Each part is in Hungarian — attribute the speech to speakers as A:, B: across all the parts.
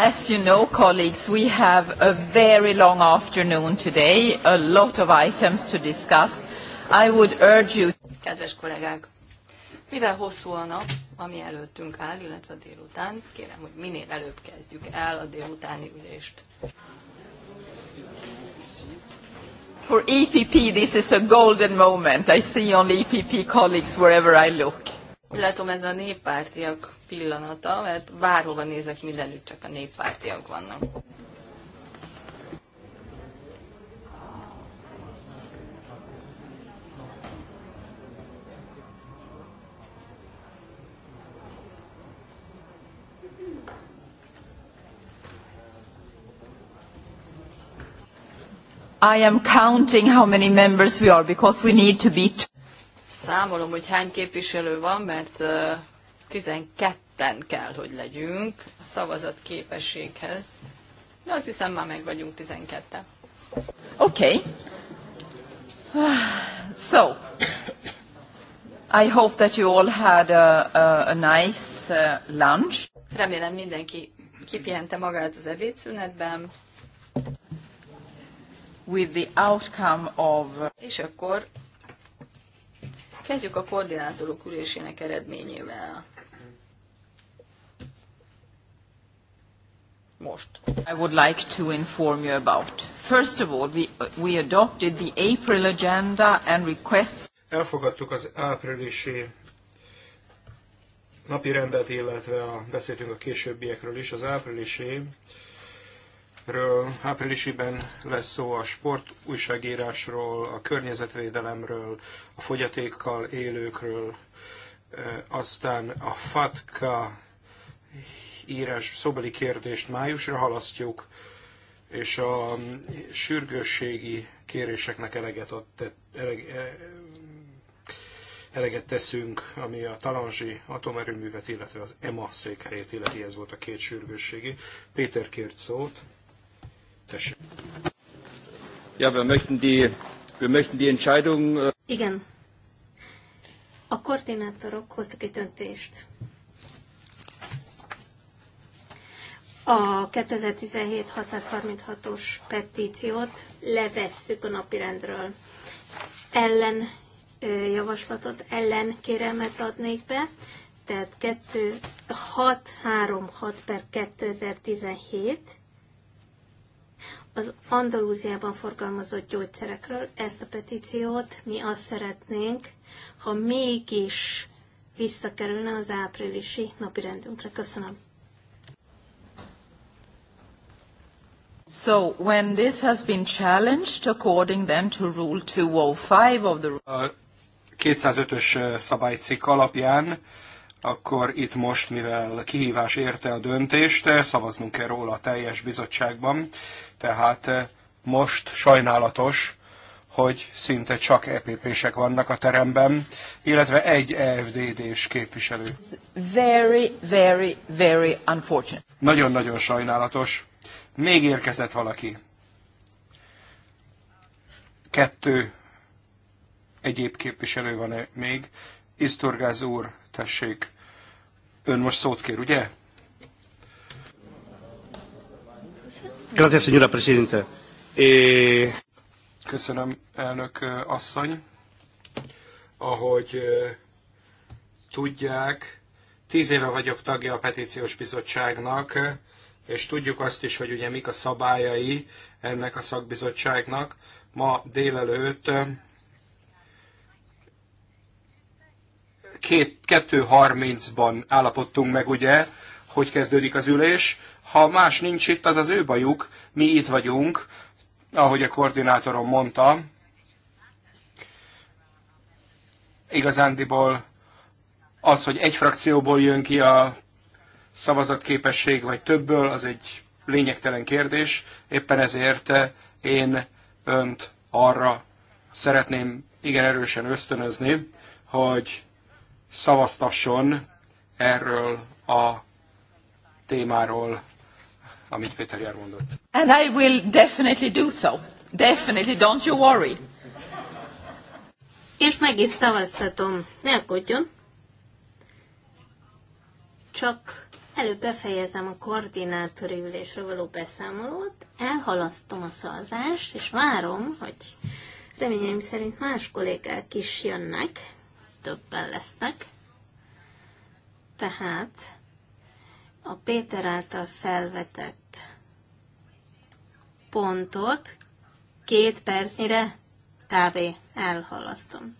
A: As you know, colleagues, we have a very long afternoon today, a lot of items to discuss. I would urge you...
B: Kedves kollégák, mivel hosszú a nap, ami előttünk áll, illetve délután, kérem, hogy minél előbb kezdjük el a délutáni ülést.
A: For EPP, this is a golden moment. I see only EPP colleagues wherever I look.
B: Látom, ez a néppártiak pillanata, mert bárhova nézek, mindenütt csak a néppártiak vannak.
A: I am counting how many members we are because we need to be
B: Számolom, hogy hány képviselő van, mert 12-en kell, hogy legyünk a szavazat képességhez. De azt hiszem, már meg vagyunk 12-en.
A: Oké. Okay. So, I hope that you all had a, a, a nice uh, lunch.
B: Remélem mindenki kipihente magát az ebédszünetben. With the outcome of... Uh, És akkor kezdjük a koordinátorok ülésének eredményével.
A: most. I would like to inform you about. First of all, we, we adopted
C: the April agenda and requests. Elfogadtuk az áprilisi napi rendet, illetve a, beszéltünk a későbbiekről is. Az áprilisi ről áprilisiben lesz szó a sport újságírásról, a környezetvédelemről, a fogyatékkal élőkről, e, aztán a FATKA írás szobeli kérdést májusra halasztjuk, és a sürgősségi kéréseknek eleget, ad, eleg, e, eleget teszünk, ami a Talanzsi atomerőművet, illetve az EMA székhelyét illeti, ez volt a két sürgősségi. Péter kért szót. Tessék. Ja, wir möchten die, wir möchten die Entscheidung... Äh,
D: Igen. A koordinátorok hoztak egy döntést. a 2017-636-os petíciót levesszük a napirendről. Ellen javaslatot, ellen kérelmet adnék be, tehát 636 per 2017 az Andalúziában forgalmazott gyógyszerekről. Ezt a petíciót mi azt szeretnénk, ha mégis visszakerülne az áprilisi napirendünkre. Köszönöm.
A: So when this has been challenged according
C: then to rule 205 of the a 205-ös szabálycikk alapján, akkor itt most, mivel kihívás érte a döntést, szavaznunk kell róla a teljes bizottságban. Tehát most sajnálatos, hogy szinte csak EPP-sek vannak a teremben, illetve egy EFDD-s képviselő. Very, very, very unfortunate. Nagyon-nagyon sajnálatos még érkezett valaki. Kettő egyéb képviselő van -e még. Isztorgáz úr, tessék, ön most szót kér, ugye? Gracias, señora presidenta. Eh, Köszönöm, elnök eh, asszony. Ahogy eh, tudják, tíz éve vagyok tagja a petíciós bizottságnak, és tudjuk azt is, hogy ugye mik a szabályai ennek a szakbizottságnak. Ma délelőtt 2.30-ban állapodtunk meg, ugye, hogy kezdődik az ülés. Ha más nincs itt, az az ő bajuk, mi itt vagyunk, ahogy a koordinátorom mondta. Igazándiból az, hogy egy frakcióból jön ki a szavazatképesség, vagy többből, az egy lényegtelen kérdés. Éppen ezért eh, én önt arra szeretném igen erősen ösztönözni, hogy szavaztasson erről a témáról, amit Péter Jár mondott.
A: And I will definitely do so. Definitely, don't you worry. És meg is szavaztatom. Ne aggódjon.
D: Csak Előbb befejezem a koordinátori ülésről való beszámolót, elhalasztom a szavazást, és várom, hogy reményeim szerint más kollégák is jönnek, többen lesznek. Tehát a Péter által felvetett pontot két percnyire kb. elhalasztom.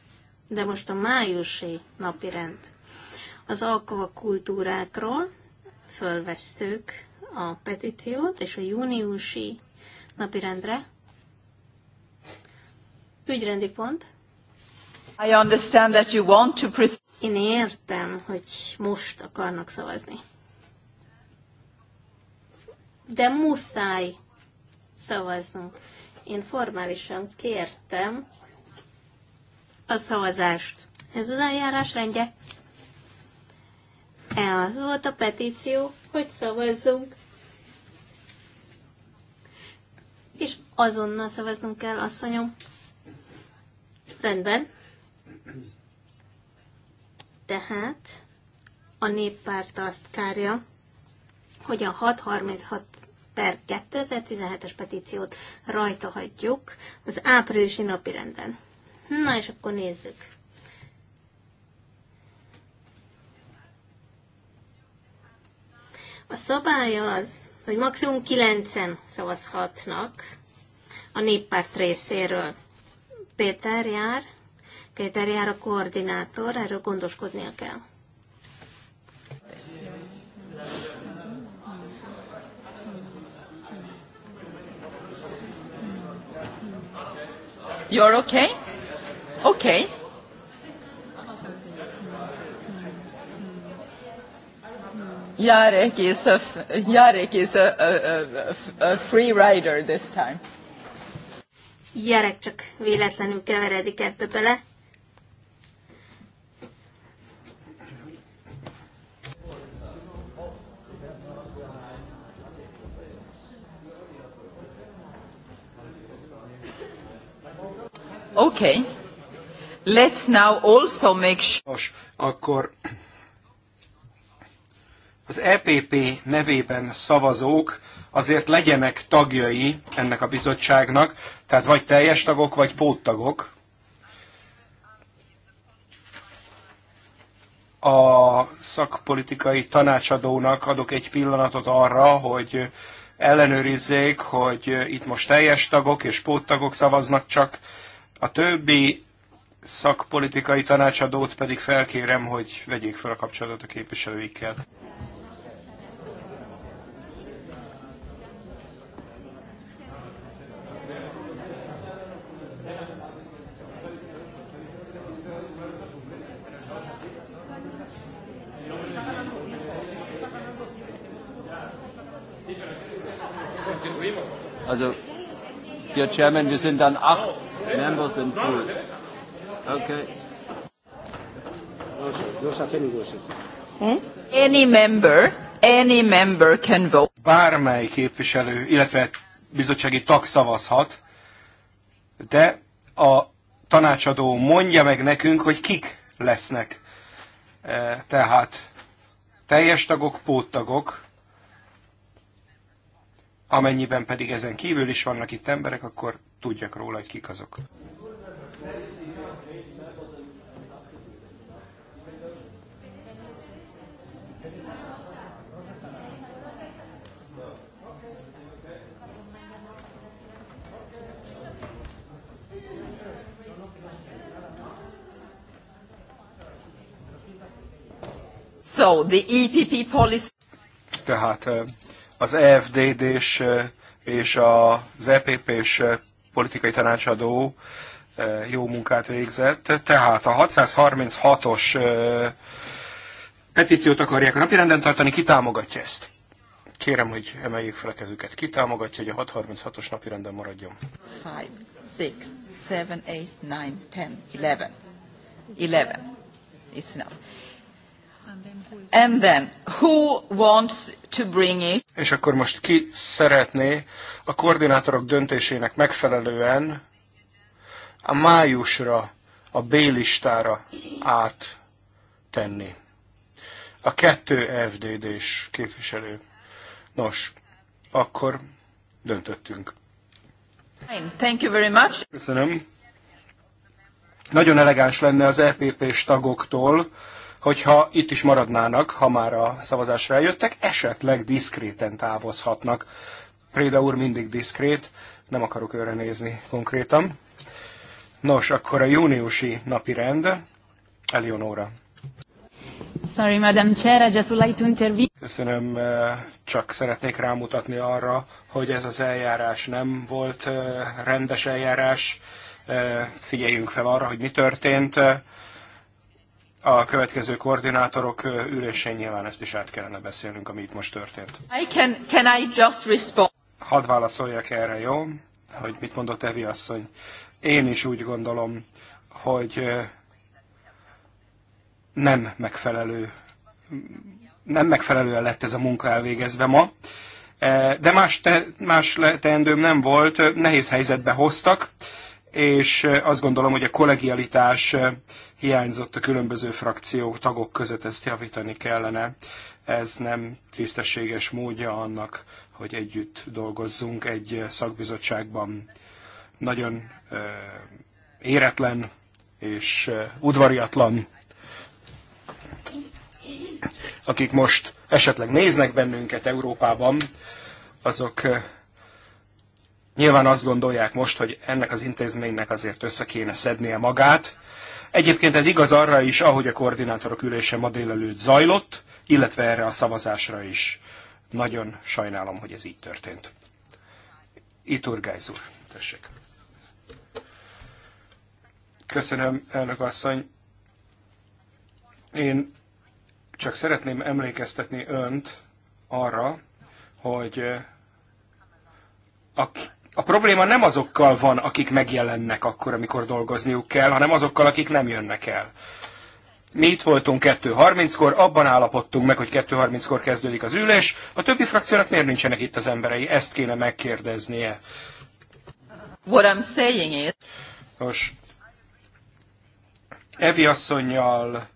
D: De most a májusi napirend az alkova kultúrákról, fölvesszük a petíciót, és a júniusi napirendre ügyrendi
A: pont. I understand that you want to Én
D: értem, hogy most akarnak szavazni. De muszáj szavaznunk. Én formálisan kértem a szavazást. Ez az eljárás rendje. Az volt a petíció, hogy szavazzunk. És azonnal szavaznunk kell, asszonyom. Rendben. Tehát a néppárt azt kárja, hogy a 636 per 2017-es petíciót rajta hagyjuk az áprilisi napirenden. Na és akkor nézzük. A szabály az, hogy maximum kilencen szavazhatnak a néppárt részéről. Péter jár, Péter jár a koordinátor, erről gondoskodnia kell.
A: You're okay? Okay. Jarek is a, Jarek is a, a, a, a free rider this time. Jarek csak
D: véletlenül keveredik ebbe bele.
A: Okay. Let's now also make sure.
C: Akkor az EPP nevében szavazók azért legyenek tagjai ennek a bizottságnak, tehát vagy teljes tagok, vagy póttagok. A szakpolitikai tanácsadónak adok egy pillanatot arra, hogy ellenőrizzék, hogy itt most teljes tagok és póttagok szavaznak csak. A többi szakpolitikai tanácsadót pedig felkérem, hogy vegyék fel a kapcsolatot a képviselőikkel.
E: Mr. Chairman, wir sind dann acht Members in full. Okay.
C: Any member, any member can vote. Bármely képviselő, illetve bizottsági tag szavazhat, de a tanácsadó mondja meg nekünk, hogy kik lesznek. Eh, tehát teljes tagok, póttagok, Amennyiben pedig ezen kívül is vannak itt emberek, akkor tudjak róla, hogy kik azok.
A: So, the EPP policy...
C: Tehát az efdd és, eh, és az epp és eh, politikai tanácsadó eh, jó munkát végzett. Tehát a 636-os petíciót akarják a napirenden tartani, ki támogatja ezt? Kérem, hogy emeljék fel a kezüket. Ki támogatja, hogy a 636-os napirenden maradjon?
A: 5, 6, 7, 8, 9, 10, 11. 11.
C: It's enough. And then, who wants to bring it? És akkor most ki szeretné a koordinátorok döntésének megfelelően a májusra, a B listára áttenni? A kettő FDD-s képviselő. Nos, akkor döntöttünk.
A: Thank you very much.
C: Köszönöm. Nagyon elegáns lenne az EPP-s tagoktól, hogyha itt is maradnának, ha már a szavazásra eljöttek, esetleg diszkréten távozhatnak. Préda úr mindig diszkrét, nem akarok őre nézni konkrétan. Nos, akkor a júniusi napi rend, Eleonora.
B: Sorry, Madam Chair, I just would like to intervene.
C: Köszönöm, eh, csak szeretnék rámutatni arra, hogy ez az eljárás nem volt eh, rendes eljárás. Eh, figyeljünk fel arra, hogy mi történt a következő koordinátorok ülésén nyilván ezt is át kellene beszélnünk, ami itt most történt.
A: I can, can I
C: just respond? Hadd válaszoljak erre, jó? Hogy mit mondott Evi asszony. Én is úgy gondolom, hogy nem megfelelő nem megfelelően lett ez a munka elvégezve ma, de más, te, más teendőm nem volt, nehéz helyzetbe hoztak, és azt gondolom, hogy a kollegialitás hiányzott a különböző frakciók, tagok között, ezt javítani kellene. Ez nem tisztességes módja annak, hogy együtt dolgozzunk egy szakbizottságban. Nagyon éretlen és udvariatlan, akik most esetleg néznek bennünket Európában, azok Nyilván azt gondolják most, hogy ennek az intézménynek azért össze kéne szednie magát. Egyébként ez igaz arra is, ahogy a koordinátorok ülése ma délelőtt zajlott, illetve erre a szavazásra is. Nagyon sajnálom, hogy ez így történt. Iturgáiz úr, tessék. Köszönöm, elnök asszony. Én csak szeretném emlékeztetni önt arra, hogy a a probléma nem azokkal van, akik megjelennek akkor, amikor dolgozniuk kell, hanem azokkal, akik nem jönnek el. Mi itt voltunk 2.30-kor, abban állapodtunk meg, hogy 2.30-kor kezdődik az ülés. A többi frakciónak miért nincsenek itt az emberei? Ezt kéne megkérdeznie.
A: What I'm saying is...
C: Nos, Evi asszonyjal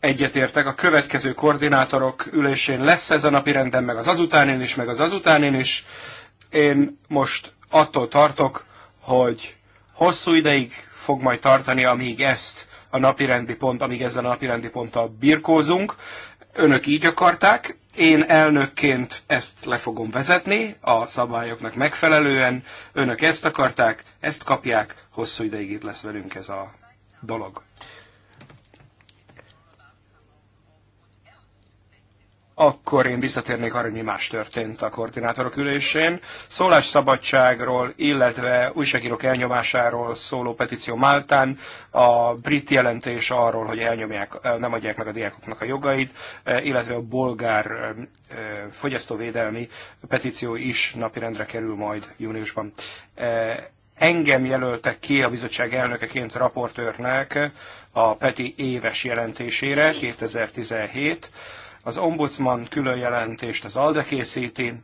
C: egyetértek, a következő koordinátorok ülésén lesz ez a napi renden, meg az azutánén is, meg az azutánén is én most attól tartok, hogy hosszú ideig fog majd tartani, amíg ezt a napirendi pont, amíg ezzel a napirendi ponttal birkózunk. Önök így akarták, én elnökként ezt le fogom vezetni, a szabályoknak megfelelően. Önök ezt akarták, ezt kapják, hosszú ideig itt lesz velünk ez a dolog. akkor én visszatérnék arra, hogy mi más történt a koordinátorok ülésén. Szólásszabadságról, illetve újságírók elnyomásáról szóló petíció Máltán, a brit jelentés arról, hogy elnyomják, nem adják meg a diákoknak a jogait, illetve a bolgár fogyasztóvédelmi petíció is napirendre kerül majd júniusban. Engem jelöltek ki a bizottság elnökeként raportőrnek a Peti éves jelentésére 2017 az ombudsman külön jelentést az ALDE készíti,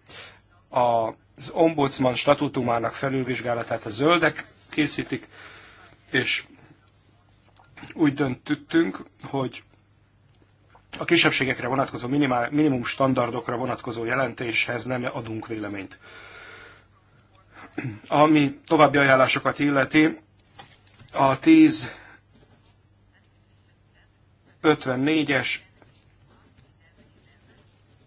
C: az ombudsman statutumának felülvizsgálatát a zöldek készítik, és úgy döntöttünk, hogy a kisebbségekre vonatkozó minimál, minimum standardokra vonatkozó jelentéshez nem adunk véleményt. Ami további ajánlásokat illeti, a 10 54-es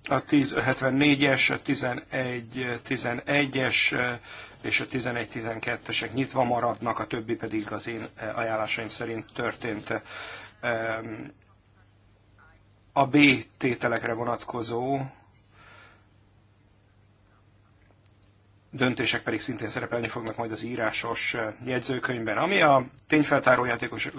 C: a 1074-es, a 1111-es és a 1112-esek nyitva maradnak, a többi pedig az én ajánlásaim szerint történt. A B tételekre vonatkozó döntések pedig szintén szerepelni fognak majd az írásos jegyzőkönyvben. Ami a tényfeltáró játékos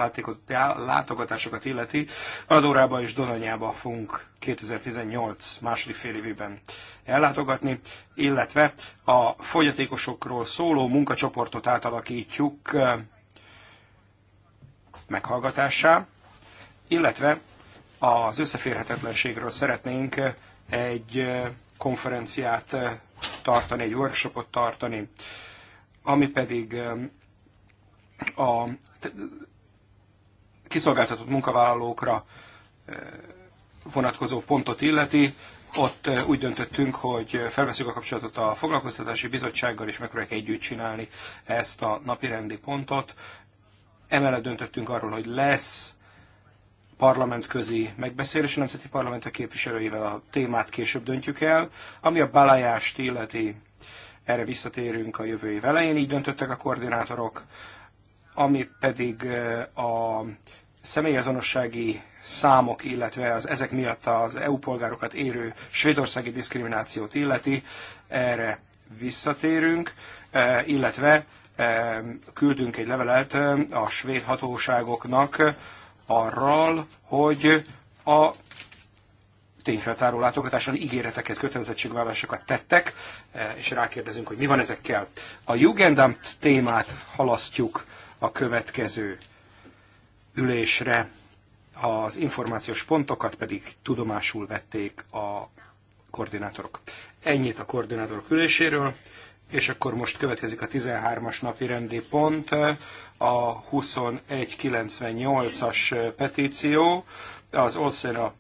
C: látogatásokat illeti, Adórába és Donanyába fogunk 2018 második fél évében ellátogatni, illetve a fogyatékosokról szóló munkacsoportot átalakítjuk meghallgatássá, illetve az összeférhetetlenségről szeretnénk egy konferenciát tartani, egy workshopot tartani, ami pedig um, a kiszolgáltatott munkavállalókra uh, vonatkozó pontot illeti, ott uh, úgy döntöttünk, hogy felveszünk a kapcsolatot a foglalkoztatási bizottsággal, és megpróbáljuk együtt csinálni ezt a napirendi pontot. Emellett döntöttünk arról, hogy lesz parlamentközi megbeszélés, a nemzeti parlamentek képviselőivel a témát később döntjük el. Ami a balájást illeti, erre visszatérünk a jövő év elején, így döntöttek a koordinátorok, ami pedig a személyazonossági számok, illetve az ezek miatt az EU polgárokat érő svédországi diszkriminációt illeti, erre visszatérünk, illetve küldünk egy levelet a svéd hatóságoknak, arral, hogy a tényfeltáró látogatáson ígéreteket, kötelezettségvállalásokat tettek, e, és rákérdezünk, hogy mi van ezekkel. A Jugendamt témát halasztjuk a következő ülésre, az információs pontokat pedig tudomásul vették a koordinátorok. Ennyit a koordinátorok üléséről, és akkor most következik a 13-as napi rendi pont, a 2198-as petíció, az Olszena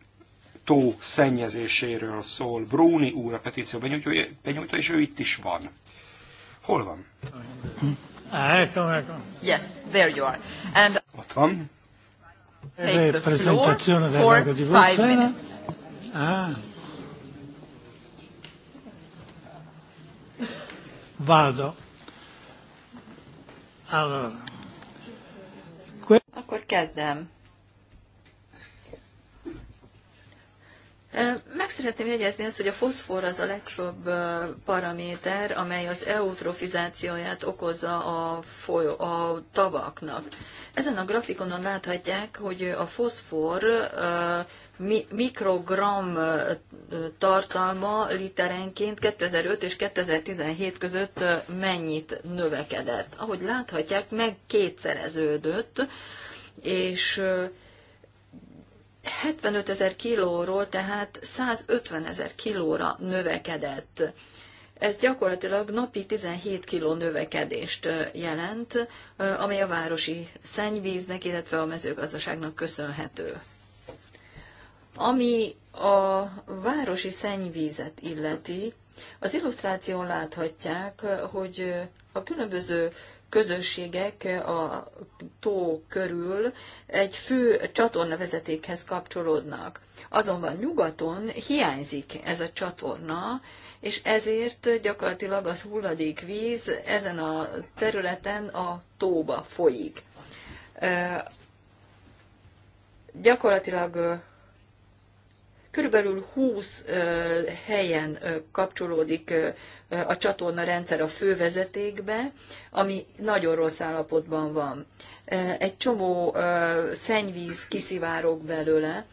C: tó szennyezéséről szól. Bruni úr a petíció benyújtója, benyújtó, és ő itt is van. Hol van?
A: Yes, there you are. And Ott van. Take the floor for
E: five minutes. Ah.
F: Vado. Allora.
B: Akkor kezdem. Meg szeretném jegyezni azt, hogy a foszfor az a legjobb paraméter, amely az eutrofizációját okozza a, folyó, a tavaknak. Ezen a grafikonon láthatják, hogy a foszfor mikrogram tartalma literenként 2005 és 2017 között mennyit növekedett. Ahogy láthatják, meg kétszereződött és 75 ezer kilóról, tehát 150 ezer kilóra növekedett. Ez gyakorlatilag napi 17 kiló növekedést jelent, amely a városi szennyvíznek, illetve a mezőgazdaságnak köszönhető. Ami a városi szennyvízet illeti, az illusztráción láthatják, hogy a különböző közösségek a tó körül egy fő csatorna vezetékhez kapcsolódnak. Azonban nyugaton hiányzik ez a csatorna, és ezért gyakorlatilag az hulladékvíz ezen a területen a tóba folyik. Gyakorlatilag Körülbelül 20 helyen kapcsolódik a csatorna rendszer a fővezetékbe, ami nagyon rossz állapotban van. Egy csomó szennyvíz kiszivárog belőle,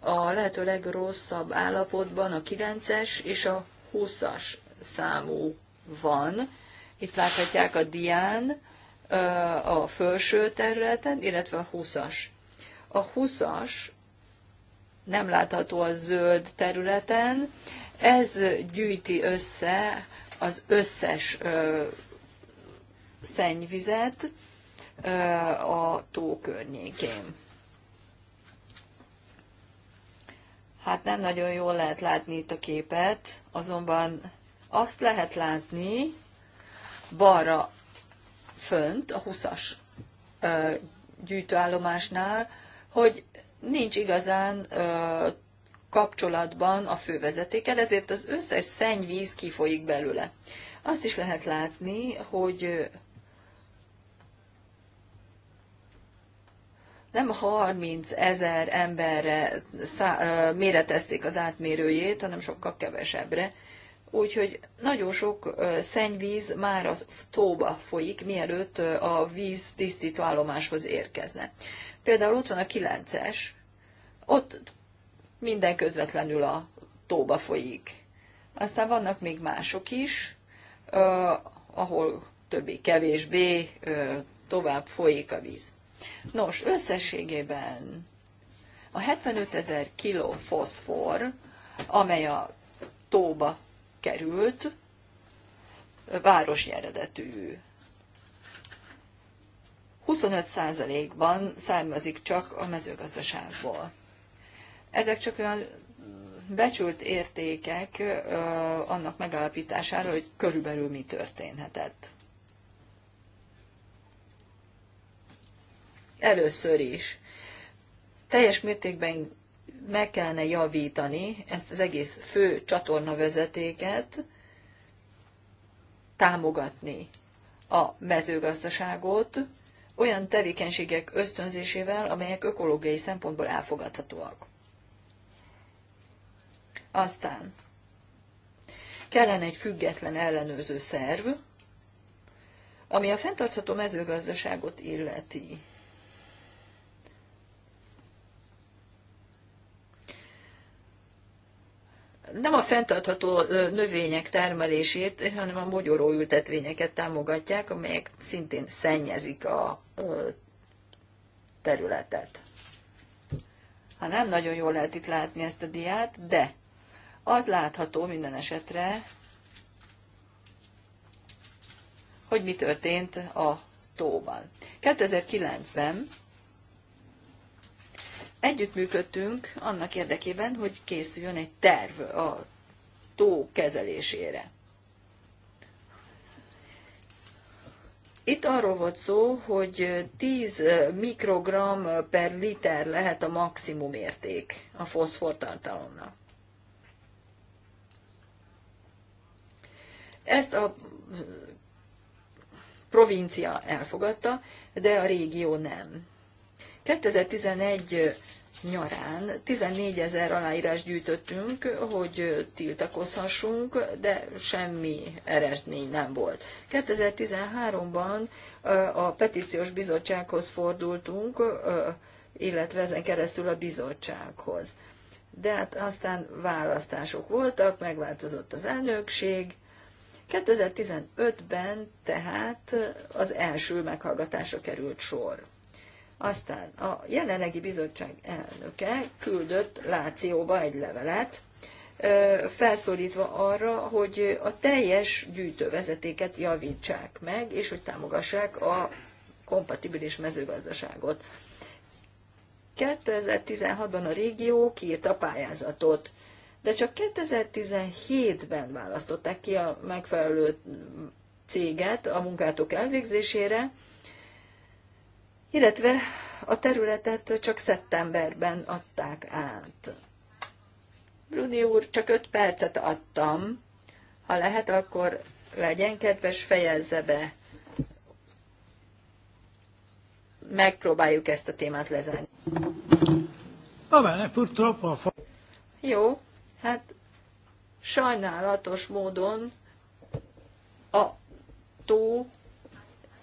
B: a lehető legrosszabb állapotban a 9-es és a 20-as számú van. Itt láthatják a dián a felső területen, illetve a 20-as. A 20-as nem látható a zöld területen. Ez gyűjti össze az összes ö, szennyvizet ö, a tó környékén. Hát nem nagyon jól lehet látni itt a képet, azonban azt lehet látni balra fönt, a 20-as gyűjtőállomásnál, hogy nincs igazán ö, kapcsolatban a fővezetékkel, ezért az összes szennyvíz kifolyik belőle. Azt is lehet látni, hogy nem 30 ezer emberre szá- ö, méretezték az átmérőjét, hanem sokkal kevesebbre. Úgyhogy nagyon sok szennyvíz már a tóba folyik, mielőtt a víz tisztító állomáshoz érkezne. Például ott van a kilences, ott minden közvetlenül a tóba folyik. Aztán vannak még mások is, ahol többé-kevésbé tovább folyik a víz. Nos, összességében a 75 ezer kiló foszfor, amely a tóba került, városi eredetű. 25%-ban származik csak a mezőgazdaságból. Ezek csak olyan becsült értékek annak megalapítására, hogy körülbelül mi történhetett. Először is teljes mértékben meg kellene javítani ezt az egész fő vezetéket, támogatni a mezőgazdaságot, olyan tevékenységek ösztönzésével, amelyek ökológiai szempontból elfogadhatóak. Aztán kellene egy független ellenőrző szerv, ami a fenntartható mezőgazdaságot illeti. nem a fenntartható növények termelését, hanem a mogyoró ültetvényeket támogatják, amelyek szintén szennyezik a területet. Ha nem nagyon jól lehet itt látni ezt a diát, de az látható minden esetre, hogy mi történt a tóval. 2009-ben együttműködtünk annak érdekében, hogy készüljön egy terv a tó kezelésére. Itt arról volt szó, hogy 10 mikrogram per liter lehet a maximum érték a foszfortartalomnak. Ezt a provincia elfogadta, de a régió nem. 2011 nyarán 14 ezer aláírás gyűjtöttünk, hogy tiltakozhassunk, de semmi eredmény nem volt. 2013-ban a petíciós bizottsághoz fordultunk, illetve ezen keresztül a bizottsághoz. De hát aztán választások voltak, megváltozott az elnökség. 2015-ben tehát az első meghallgatásra került sor. Aztán a jelenlegi bizottság elnöke küldött Lációba egy levelet, felszólítva arra, hogy a teljes gyűjtővezetéket javítsák meg, és hogy támogassák a kompatibilis mezőgazdaságot. 2016-ban a régió kiírta a pályázatot, de csak 2017-ben választották ki a megfelelő céget a munkátok elvégzésére, illetve a területet csak szeptemberben adták át. Bruni úr, csak öt percet adtam. Ha lehet, akkor legyen kedves, fejezze be. Megpróbáljuk ezt a témát lezárni. Jó, hát sajnálatos módon a tó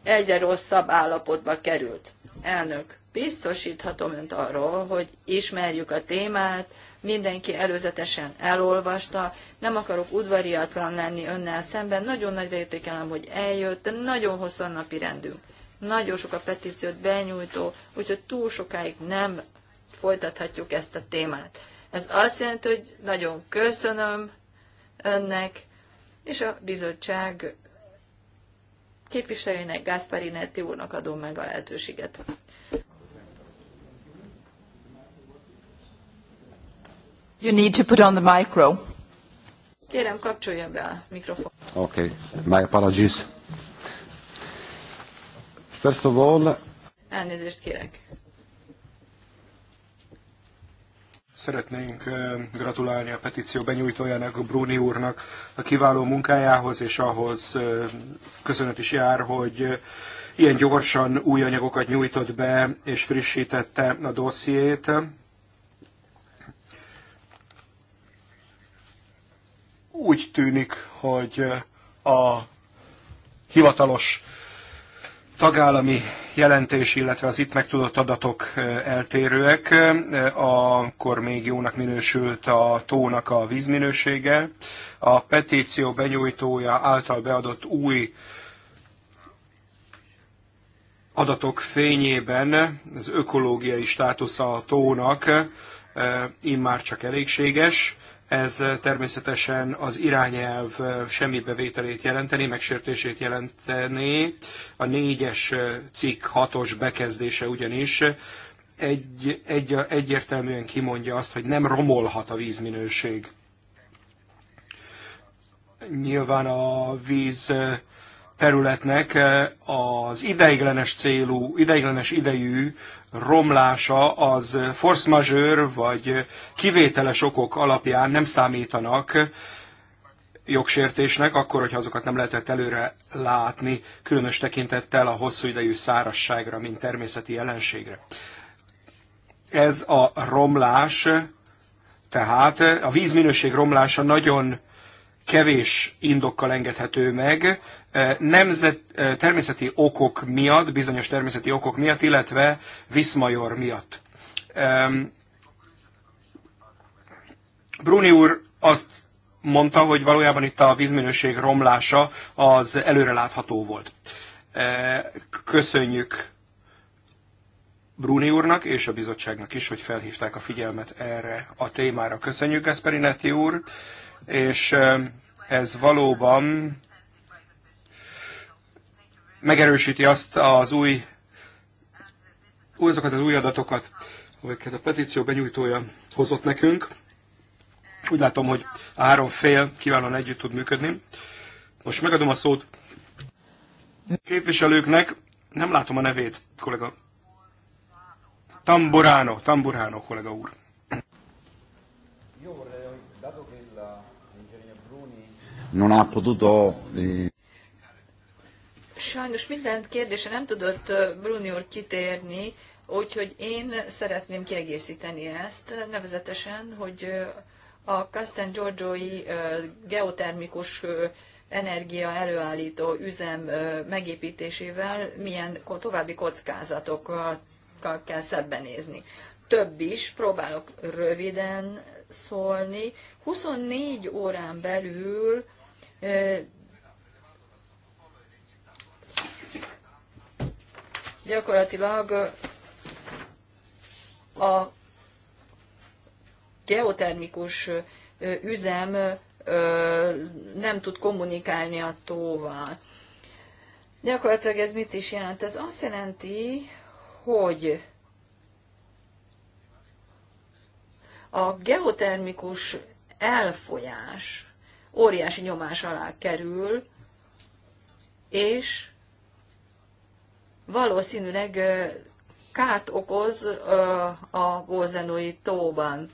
B: egyre rosszabb állapotba került. Elnök, biztosíthatom önt arról, hogy ismerjük a témát, mindenki előzetesen elolvasta, nem akarok udvariatlan lenni önnel szemben, nagyon nagy értékelem, hogy eljött, de nagyon hosszú a napi rendünk. Nagyon sok a petíciót benyújtó, úgyhogy túl sokáig nem folytathatjuk ezt a témát. Ez azt jelenti, hogy nagyon köszönöm önnek, és a bizottság képviselőjének, Gászparinetti úrnak adom meg a lehetőséget.
A: You need to put on the micro.
B: Kérem, kapcsolja be a mikrofon.
E: Okay, my apologies. First of all...
B: Elnézést kérek.
C: Szeretnénk gratulálni a petíció benyújtójának, Bruni úrnak a kiváló munkájához, és ahhoz köszönet is jár, hogy ilyen gyorsan új anyagokat nyújtott be, és frissítette a dossziét. Úgy tűnik, hogy a hivatalos tagállami jelentés, illetve az itt megtudott adatok eltérőek. Akkor még jónak minősült a tónak a vízminősége. A petíció benyújtója által beadott új adatok fényében az ökológiai státusza a tónak immár csak elégséges. Ez természetesen az irányelv semmibevételét jelenteni, megsértését jelenteni. A négyes cikk hatos bekezdése ugyanis egy, egy, egyértelműen kimondja azt, hogy nem romolhat a vízminőség. Nyilván a víz területnek az ideiglenes célú, ideiglenes idejű romlása az force majeure vagy kivételes okok alapján nem számítanak jogsértésnek, akkor, hogyha azokat nem lehetett előre látni, különös tekintettel a hosszú idejű szárasságra, mint természeti jelenségre. Ez a romlás, tehát a vízminőség romlása nagyon kevés indokkal engedhető meg, nemzet, természeti okok miatt, bizonyos természeti okok miatt, illetve Viszmajor miatt. Bruni úr azt mondta, hogy valójában itt a vízminőség romlása az előrelátható volt. Köszönjük Bruni úrnak és a bizottságnak is, hogy felhívták a figyelmet erre a témára. Köszönjük Gasperinetti úr, és ez valóban megerősíti azt az új, azokat az új adatokat, amiket a petíció benyújtója hozott nekünk. Úgy látom, hogy a három fél kiválóan együtt tud működni. Most megadom a szót képviselőknek. Nem látom a nevét, kollega. Tamburano, Tamburano, kollega úr.
E: Non ha potuto... Eh,
B: Sajnos minden kérdése nem tudott Bruni úr kitérni, úgyhogy én szeretném kiegészíteni ezt, nevezetesen, hogy a Kasten Giorgioi geotermikus energia előállító üzem megépítésével milyen további kockázatokkal kell szembenézni. Több is, próbálok röviden szólni. 24 órán belül Gyakorlatilag a geotermikus üzem nem tud kommunikálni a tóval. Gyakorlatilag ez mit is jelent? Ez azt jelenti, hogy a geotermikus elfolyás óriási nyomás alá kerül, és valószínűleg kárt okoz a Gózenói tóban,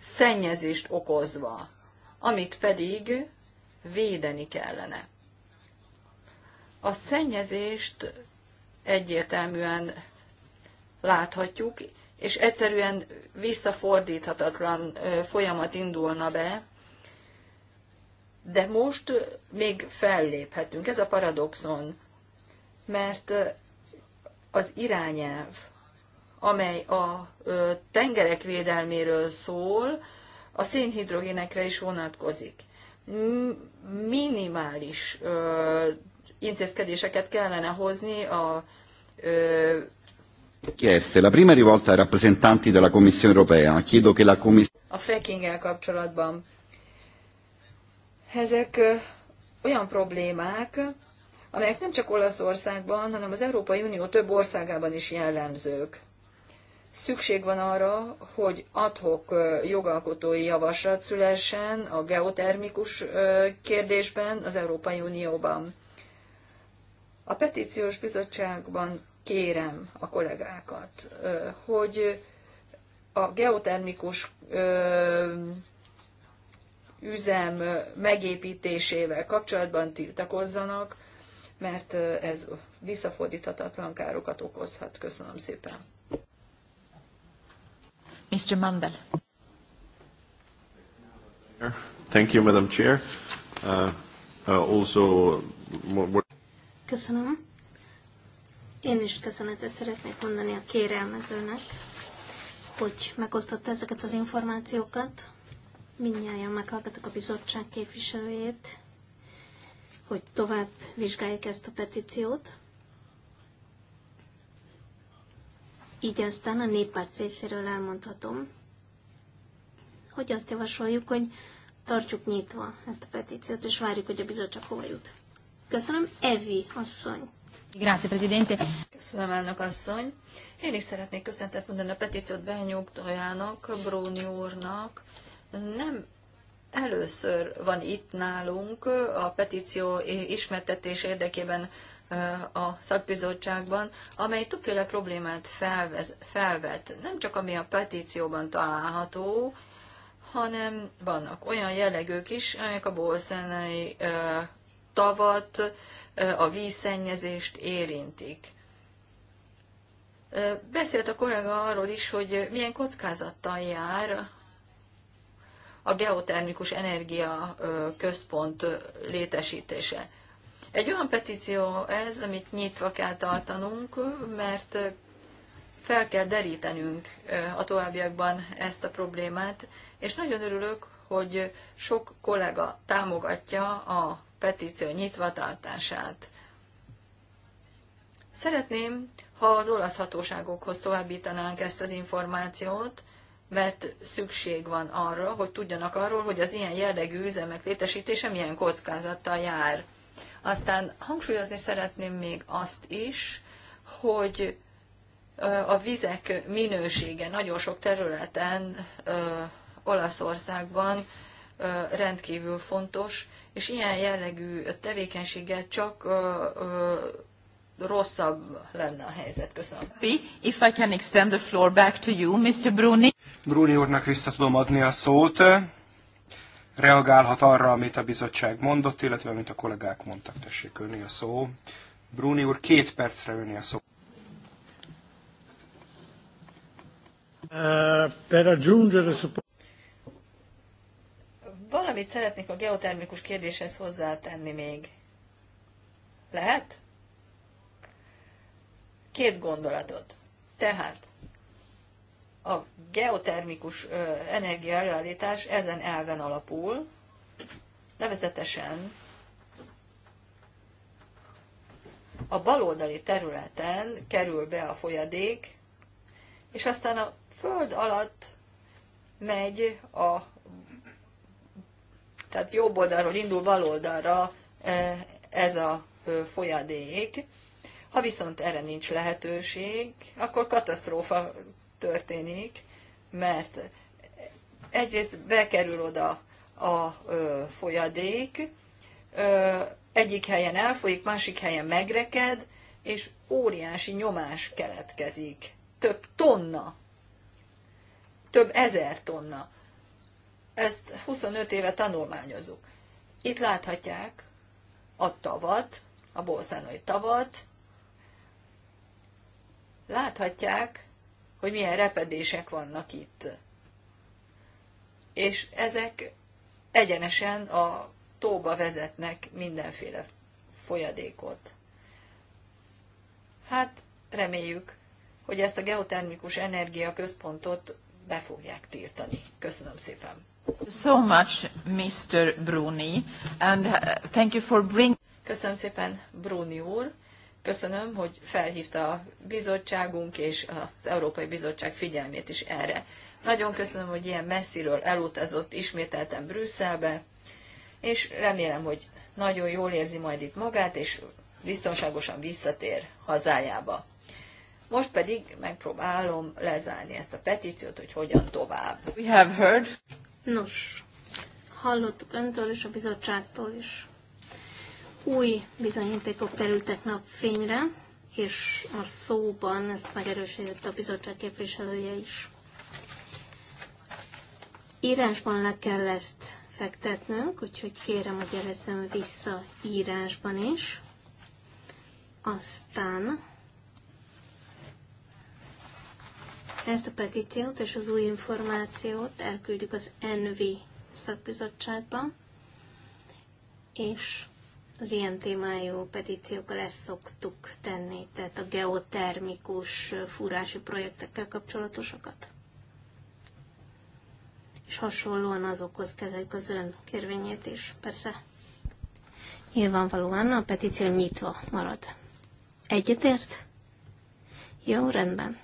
B: szennyezést okozva, amit pedig védeni kellene. A szennyezést egyértelműen láthatjuk, és egyszerűen visszafordíthatatlan folyamat indulna be, de most még felléphetünk. Ez a paradoxon, mert az irányelv, amely a tengerek védelméről szól, a szénhidrogénekre is vonatkozik. Minimális intézkedéseket kellene hozni a
E: chieste. La prima rivolta ai rappresentanti della Commissione europea. Chiedo che la Commissione...
B: A fracking kapcsolatban ezek olyan problémák, amelyek nem csak Olaszországban, hanem az Európai Unió több országában is jellemzők. Szükség van arra, hogy adhok jogalkotói javaslat szülessen a geotermikus kérdésben az Európai Unióban. A petíciós bizottságban kérem a kollégákat, hogy a geotermikus üzem megépítésével kapcsolatban tiltakozzanak, mert ez visszafordíthatatlan károkat okozhat. Köszönöm szépen.
A: Mr. Mandel.
F: Thank you, Madam Chair. Uh, uh, also,
A: Köszönöm.
D: Én is köszönetet szeretnék mondani a kérelmezőnek, hogy megosztotta ezeket az információkat. Mindnyáján meghallgatok a bizottság képviselőjét, hogy tovább vizsgálják ezt a petíciót. Így aztán a néppárt részéről elmondhatom, hogy azt javasoljuk, hogy tartsuk nyitva ezt a petíciót, és várjuk, hogy a bizottság hova jut. Köszönöm, Evi asszony.
B: Grazie, Presidente. Köszönöm, elnök asszony. Én is szeretnék köszönetet mondani a petíciót benyújtójának, Bróni úrnak, nem először van itt nálunk a petíció ismertetés érdekében a szakbizottságban, amely többféle problémát felvez, felvet, nem csak ami a petícióban található, hanem vannak olyan jellegők is, amelyek a bolszenei tavat, a vízszennyezést érintik. Beszélt a kollega arról is, hogy milyen kockázattal jár a geotermikus energia központ létesítése. Egy olyan petíció ez, amit nyitva kell tartanunk, mert fel kell derítenünk a továbbiakban ezt a problémát, és nagyon örülök, hogy sok kollega támogatja a petíció nyitvatartását. Szeretném, ha az olasz hatóságokhoz továbbítanánk ezt az információt, mert szükség van arra, hogy tudjanak arról, hogy az ilyen jellegű üzemek létesítése milyen kockázattal jár. Aztán hangsúlyozni szeretném még azt is, hogy a vizek minősége nagyon sok területen Olaszországban rendkívül fontos, és ilyen jellegű tevékenységgel csak rosszabb lenne a helyzet. Köszönöm.
A: If I can extend the floor back to you,
C: Mr. Bruni. Bruni úrnak vissza tudom adni a szót. Reagálhat arra, amit a bizottság mondott, illetve amit a kollégák mondtak. Tessék önni a szó. Bruni úr, két percre önni a szó.
F: Uh, per aggiungere su
B: valamit szeretnék a geotermikus kérdéshez hozzátenni még. Lehet? két gondolatot. Tehát a geotermikus energia előállítás ezen elven alapul, nevezetesen a baloldali területen kerül be a folyadék, és aztán a föld alatt megy a, tehát jobb oldalról indul bal oldalra ez a folyadék, ha viszont erre nincs lehetőség, akkor katasztrófa történik, mert egyrészt bekerül oda a ö, folyadék, ö, egyik helyen elfolyik, másik helyen megreked, és óriási nyomás keletkezik. Több tonna, több ezer tonna. Ezt 25 éve tanulmányozunk. Itt láthatják a tavat, a bolszánói tavat, láthatják, hogy milyen repedések vannak itt. És ezek egyenesen a tóba vezetnek mindenféle folyadékot. Hát reméljük, hogy ezt a geotermikus energia központot be fogják tiltani. Köszönöm szépen.
A: So much, Mr. Bruni, and uh,
B: thank you for bring... Köszönöm szépen, Bruni úr köszönöm, hogy felhívta a bizottságunk és az Európai Bizottság figyelmét is erre. Nagyon köszönöm, hogy ilyen messziről elutazott ismételten Brüsszelbe, és remélem, hogy nagyon jól érzi majd itt magát, és biztonságosan visszatér hazájába. Most pedig megpróbálom lezárni ezt a petíciót, hogy hogyan tovább. We have heard. Nos, hallottuk öntől
D: és a bizottságtól is. Új bizonyítékok kerültek napfényre, és a szóban ezt megerősítette a bizottság képviselője is. Írásban le kell ezt fektetnünk, úgyhogy kérem, hogy jelezzem vissza írásban is. Aztán ezt a petíciót és az új információt elküldjük az NV szakbizottságba, és az ilyen témájú petíciókkal ezt szoktuk tenni, tehát a geotermikus fúrási projektekkel kapcsolatosakat. És hasonlóan azokhoz kezeljük az ön kérvényét is, persze. Nyilvánvalóan a petíció nyitva marad. Egyetért? Jó, rendben.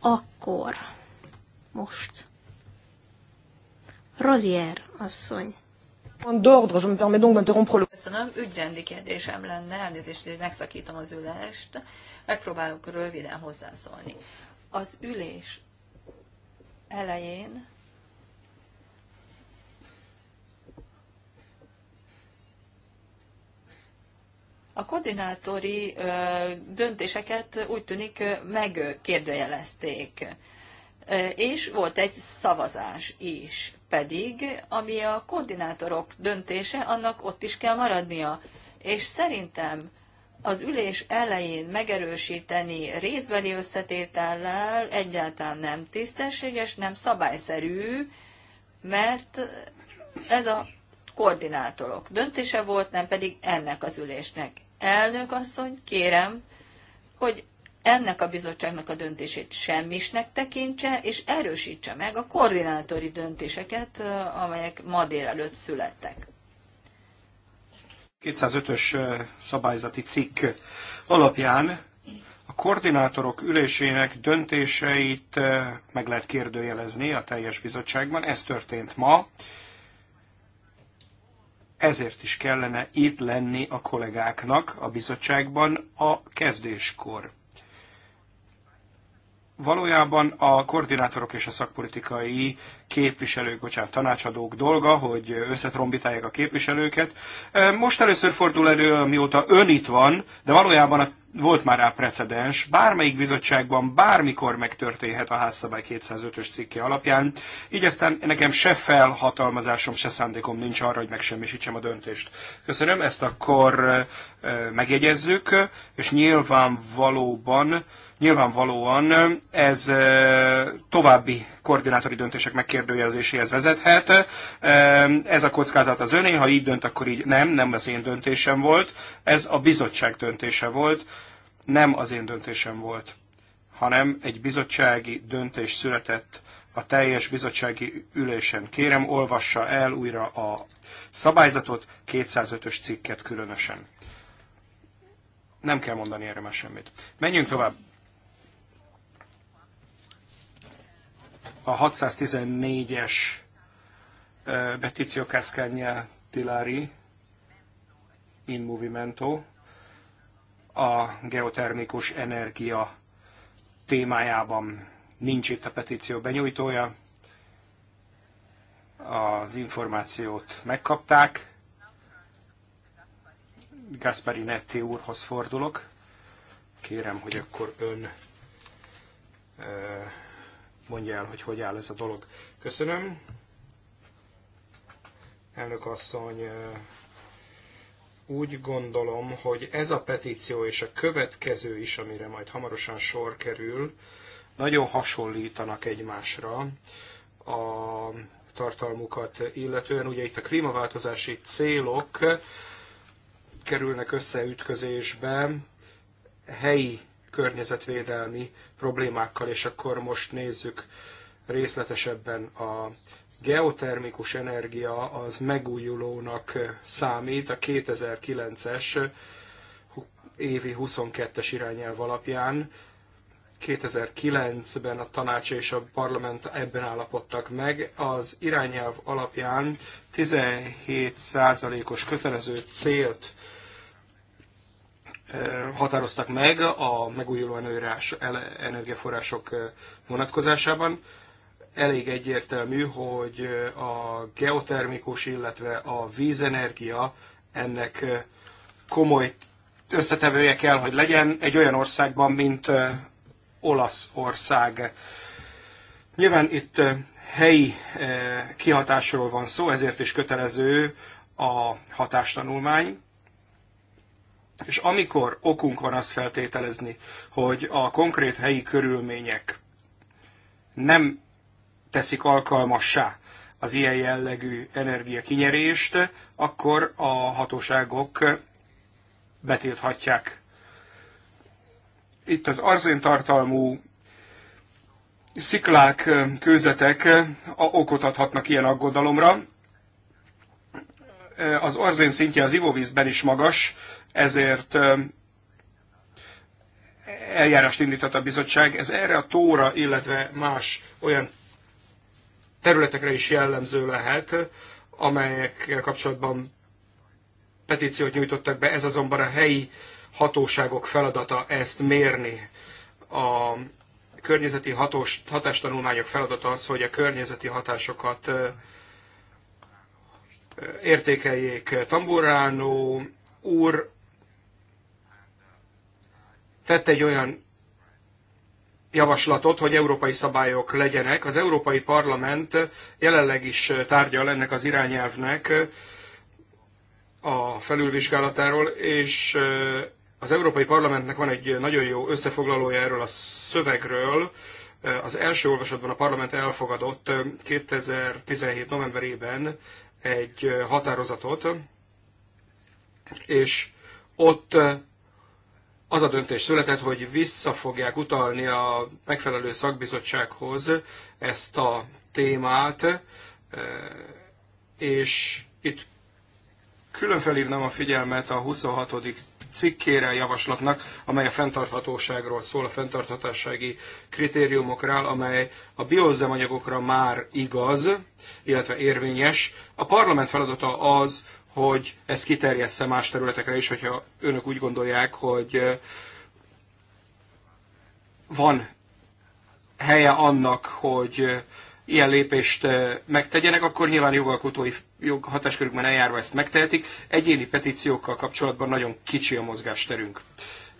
D: Akkor
G: most. Rozier asszony D'ordre,
B: Köszönöm, ügyrendi kérdésem lenne, elnézést, hogy megszakítom az ülést, megpróbálok röviden hozzászólni. Az ülés elején a koordinátori döntéseket úgy tűnik megkérdőjelezték és volt egy szavazás is pedig, ami a koordinátorok döntése, annak ott is kell maradnia. És szerintem az ülés elején megerősíteni részbeli összetétellel egyáltalán nem tisztességes, nem szabályszerű, mert ez a koordinátorok döntése volt, nem pedig ennek az ülésnek. Elnök asszony, kérem, hogy ennek a bizottságnak a döntését semmisnek tekintse, és erősítse meg a koordinátori döntéseket, amelyek ma délelőtt
C: születtek. 205-ös szabályzati cikk alapján a koordinátorok ülésének döntéseit meg lehet kérdőjelezni a teljes bizottságban. Ez történt ma. Ezért is kellene itt lenni a kollégáknak a bizottságban a kezdéskor valójában a koordinátorok és a szakpolitikai képviselők, bocsánat, tanácsadók dolga, hogy összetrombitálják a képviselőket. Most először fordul elő, mióta ön itt van, de valójában a, volt már rá precedens, bármelyik bizottságban bármikor megtörténhet a házszabály 205-ös cikke alapján, így aztán nekem se felhatalmazásom, se szándékom nincs arra, hogy megsemmisítsem a döntést. Köszönöm, ezt akkor megjegyezzük, és nyilvánvalóban valóban Nyilvánvalóan ez további koordinátori döntések megkérdőjelzéséhez vezethet. Ez a kockázat az öné, ha így dönt, akkor így nem, nem az én döntésem volt. Ez a bizottság döntése volt, nem az én döntésem volt, hanem egy bizottsági döntés született a teljes bizottsági ülésen. Kérem, olvassa el újra a szabályzatot, 205-ös cikket különösen. Nem kell mondani erre már semmit. Menjünk tovább. a 614-es Betizio Cascagna Tilari in Movimento a geotermikus energia témájában nincs itt a petíció benyújtója. Az információt megkapták. Gaspari Netti úrhoz fordulok. Kérem, hogy akkor ön mondja el, hogy hogy áll ez a dolog. Köszönöm. Elnök asszony, úgy gondolom, hogy ez a petíció és a következő is, amire majd hamarosan sor kerül, nagyon hasonlítanak egymásra a tartalmukat illetően. Ugye itt a klímaváltozási célok kerülnek összeütközésbe helyi környezetvédelmi problémákkal, és akkor most nézzük részletesebben a geotermikus energia az megújulónak számít a 2009-es évi 22-es irányelv alapján. 2009-ben a tanács és a parlament ebben állapodtak meg. Az irányelv alapján 17%-os kötelező célt határoztak meg a megújuló energiaforrások vonatkozásában. Elég egyértelmű, hogy a geotermikus, illetve a vízenergia ennek komoly összetevője kell, hogy legyen egy olyan országban, mint Olaszország. Nyilván itt helyi kihatásról van szó, ezért is kötelező a hatástanulmány és amikor okunk van azt feltételezni, hogy a konkrét helyi körülmények nem teszik alkalmassá az ilyen jellegű energiakinyerést, akkor a hatóságok betilthatják. Itt az tartalmú sziklák, kőzetek okot adhatnak ilyen aggodalomra. Az arzén szintje az ivóvízben is magas, ezért eljárást indított a bizottság. Ez erre a tóra, illetve más olyan területekre is jellemző lehet, amelyekkel kapcsolatban petíciót nyújtottak be, ez azonban a helyi hatóságok feladata ezt mérni. A környezeti hatós, hatástanulmányok feladata az, hogy a környezeti hatásokat értékeljék. Tamburánó úr tett egy olyan javaslatot, hogy európai szabályok legyenek. Az Európai Parlament jelenleg is tárgyal ennek az irányelvnek a felülvizsgálatáról, és eh, az Európai Parlamentnek van egy nagyon jó összefoglalója erről a szövegről. Eh, az első olvasatban a parlament elfogadott 2017. Eh, novemberében egy határozatot, és ott az a döntés született, hogy vissza fogják utalni a megfelelő szakbizottsághoz ezt a témát, e, és itt külön felhívnám a figyelmet a 26. cikkére a javaslatnak, amely a fenntarthatóságról szól, a fenntarthatósági kritériumokról, amely a bioüzemanyagokra már igaz, illetve érvényes. A parlament feladata az, hogy ez kiterjessze más területekre is, hogyha önök úgy gondolják, hogy van helye annak, hogy ilyen lépést megtegyenek, akkor nyilván jogalkotói jog hatáskörükben eljárva ezt megtehetik. Egyéni petíciókkal kapcsolatban nagyon kicsi a mozgásterünk.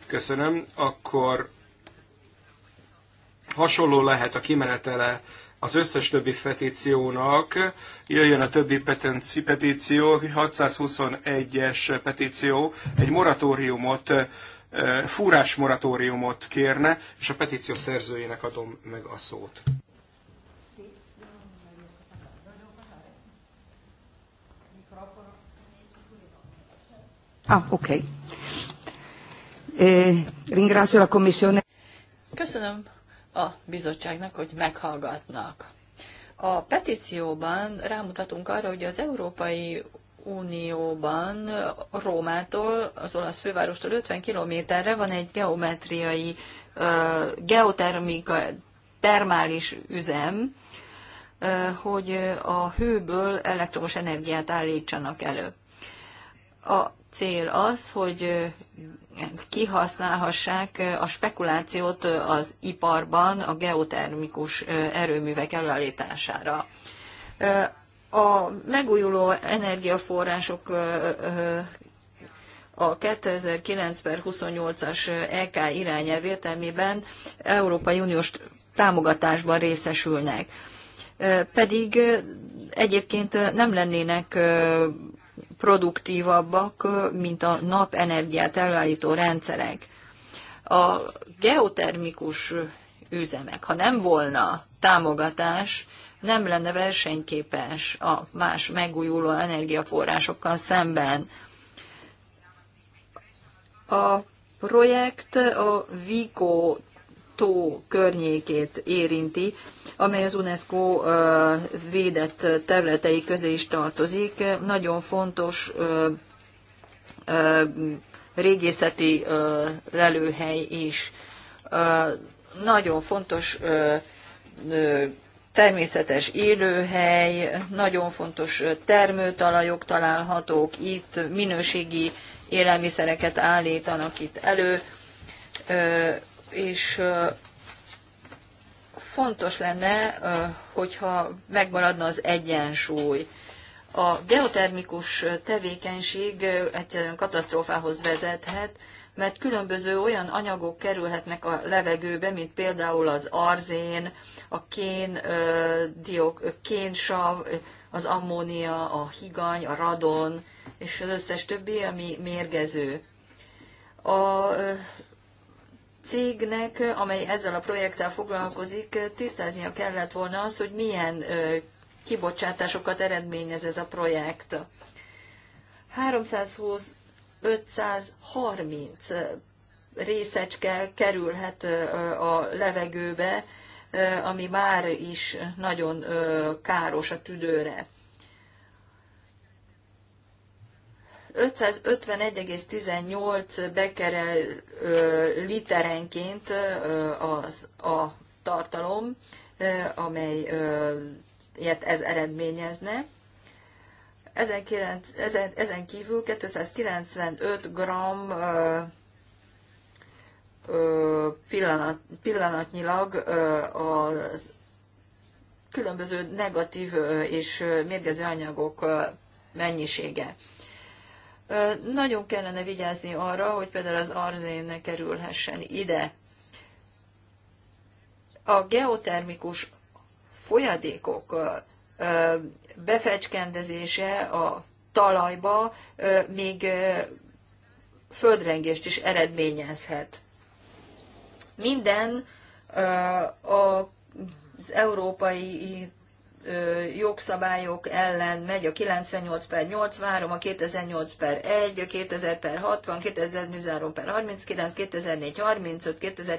C: Köszönöm. Akkor hasonló lehet a kimenetele az összes többi petíciónak jöjjön a többi petíció, 621-es petíció egy moratóriumot, fúrás moratóriumot kérne, és a petíció szerzőjének adom meg a szót.
F: Ah, Okay. Eh, ringrazio la Commissione.
B: Köszönöm a bizottságnak, hogy meghallgatnak. A petícióban rámutatunk arra, hogy az Európai Unióban Rómától, az olasz fővárostól 50 kilométerre van egy geometriai, geotermika, termális üzem, hogy a hőből elektromos energiát állítsanak elő a cél az, hogy kihasználhassák a spekulációt az iparban a geotermikus erőművek előállítására. A megújuló energiaforrások a 2009 28-as EK irányelv értelmében Európai Uniós támogatásban részesülnek. Pedig egyébként nem lennének produktívabbak, mint a napenergiát előállító rendszerek. A geotermikus üzemek, ha nem volna támogatás, nem lenne versenyképes a más megújuló energiaforrásokkal szemben. A projekt a Vico tó környékét érinti, amely az UNESCO védett területei közé is tartozik. Nagyon fontos régészeti lelőhely is. Nagyon fontos természetes élőhely, nagyon fontos termőtalajok találhatók itt, minőségi élelmiszereket állítanak itt elő, és fontos lenne, hogyha megmaradna az egyensúly. A geotermikus tevékenység egyszerűen katasztrófához vezethet, mert különböző olyan anyagok kerülhetnek a levegőbe, mint például az arzén, a kén, diok, kénsav, az ammónia, a higany, a radon, és az összes többi, ami mérgező. A cégnek, amely ezzel a projekttel foglalkozik, tisztáznia kellett volna az, hogy milyen kibocsátásokat eredményez ez a projekt. 320 530 részecske kerülhet a levegőbe, ami már is nagyon káros a tüdőre. 551,18 bekerel literenként az, a tartalom, amelyet ez eredményezne. Ezen, ezen, ezen kívül 295 g pillanat, pillanatnyilag az különböző negatív és mérgező anyagok mennyisége. Nagyon kellene vigyázni arra, hogy például az arzén ne kerülhessen ide. A geotermikus folyadékok befecskendezése a talajba még földrengést is eredményezhet. Minden az európai jogszabályok ellen megy a 98 per 83, a 2008 per 1, a 2000 per 60, 2013 per 39, 2004 35, 2012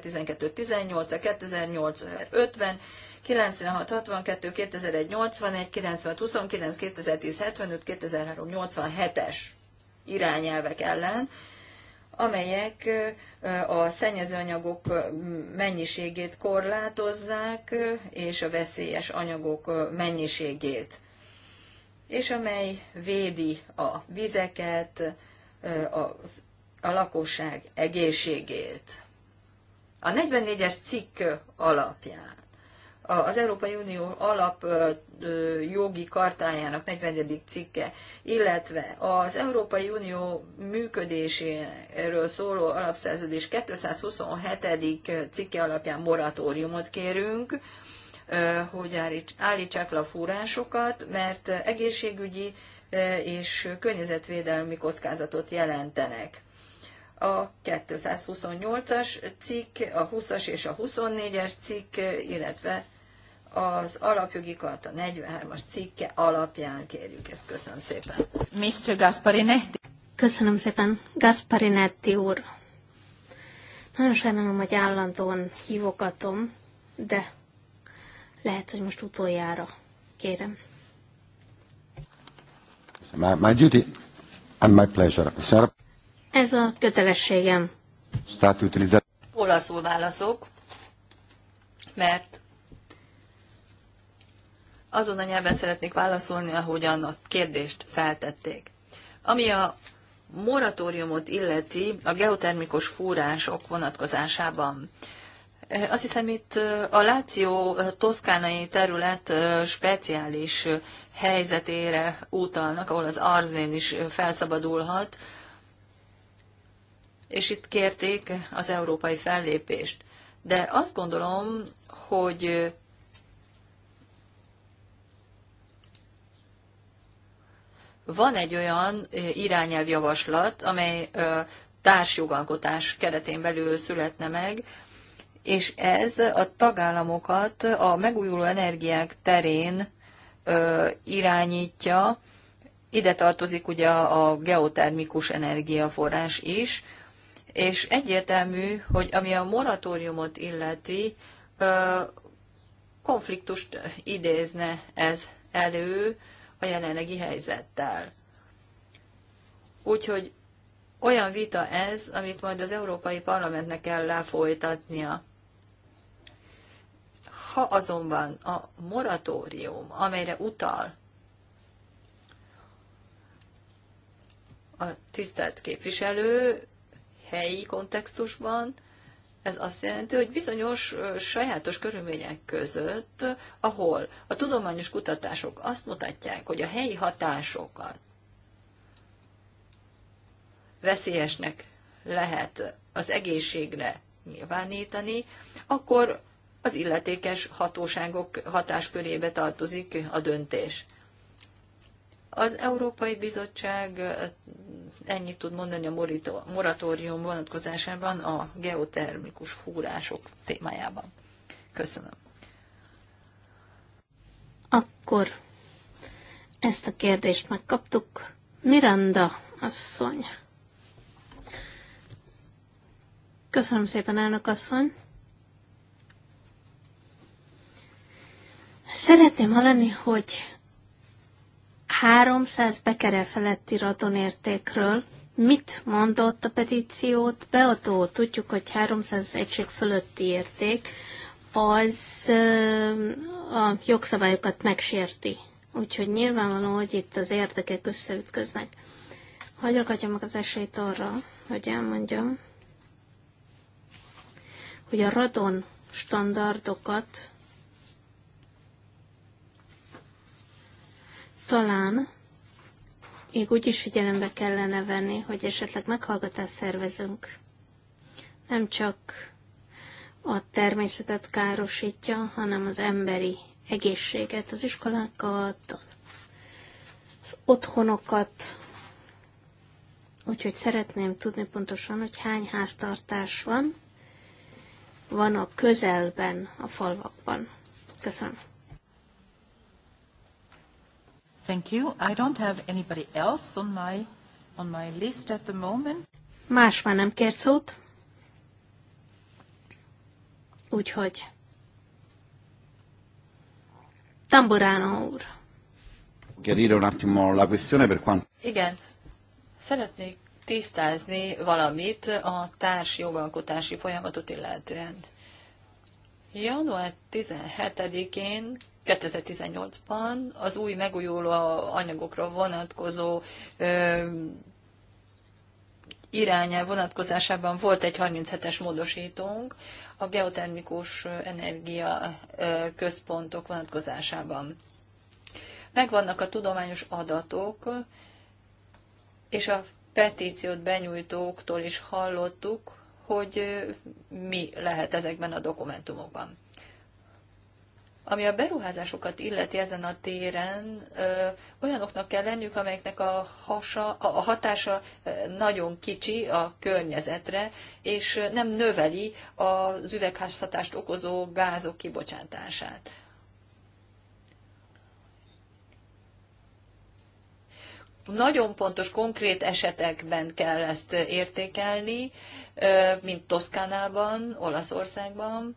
B: 18, a 2008 per 50, 96 62, 2001 81, 96 29, 2010 75, 2003 87-es irányelvek ellen, amelyek a szennyezőanyagok mennyiségét korlátozzák, és a veszélyes anyagok mennyiségét, és amely védi a vizeket, a lakosság egészségét. A 44-es cikk alapján az Európai Unió alap jogi kartájának 40. cikke, illetve az Európai Unió működéséről szóló alapszerződés 227. cikke alapján moratóriumot kérünk, hogy állítsák le a fúrásokat, mert egészségügyi és környezetvédelmi kockázatot jelentenek a 228-as cikk, a 20-as és a 24-es cikk, illetve az alapjogi karta 43-as cikke alapján kérjük ezt. Köszönöm szépen.
D: Mr. Gasparinetti. Köszönöm szépen, Gasparinetti úr. Nagyon sajnálom, hogy állandóan hívogatom, de lehet, hogy most utoljára. Kérem.
E: My, my duty and my pleasure, sir.
D: Ez a kötelességem.
B: Olaszul válaszok, mert azon a nyelven szeretnék válaszolni, ahogyan a kérdést feltették. Ami a moratóriumot illeti a geotermikus fúrások vonatkozásában. Azt hiszem itt a Láció toszkánai terület speciális helyzetére utalnak, ahol az arzén is felszabadulhat, és itt kérték az európai fellépést. De azt gondolom, hogy van egy olyan irányelvjavaslat, amely társjogalkotás keretén belül születne meg, és ez a tagállamokat a megújuló energiák terén irányítja, ide tartozik ugye a geotermikus energiaforrás is, és egyértelmű, hogy ami a moratóriumot illeti, konfliktust idézne ez elő, a jelenlegi helyzettel. Úgyhogy olyan vita ez, amit majd az Európai Parlamentnek kell lefolytatnia. Ha azonban a moratórium, amelyre utal a tisztelt képviselő helyi kontextusban, ez azt jelenti, hogy bizonyos sajátos körülmények között, ahol a tudományos kutatások azt mutatják, hogy a helyi hatásokat veszélyesnek lehet az egészségre nyilvánítani, akkor az illetékes hatóságok hatáskörébe tartozik a döntés. Az Európai Bizottság ennyit tud mondani a moratórium vonatkozásában a geotermikus fúrások témájában. Köszönöm.
D: Akkor ezt a kérdést megkaptuk. Miranda asszony. Köszönöm szépen, elnök asszony. Szeretném hallani, hogy 300 bekere feletti radonértékről. Mit mondott a petíciót? Beadó, tudjuk, hogy 300 egység fölötti érték, az a jogszabályokat megsérti. Úgyhogy nyilvánvaló, hogy itt az érdekek összeütköznek. Hagyok adjam meg az esélyt arra, hogy elmondjam, hogy a radon standardokat talán még úgy is figyelembe kellene venni, hogy esetleg meghallgatást szervezünk. Nem csak a természetet károsítja, hanem az emberi egészséget, az iskolákat, az otthonokat. Úgyhogy szeretném tudni pontosan, hogy hány háztartás van, van a közelben, a falvakban. Köszönöm.
A: Thank you. I don't have anybody else on my, on my list at the moment.
D: Más már nem kér szót. Úgyhogy.
B: Tamburano úr.
E: Chiarire un attimo la questione per quanto...
B: Igen. Szeretnék tisztázni valamit a társ jogalkotási folyamatot illetően. Január 17-én 2018-ban az új megújuló anyagokra vonatkozó ö, irányá vonatkozásában volt egy 37-es módosítónk a geotermikus energia központok vonatkozásában. Megvannak a tudományos adatok, és a petíciót benyújtóktól is hallottuk, hogy mi lehet ezekben a dokumentumokban. Ami a beruházásokat illeti ezen a téren, ö, olyanoknak kell lenniük, amelyeknek a, hasa, a hatása nagyon kicsi a környezetre, és nem növeli az üvegházhatást okozó gázok kibocsátását. Nagyon pontos, konkrét esetekben kell ezt értékelni, mint Toszkánában, Olaszországban,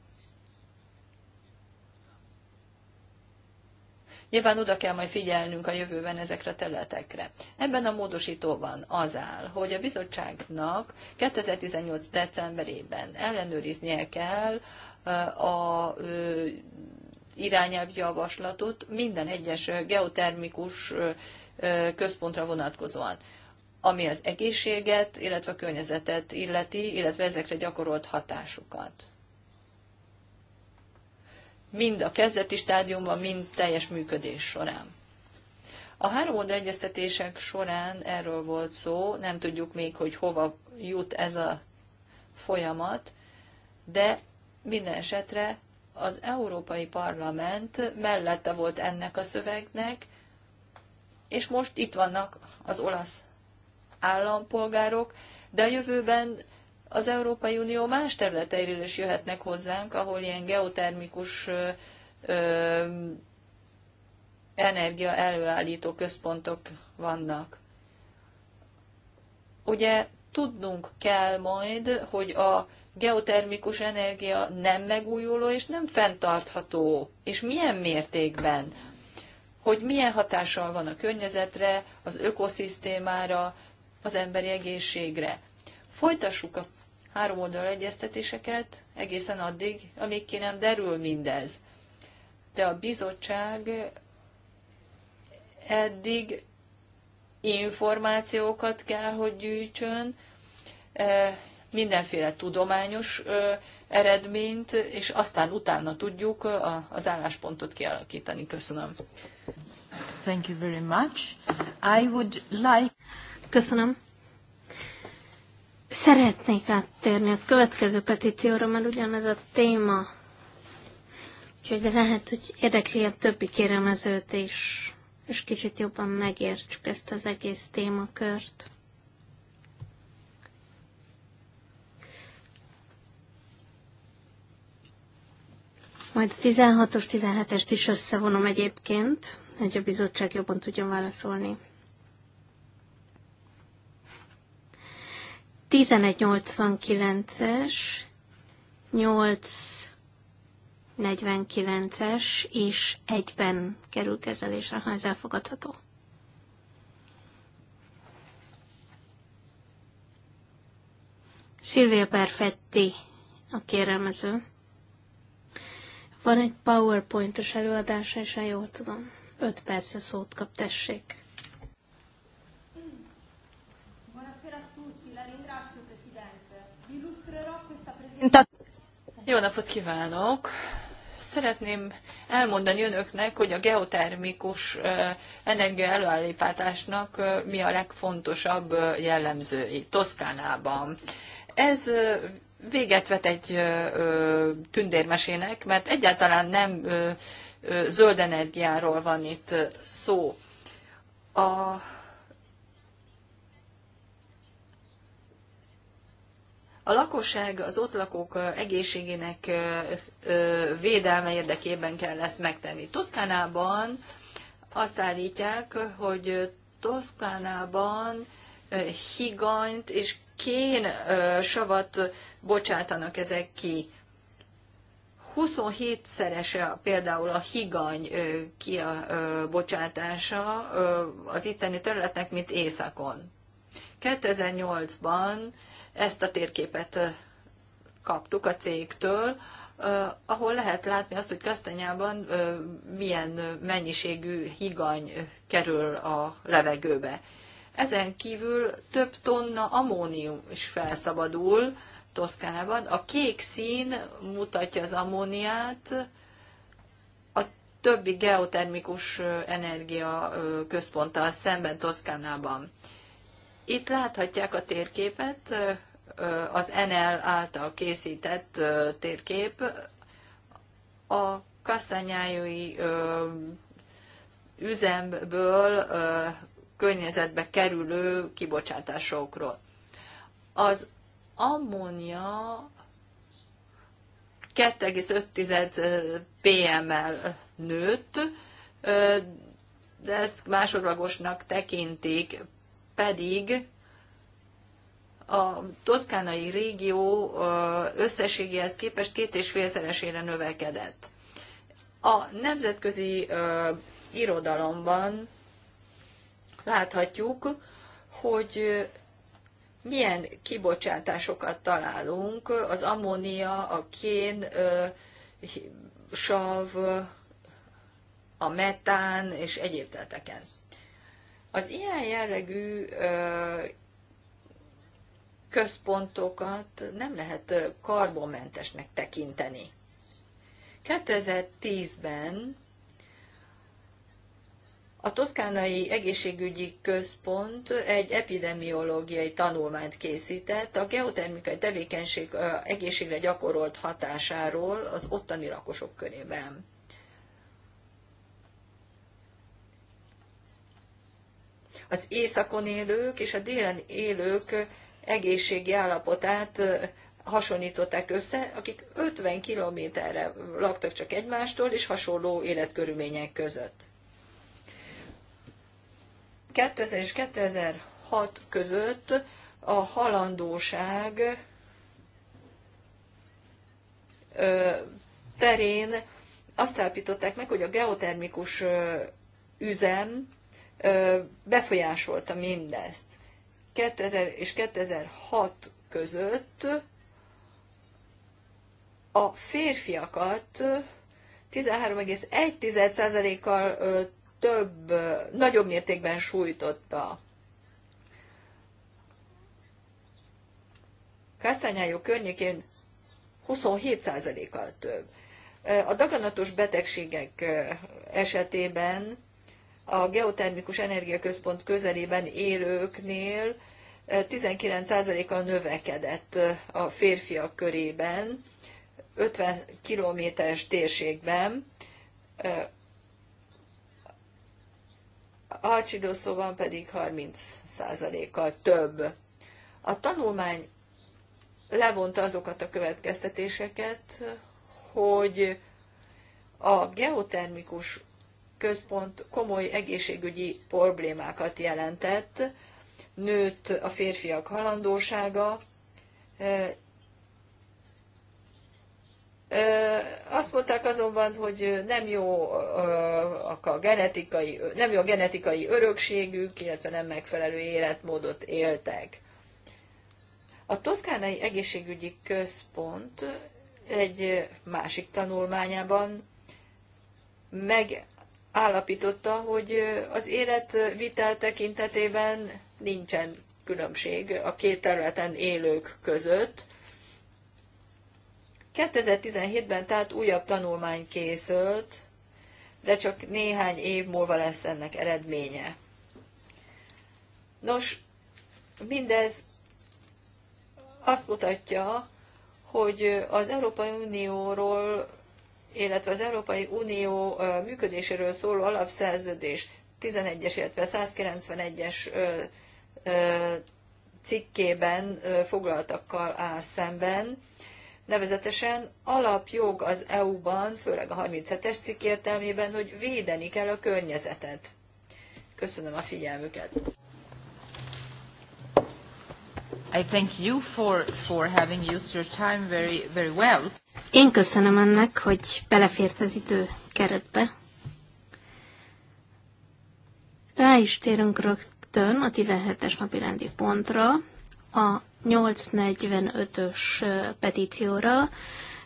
B: Nyilván oda kell majd figyelnünk a jövőben ezekre a területekre. Ebben a módosítóban az áll, hogy a bizottságnak 2018. decemberében ellenőriznie kell a irányelvjavaslatot minden egyes geotermikus központra vonatkozóan ami az egészséget, illetve a környezetet illeti, illetve ezekre gyakorolt hatásukat mind a kezdeti stádiumban, mind teljes működés során. A három egyeztetések során erről volt szó, nem tudjuk még, hogy hova jut ez a folyamat, de minden esetre az Európai Parlament mellette volt ennek a szövegnek, és most itt vannak az olasz állampolgárok, de a jövőben az Európai Unió más területeiről is jöhetnek hozzánk, ahol ilyen geotermikus energia előállító központok vannak. Ugye tudnunk kell majd, hogy a geotermikus energia nem megújuló és nem fenntartható, és milyen mértékben, hogy milyen hatással van a környezetre, az ökoszisztémára, az emberi egészségre. Folytassuk a három oldal egyeztetéseket egészen addig, amíg ki nem derül mindez. De a bizottság eddig információkat kell, hogy gyűjtsön, e, mindenféle tudományos eredményt, és aztán utána tudjuk az álláspontot kialakítani. Köszönöm.
A: Thank you very much. I would like...
D: Köszönöm. Szeretnék áttérni a következő petícióra, mert ugyanez a téma. Úgyhogy lehet, hogy érdekli a többi kéremezőt is, és kicsit jobban megértsük ezt az egész témakört. Majd a 16-os, 17-est is összevonom egyébként, hogy a bizottság jobban tudjon válaszolni. 1189-es, 849-es és egyben kerül kezelésre, ha ez elfogadható. Silvia Perfetti a kérelmező. Van egy PowerPointos előadása, és ha jól tudom, 5 perc szót kap, tessék.
B: Jó napot kívánok! Szeretném elmondani önöknek, hogy a geotermikus energia előállításnak mi a legfontosabb jellemzői Toszkánában. Ez véget vet egy tündérmesének, mert egyáltalán nem zöld energiáról van itt szó. A A lakosság az ott lakók egészségének védelme érdekében kell ezt megtenni. Toszkánában azt állítják, hogy Toszkánában higanyt és kén savat bocsátanak ezek ki. 27-szerese például a higany kibocsátása az itteni területnek, mint északon. 2008-ban ezt a térképet kaptuk a cégtől, ahol lehet látni azt, hogy Kasztanyában milyen mennyiségű higany kerül a levegőbe. Ezen kívül több tonna ammónium is felszabadul Toszkánában. A kék szín mutatja az ammóniát, a többi geotermikus energia központtal szemben Toszkánában. Itt láthatják a térképet, az NL által készített térkép a kasszanyájói üzemből környezetbe kerülő kibocsátásokról. Az ammónia 2,5 pm-mel nőtt, de ezt másodlagosnak tekintik, pedig a toszkánai régió összességéhez képest két és félszeresére növekedett. A nemzetközi irodalomban láthatjuk, hogy milyen kibocsátásokat találunk, az ammónia, a kén, sav, a metán és egyéb teteken. Az ilyen jellegű központokat nem lehet karbonmentesnek tekinteni. 2010-ben a Toszkánai Egészségügyi Központ egy epidemiológiai tanulmányt készített a geotermikai tevékenység egészségre gyakorolt hatásáról az ottani lakosok körében. az északon élők és a délen élők egészségi állapotát hasonlították össze, akik 50 kilométerre laktak csak egymástól, és hasonló életkörülmények között. 2000 és 2006 között a halandóság terén azt állapították meg, hogy a geotermikus üzem befolyásolta mindezt. 2000 és 2006 között a férfiakat 13,1%-kal több, nagyobb mértékben sújtotta. Kásztányájó környékén 27%-kal több. A daganatos betegségek esetében a geotermikus energiaközpont közelében élőknél 19 eh, a növekedett eh, a férfiak körében, 50 kilométeres térségben, eh, Alcsidószóban pedig 30%-kal több. A tanulmány levonta azokat a következtetéseket, hogy a geotermikus központ komoly egészségügyi problémákat jelentett, nőtt a férfiak halandósága. Azt mondták azonban, hogy nem jó a genetikai, nem jó a genetikai örökségük, illetve nem megfelelő életmódot éltek. A Toszkánai Egészségügyi Központ egy másik tanulmányában meg állapította, hogy az életvitel tekintetében nincsen különbség a két területen élők között. 2017-ben tehát újabb tanulmány készült, de csak néhány év múlva lesz ennek eredménye. Nos, mindez azt mutatja, hogy az Európai Unióról illetve az Európai Unió működéséről szóló alapszerződés 11-es, illetve 191-es cikkében foglaltakkal áll szemben. Nevezetesen alapjog az EU-ban, főleg a 37-es cikk értelmében, hogy védeni kell a környezetet. Köszönöm a figyelmüket!
D: Én köszönöm ennek, hogy belefért az idő keretbe. Rá is térünk rögtön a 17-es napi rendi pontra, a 845-ös petícióra.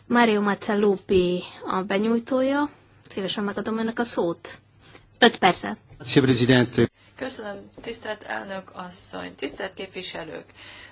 D: Mário Mazzalupi a benyújtója. Szívesen megadom ennek a szót. 5 percet.
F: Grazie,
B: Köszönöm, tisztelt elnök asszony, tisztelt képviselők!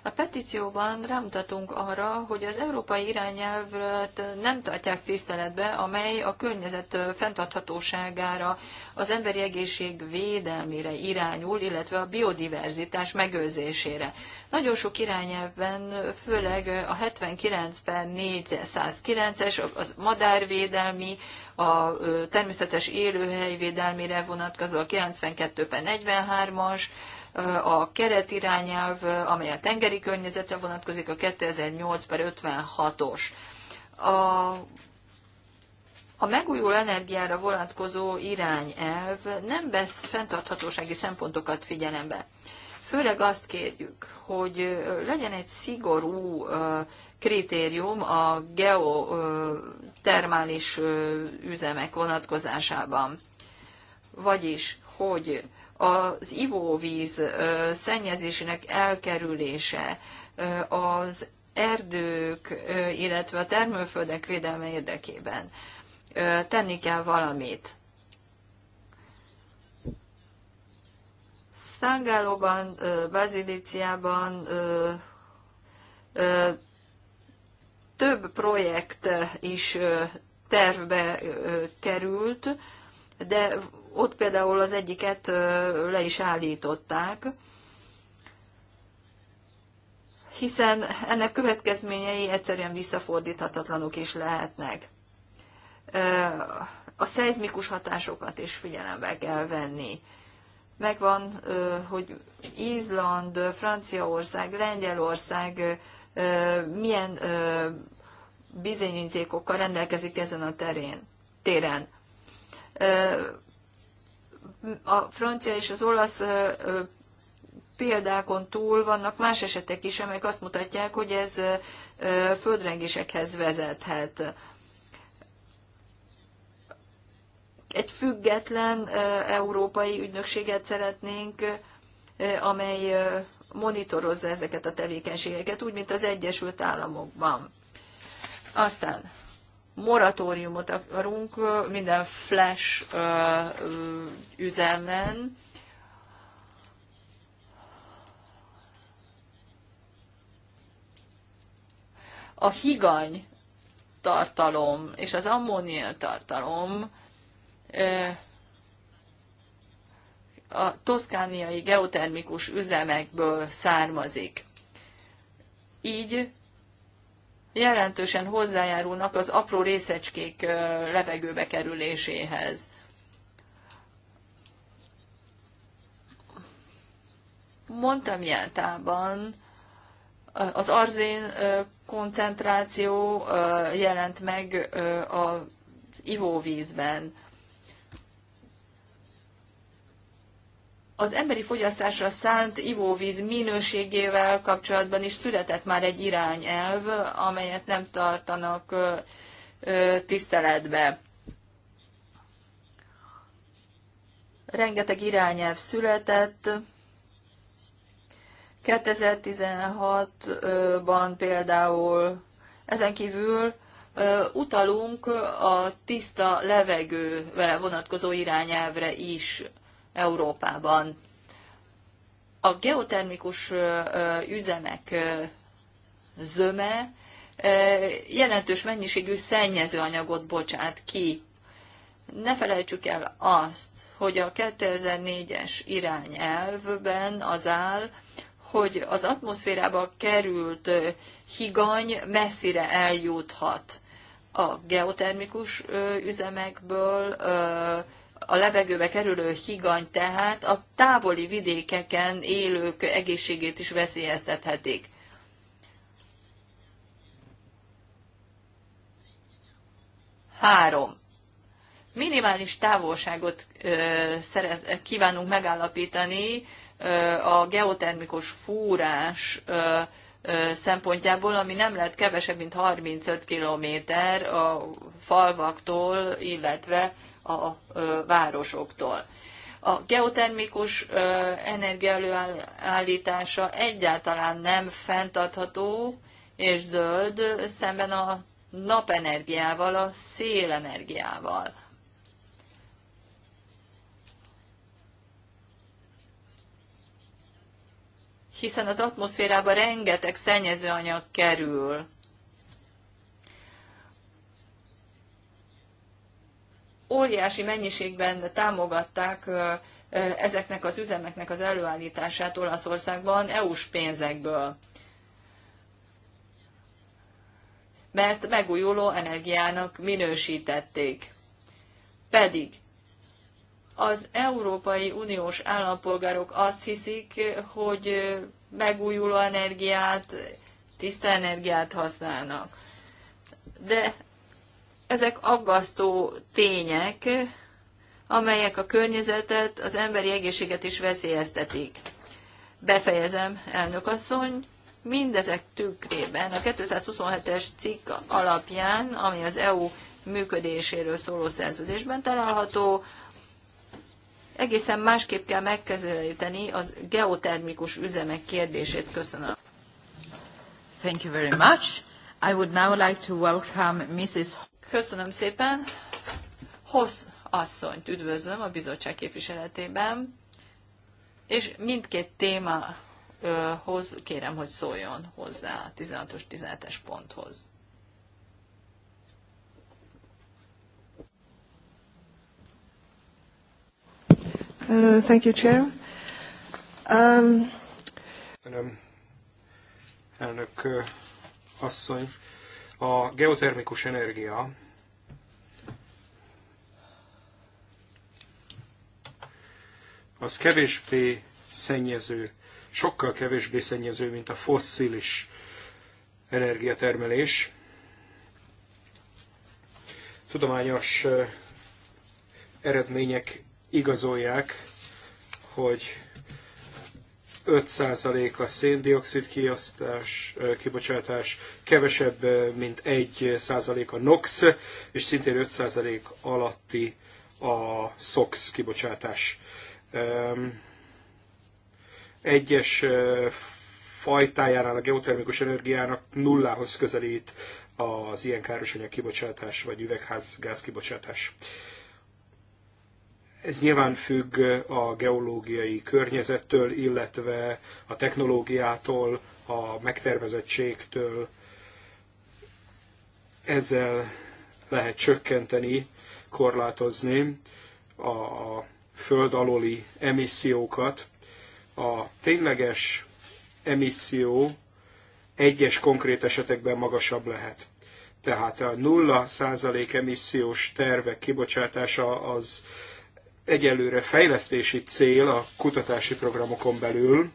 B: A petícióban rámutatunk arra, hogy az európai irányelvet nem tartják tiszteletbe, amely a környezet fenntarthatóságára, az emberi egészség védelmére irányul, illetve a biodiverzitás megőrzésére. Nagyon sok irányelvben, főleg a 79 per 409-es, az madárvédelmi, a természetes élőhely védelmére vonatkozó a 92 43-as, a keretirányelv, amely a tengeri környezetre vonatkozik, a 2008 per 56-os. A a megújuló energiára vonatkozó irányelv nem vesz fenntarthatósági szempontokat figyelembe. Főleg azt kérjük, hogy legyen egy szigorú kritérium a geotermális üzemek vonatkozásában. Vagyis, hogy az ivóvíz szennyezésének elkerülése, az erdők, illetve a termőföldek védelme érdekében tenni kell valamit. Szangálóban, Baziliciában több projekt is tervbe került, de ott például az egyiket le is állították, hiszen ennek következményei egyszerűen visszafordíthatatlanok is lehetnek. A szeizmikus hatásokat is figyelembe kell venni megvan, hogy Izland, Franciaország, Lengyelország milyen bizonyítékokkal rendelkezik ezen a terén, téren. A francia és az olasz példákon túl vannak más esetek is, amelyek azt mutatják, hogy ez földrengésekhez vezethet. egy független európai ügynökséget szeretnénk, amely monitorozza ezeket a tevékenységeket, úgy, mint az Egyesült Államokban. Aztán moratóriumot akarunk minden flash üzemen, a higany tartalom és az ammónia tartalom a toszkániai geotermikus üzemekből származik. Így jelentősen hozzájárulnak az apró részecskék levegőbe kerüléséhez. jeltában, az arzén koncentráció jelent meg az ivóvízben. az emberi fogyasztásra szánt ivóvíz minőségével kapcsolatban is született már egy irányelv, amelyet nem tartanak tiszteletbe. Rengeteg irányelv született. 2016-ban például ezen kívül utalunk a tiszta levegővel vonatkozó irányelvre is. Európában. A geotermikus üzemek zöme jelentős mennyiségű szennyezőanyagot bocsát ki. Ne felejtsük el azt, hogy a 2004-es irányelvben az áll, hogy az atmoszférába került higany messzire eljuthat a geotermikus üzemekből, a levegőbe kerülő higany tehát a távoli vidékeken élők egészségét is veszélyeztethetik. Három. Minimális távolságot ö, szeret, kívánunk megállapítani ö, a geotermikus fúrás ö, szempontjából, ami nem lehet kevesebb, mint 35 kilométer a falvaktól, illetve a városoktól. A geotermikus energia előállítása egyáltalán nem fenntartható és zöld szemben a napenergiával, a szélenergiával. Hiszen az atmoszférába rengeteg szennyezőanyag kerül óriási mennyiségben támogatták ezeknek az üzemeknek az előállítását Olaszországban EU-s pénzekből. Mert megújuló energiának minősítették. Pedig az Európai Uniós állampolgárok azt hiszik, hogy megújuló energiát, tiszta energiát használnak. De ezek aggasztó tények, amelyek a környezetet, az emberi egészséget is veszélyeztetik. Befejezem, elnök asszony, mindezek tükrében a 227-es cikk alapján, ami az EU működéséről szóló szerződésben található, egészen másképp kell megközelíteni az geotermikus üzemek kérdését. Köszönöm.
A: Thank you very much.
B: I would now like to welcome Mrs. Köszönöm szépen. Hossz asszonyt üdvözlöm a bizottság képviseletében, és mindkét témahoz kérem, hogy szóljon hozzá a 16-os, 17-es ponthoz.
G: Uh, thank you, Chair. Um...
C: Elnök uh, asszony, a geotermikus energia az kevésbé szennyező, sokkal kevésbé szennyező, mint a fosszilis energiatermelés. Tudományos eh, eredmények igazolják, hogy 5% a széndiokszid kiasztás, kibocsátás, kevesebb, mint 1% a NOx, és szintén 5% alatti a SOX kibocsátás. Egyes fajtájánál a geotermikus energiának nullához közelít az ilyen károsanyag kibocsátás, vagy üvegházgáz kibocsátás. kibocsátás ez nyilván függ a geológiai környezettől, illetve a technológiától, a megtervezettségtől. Ezzel lehet csökkenteni, korlátozni a föld aloli emissziókat. A tényleges emisszió egyes konkrét esetekben magasabb lehet. Tehát a 0% emissziós tervek kibocsátása az egyelőre fejlesztési cél a kutatási programokon belül.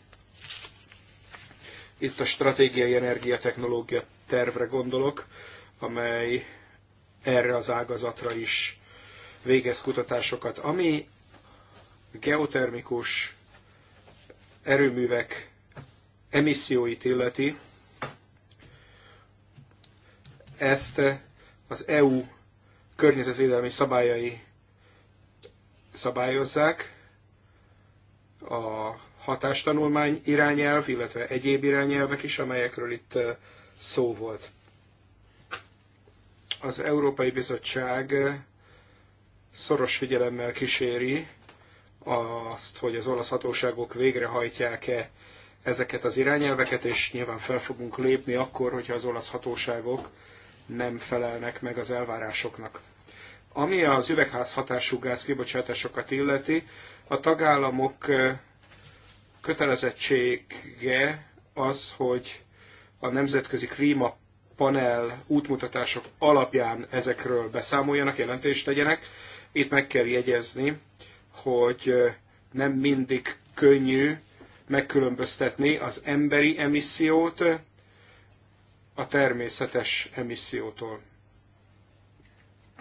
C: Itt a stratégiai energiatechnológia tervre gondolok, amely erre az ágazatra is végez kutatásokat. Ami geotermikus erőművek emisszióit illeti, ezt az EU környezetvédelmi szabályai szabályozzák, a hatástanulmány irányelv, illetve egyéb irányelvek is, amelyekről itt szó volt. Az Európai Bizottság szoros figyelemmel kíséri azt, hogy az olasz hatóságok végrehajtják-e ezeket az irányelveket, és nyilván fel fogunk lépni akkor, hogyha az olasz hatóságok nem felelnek meg az elvárásoknak. Ami az üvegház hatású gáz kibocsátásokat illeti, a tagállamok kötelezettsége az, hogy a Nemzetközi Klíma panel útmutatások alapján ezekről beszámoljanak, jelentést tegyenek. Itt meg kell jegyezni, hogy nem mindig könnyű megkülönböztetni az emberi emissziót a természetes emissziótól.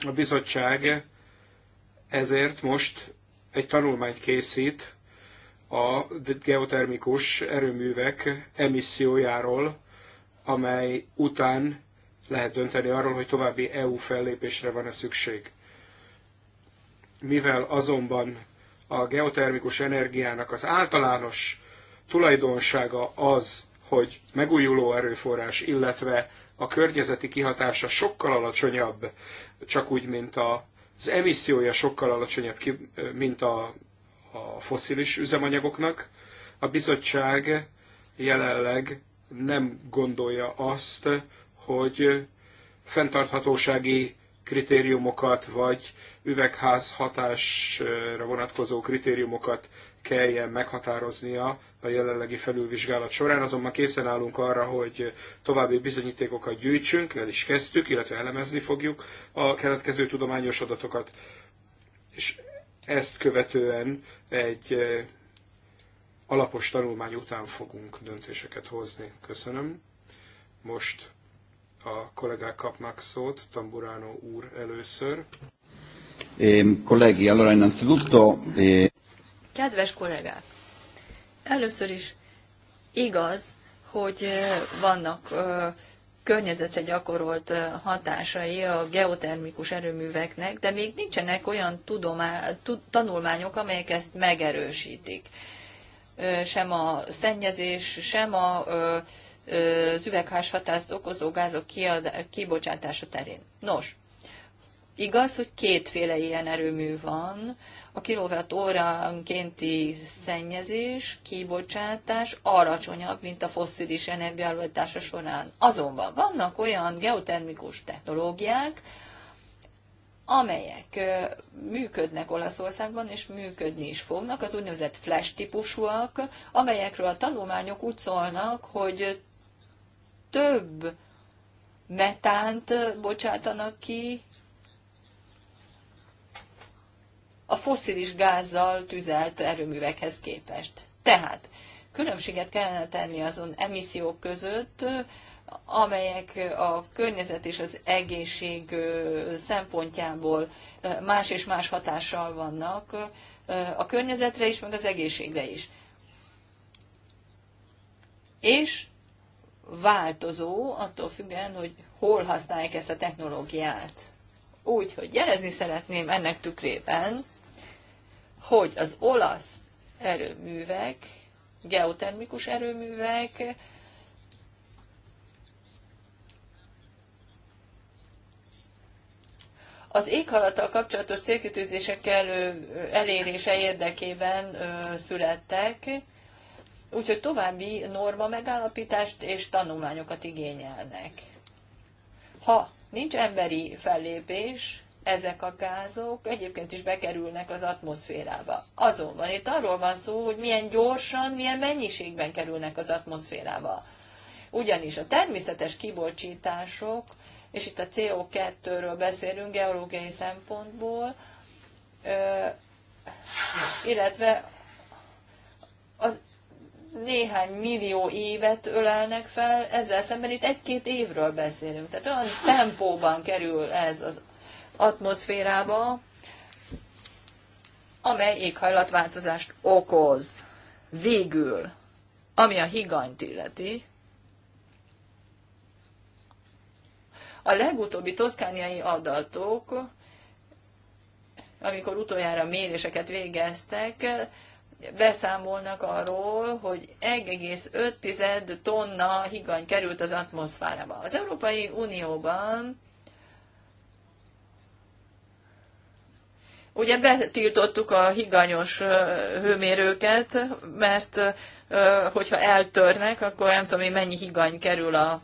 C: A bizottság ezért most egy tanulmányt készít a geotermikus erőművek emissziójáról, amely után lehet dönteni arról, hogy további EU fellépésre van-e szükség. Mivel azonban a geotermikus energiának az általános tulajdonsága az, hogy megújuló erőforrás, illetve a környezeti kihatása sokkal alacsonyabb, csak úgy, mint a, az emissziója sokkal alacsonyabb, mint a, a foszilis üzemanyagoknak. A bizottság jelenleg nem gondolja azt, hogy fenntarthatósági kritériumokat, vagy üvegház hatásra vonatkozó kritériumokat kelljen meghatároznia a jelenlegi felülvizsgálat során, azonban készen állunk arra, hogy további bizonyítékokat gyűjtsünk, el is kezdtük, illetve elemezni fogjuk a keletkező tudományos adatokat, és ezt követően egy eh, alapos tanulmány után fogunk döntéseket hozni. Köszönöm. Most a kollégák kapnak szót, Tamburano úr először.
E: Eh, colleghi, allora innanzitutto... Eh...
C: Kedves kollégák, először is
B: igaz, hogy vannak környezetre gyakorolt hatásai a geotermikus erőműveknek, de még nincsenek olyan tudomá- tanulmányok, amelyek ezt megerősítik. Sem a szennyezés, sem a az üvegházhatást okozó gázok kibocsátása terén. Nos, igaz, hogy kétféle ilyen erőmű van, a kilowatt óránkénti szennyezés, kibocsátás alacsonyabb, mint a fosszilis energiállítása során. Azonban vannak olyan geotermikus technológiák, amelyek működnek Olaszországban, és működni is fognak, az úgynevezett flash típusúak, amelyekről a tanulmányok úgy szólnak, hogy több metánt bocsátanak ki, a fosszilis gázzal tüzelt erőművekhez képest. Tehát különbséget kellene tenni azon emissziók között, amelyek a környezet és az egészség szempontjából más és más hatással vannak a környezetre is, meg az egészségre is. És változó, attól függően, hogy hol használják ezt a technológiát. Úgyhogy jelezni szeretném ennek tükrében, hogy az olasz erőművek, geotermikus erőművek az éghalattal kapcsolatos célkitűzések elérése érdekében születtek, úgyhogy további norma megállapítást és tanulmányokat igényelnek. Ha nincs emberi fellépés, ezek a gázok egyébként is bekerülnek az atmoszférába. Azonban itt arról van szó, hogy milyen gyorsan, milyen mennyiségben kerülnek az atmoszférába. Ugyanis a természetes kibocsítások, és itt a CO2-ről beszélünk geológiai szempontból, illetve az néhány millió évet ölelnek fel, ezzel szemben itt egy-két évről beszélünk. Tehát olyan tempóban kerül ez az atmoszférába, amely éghajlatváltozást okoz. Végül, ami a higanyt illeti, a legutóbbi toszkániai adatok, amikor utoljára méréseket végeztek, beszámolnak arról, hogy 1,5 tonna higany került az atmoszférába. Az Európai Unióban Ugye betiltottuk a higanyos hőmérőket, mert hogyha eltörnek, akkor nem tudom én mennyi higany kerül a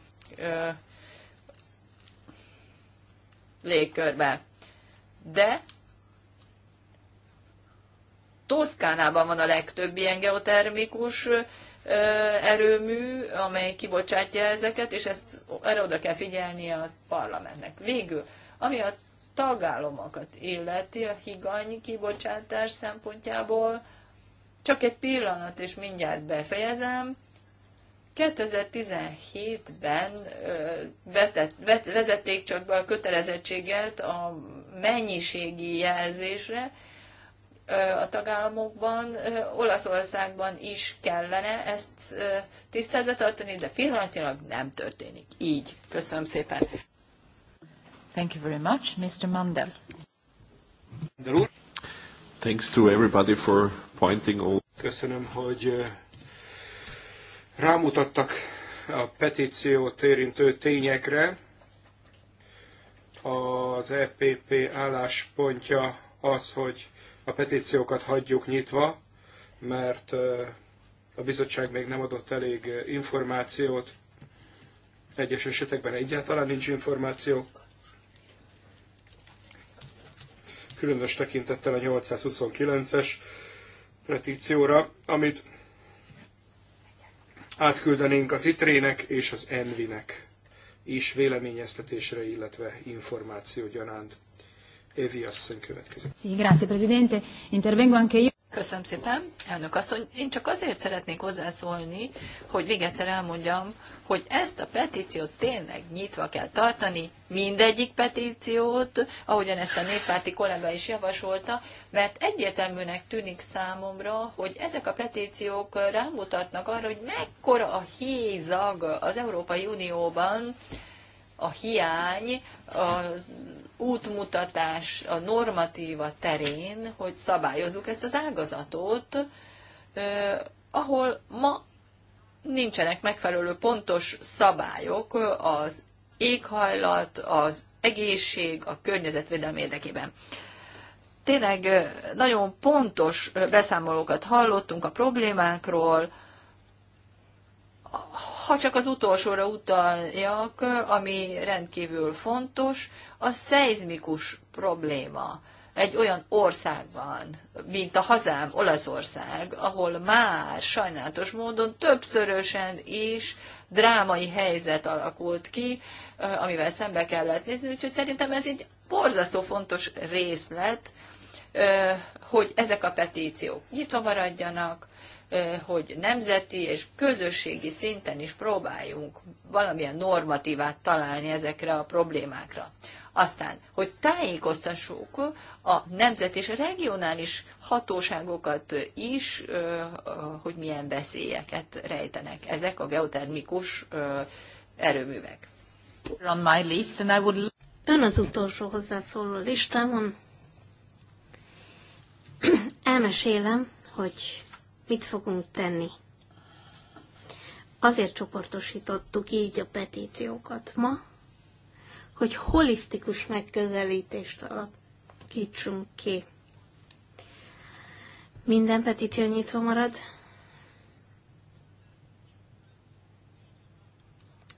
B: légkörbe. De Toszkánában van a legtöbb ilyen geotermikus erőmű, amely kibocsátja ezeket, és ezt erre oda kell figyelni a parlamentnek. Végül, ami a tagállamokat illeti a higanyi kibocsátás szempontjából. Csak egy pillanat, és mindjárt befejezem. 2017-ben vezették csak be a kötelezettséget a mennyiségi jelzésre a tagállamokban, Olaszországban is kellene ezt tiszteletbe tartani, de pillanatilag nem történik így. Köszönöm szépen!
A: Thank you very much. Mr. Mandel.
C: Thanks to everybody for pointing all. Köszönöm, hogy rámutattak a petíciót érintő tényekre. Az EPP álláspontja az, hogy a petíciókat hagyjuk nyitva, mert a bizottság még nem adott elég információt. Egyes esetekben egyáltalán nincs információ. különös tekintettel a 829-es petícióra, amit átküldenénk az ITRÉ-nek és az ENVI-nek is véleményeztetésre, illetve információ gyanánt. Évi asszony következik.
B: Grazie, Presidente. Intervengo anche io. Köszönöm szépen, elnök asszony. Én csak azért szeretnék hozzászólni, hogy még egyszer elmondjam, hogy ezt a petíciót tényleg nyitva kell tartani, mindegyik petíciót, ahogyan ezt a néppárti kollega is javasolta, mert egyértelműnek tűnik számomra, hogy ezek a petíciók rámutatnak arra, hogy mekkora a hízag az Európai Unióban, a hiány, az útmutatás, a normatíva terén, hogy szabályozzuk ezt az ágazatot, eh, ahol ma nincsenek megfelelő pontos szabályok az éghajlat, az egészség, a környezetvédelem érdekében. Tényleg nagyon pontos beszámolókat hallottunk a problémákról, ha csak az utolsóra utaljak, ami rendkívül fontos, a szeizmikus probléma egy olyan országban, mint a hazám Olaszország, ahol már sajnálatos módon többszörösen is drámai helyzet alakult ki, eh, amivel szembe kellett nézni, úgyhogy szerintem ez egy borzasztó fontos részlet, eh, hogy ezek a petíciók nyitva maradjanak, eh, hogy nemzeti és közösségi szinten is próbáljunk valamilyen normatívát találni ezekre a problémákra. Aztán, hogy tájékoztassuk a nemzet és a regionális hatóságokat is, hogy milyen veszélyeket rejtenek ezek a geotermikus erőművek.
A: On my list and
B: I would...
D: Ön az utolsó hozzászóló listámon. Elmesélem, hogy mit fogunk tenni. Azért csoportosítottuk így a petíciókat ma, hogy holisztikus megközelítést alakítsunk ki. Minden petíció nyitva marad.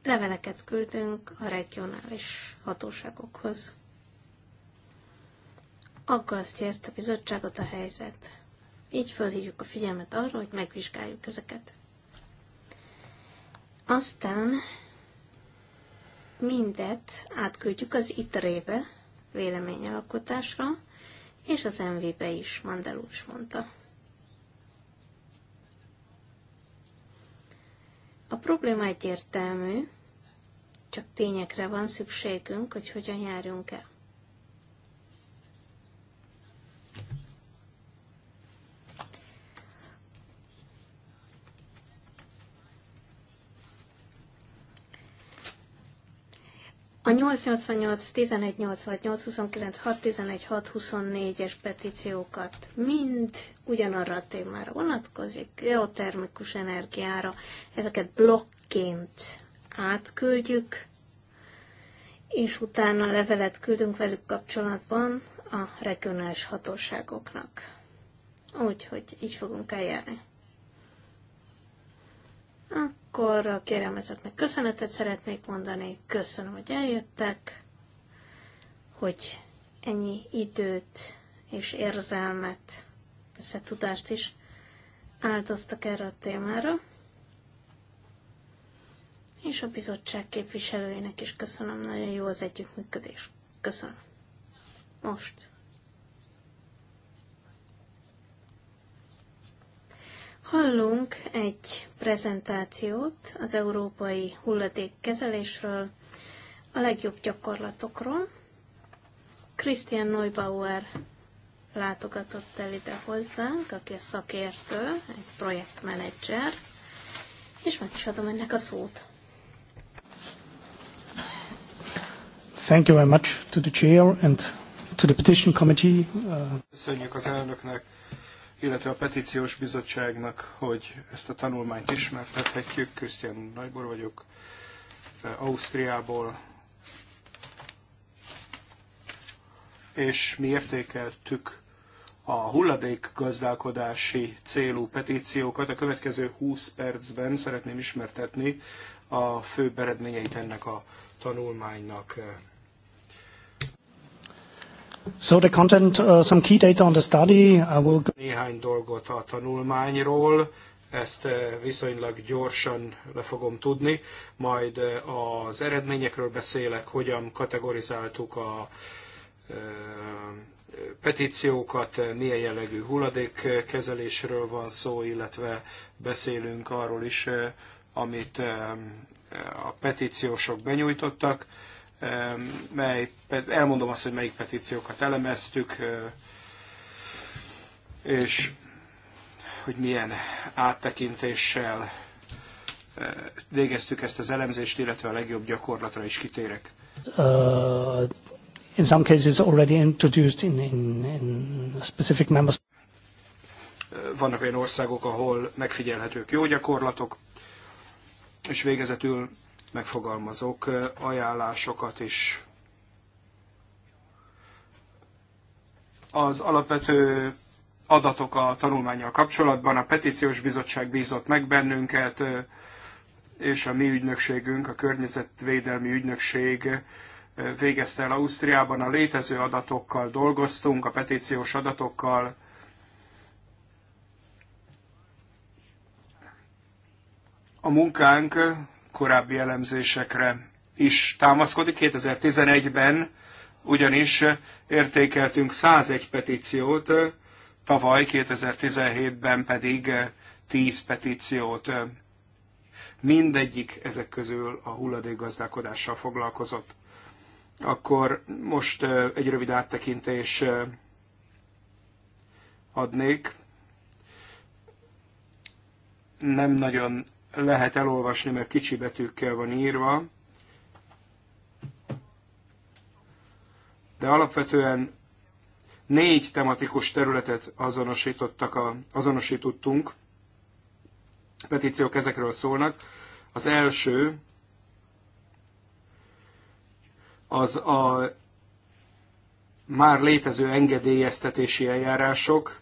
D: Leveleket küldünk a regionális hatóságokhoz. Aggasztja ezt a bizottságot a helyzet. Így fölhívjuk a figyelmet arra, hogy megvizsgáljuk ezeket. Aztán mindet átküldjük az ITRE-be, véleményalkotásra, és az MV-be is, Mandelúcs mondta. A probléma egyértelmű, csak tényekre van szükségünk, hogy hogyan járjunk el. A 888, 1188, 29, 6, 11, 6, 24-es petíciókat mind ugyanarra a témára vonatkozik, geotermikus energiára, ezeket blokként átküldjük, és utána levelet küldünk velük kapcsolatban a regionális hatóságoknak. Úgyhogy így fogunk eljárni. Akkor a kérelmezőknek köszönetet szeretnék mondani, köszönöm, hogy eljöttek, hogy ennyi időt és érzelmet, tudást is áldoztak erre a témára. És a bizottság képviselőinek is köszönöm, nagyon jó az együttműködés. Köszönöm. Most. Hallunk egy prezentációt az európai hulladékkezelésről, a legjobb gyakorlatokról. Christian Neubauer látogatott el ide hozzánk, aki a szakértő, egy projektmenedzser, és meg is adom
C: ennek a szót.
F: Thank you very much to the chair and to the petition committee. Uh...
C: Köszönjük az elnöknek illetve a petíciós bizottságnak, hogy ezt a tanulmányt ismertethetjük. Krisztián Nagybor vagyok, Ausztriából, és mi értékeltük a hulladékgazdálkodási célú petíciókat. A következő 20 percben szeretném ismertetni a fő eredményeit ennek a tanulmánynak.
F: So the content, uh, some key data on the study, I will...
C: Néhány dolgot a tanulmányról, ezt uh, viszonylag gyorsan le fogom tudni, majd uh, az eredményekről beszélek, hogyan kategorizáltuk a uh, petíciókat, milyen jellegű hulladékkezelésről van szó, illetve beszélünk arról is, amit um, a petíciósok benyújtottak mely, elmondom azt, hogy melyik petíciókat elemeztük, és hogy milyen áttekintéssel végeztük ezt az elemzést, illetve a legjobb gyakorlatra is kitérek.
F: Uh, in some cases already introduced in, in, in specific members.
C: Vannak olyan országok, ahol megfigyelhetők jó gyakorlatok, és végezetül megfogalmazok ajánlásokat is. Az alapvető adatok a tanulmányjal kapcsolatban a petíciós bizottság bízott meg bennünket, és a mi ügynökségünk, a környezetvédelmi ügynökség végezte el Ausztriában. A létező adatokkal dolgoztunk, a petíciós adatokkal. A munkánk korábbi elemzésekre is támaszkodik. 2011-ben ugyanis értékeltünk 101 petíciót, tavaly 2017-ben pedig 10 petíciót. Mindegyik ezek közül a hulladékgazdálkodással foglalkozott. Akkor most egy rövid áttekintés adnék. Nem nagyon lehet elolvasni, mert kicsi betűkkel van írva, de alapvetően négy tematikus területet azonosítottak a, azonosítottunk, a petíciók ezekről szólnak. Az első az a már létező engedélyeztetési eljárások,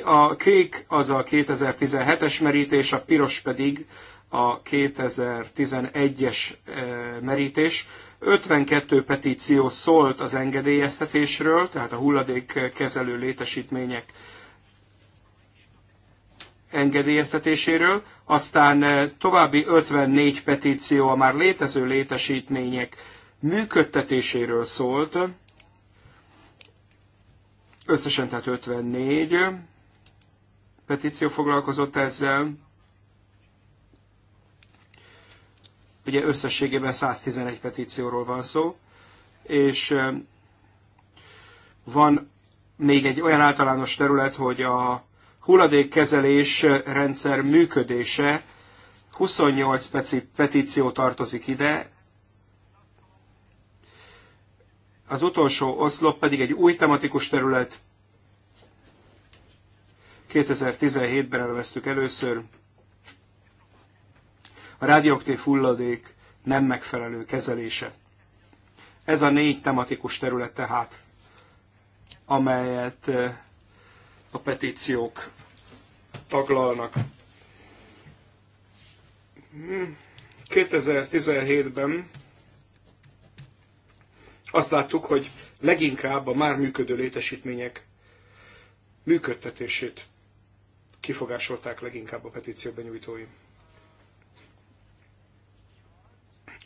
C: a kék az a 2017-es merítés, a piros pedig a 2011-es e, merítés. 52 petíció szólt az engedélyeztetésről, tehát a hulladékkezelő létesítmények engedélyeztetéséről, aztán e, további 54 petíció a már létező létesítmények működtetéséről szólt, Összesen tehát 54 petíció foglalkozott ezzel. Ugye összességében 111 petícióról van szó, és van még egy olyan általános terület, hogy a hulladékkezelés rendszer működése, 28 petíció tartozik ide, Az utolsó oszlop pedig egy új tematikus terület. 2017-ben elveztük először. A rádióaktív hulladék nem megfelelő kezelése. Ez a négy tematikus terület tehát, amelyet eh, a petíciók taglalnak. 2017-ben hmm azt láttuk, hogy leginkább a már működő létesítmények működtetését kifogásolták leginkább a petíció benyújtói.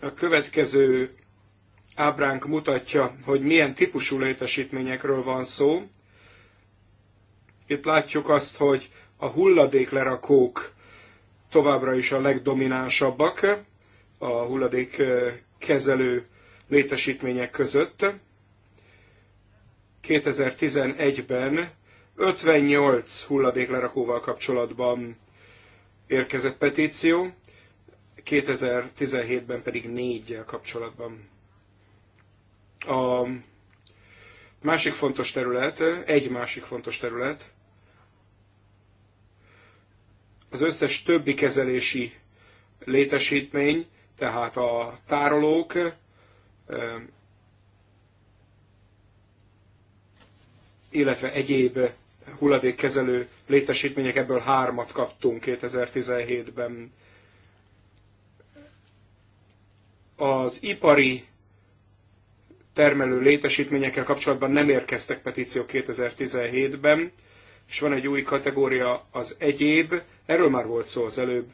C: A következő ábránk mutatja, hogy milyen típusú létesítményekről van szó. Itt látjuk azt, hogy a hulladéklerakók továbbra is a legdominánsabbak, a hulladékkezelő létesítmények között. 2011-ben 58 hulladéklerakóval kapcsolatban érkezett petíció, 2017-ben pedig négyel kapcsolatban. A másik fontos terület, egy másik fontos terület, az összes többi kezelési létesítmény, tehát a tárolók, illetve egyéb hulladékkezelő létesítmények, ebből hármat kaptunk 2017-ben. Az ipari termelő létesítményekkel kapcsolatban nem érkeztek petíciók 2017-ben, és van egy új kategória, az egyéb, erről már volt szó az előbb,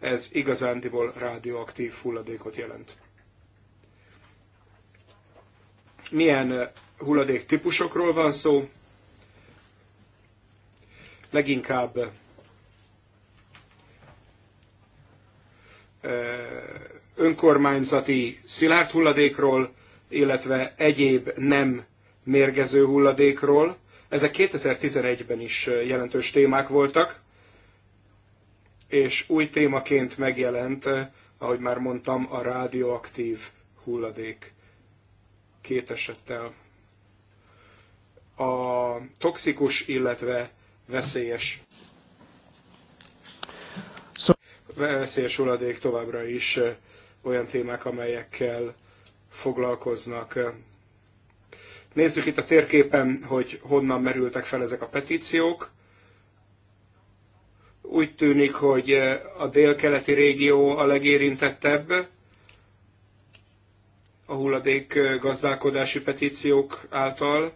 C: ez igazándiból rádióaktív hulladékot jelent milyen hulladék típusokról van szó, leginkább önkormányzati szilárd hulladékról, illetve egyéb nem mérgező hulladékról. Ezek 2011-ben is jelentős témák voltak, és új témaként megjelent, ahogy már mondtam, a rádióaktív hulladék két esettel. A toxikus, illetve veszélyes veszélyes hulladék továbbra is olyan témák, amelyekkel foglalkoznak. Nézzük itt a térképen, hogy honnan merültek fel ezek a petíciók. Úgy tűnik, hogy a délkeleti régió a legérintettebb, a hulladék gazdálkodási petíciók által,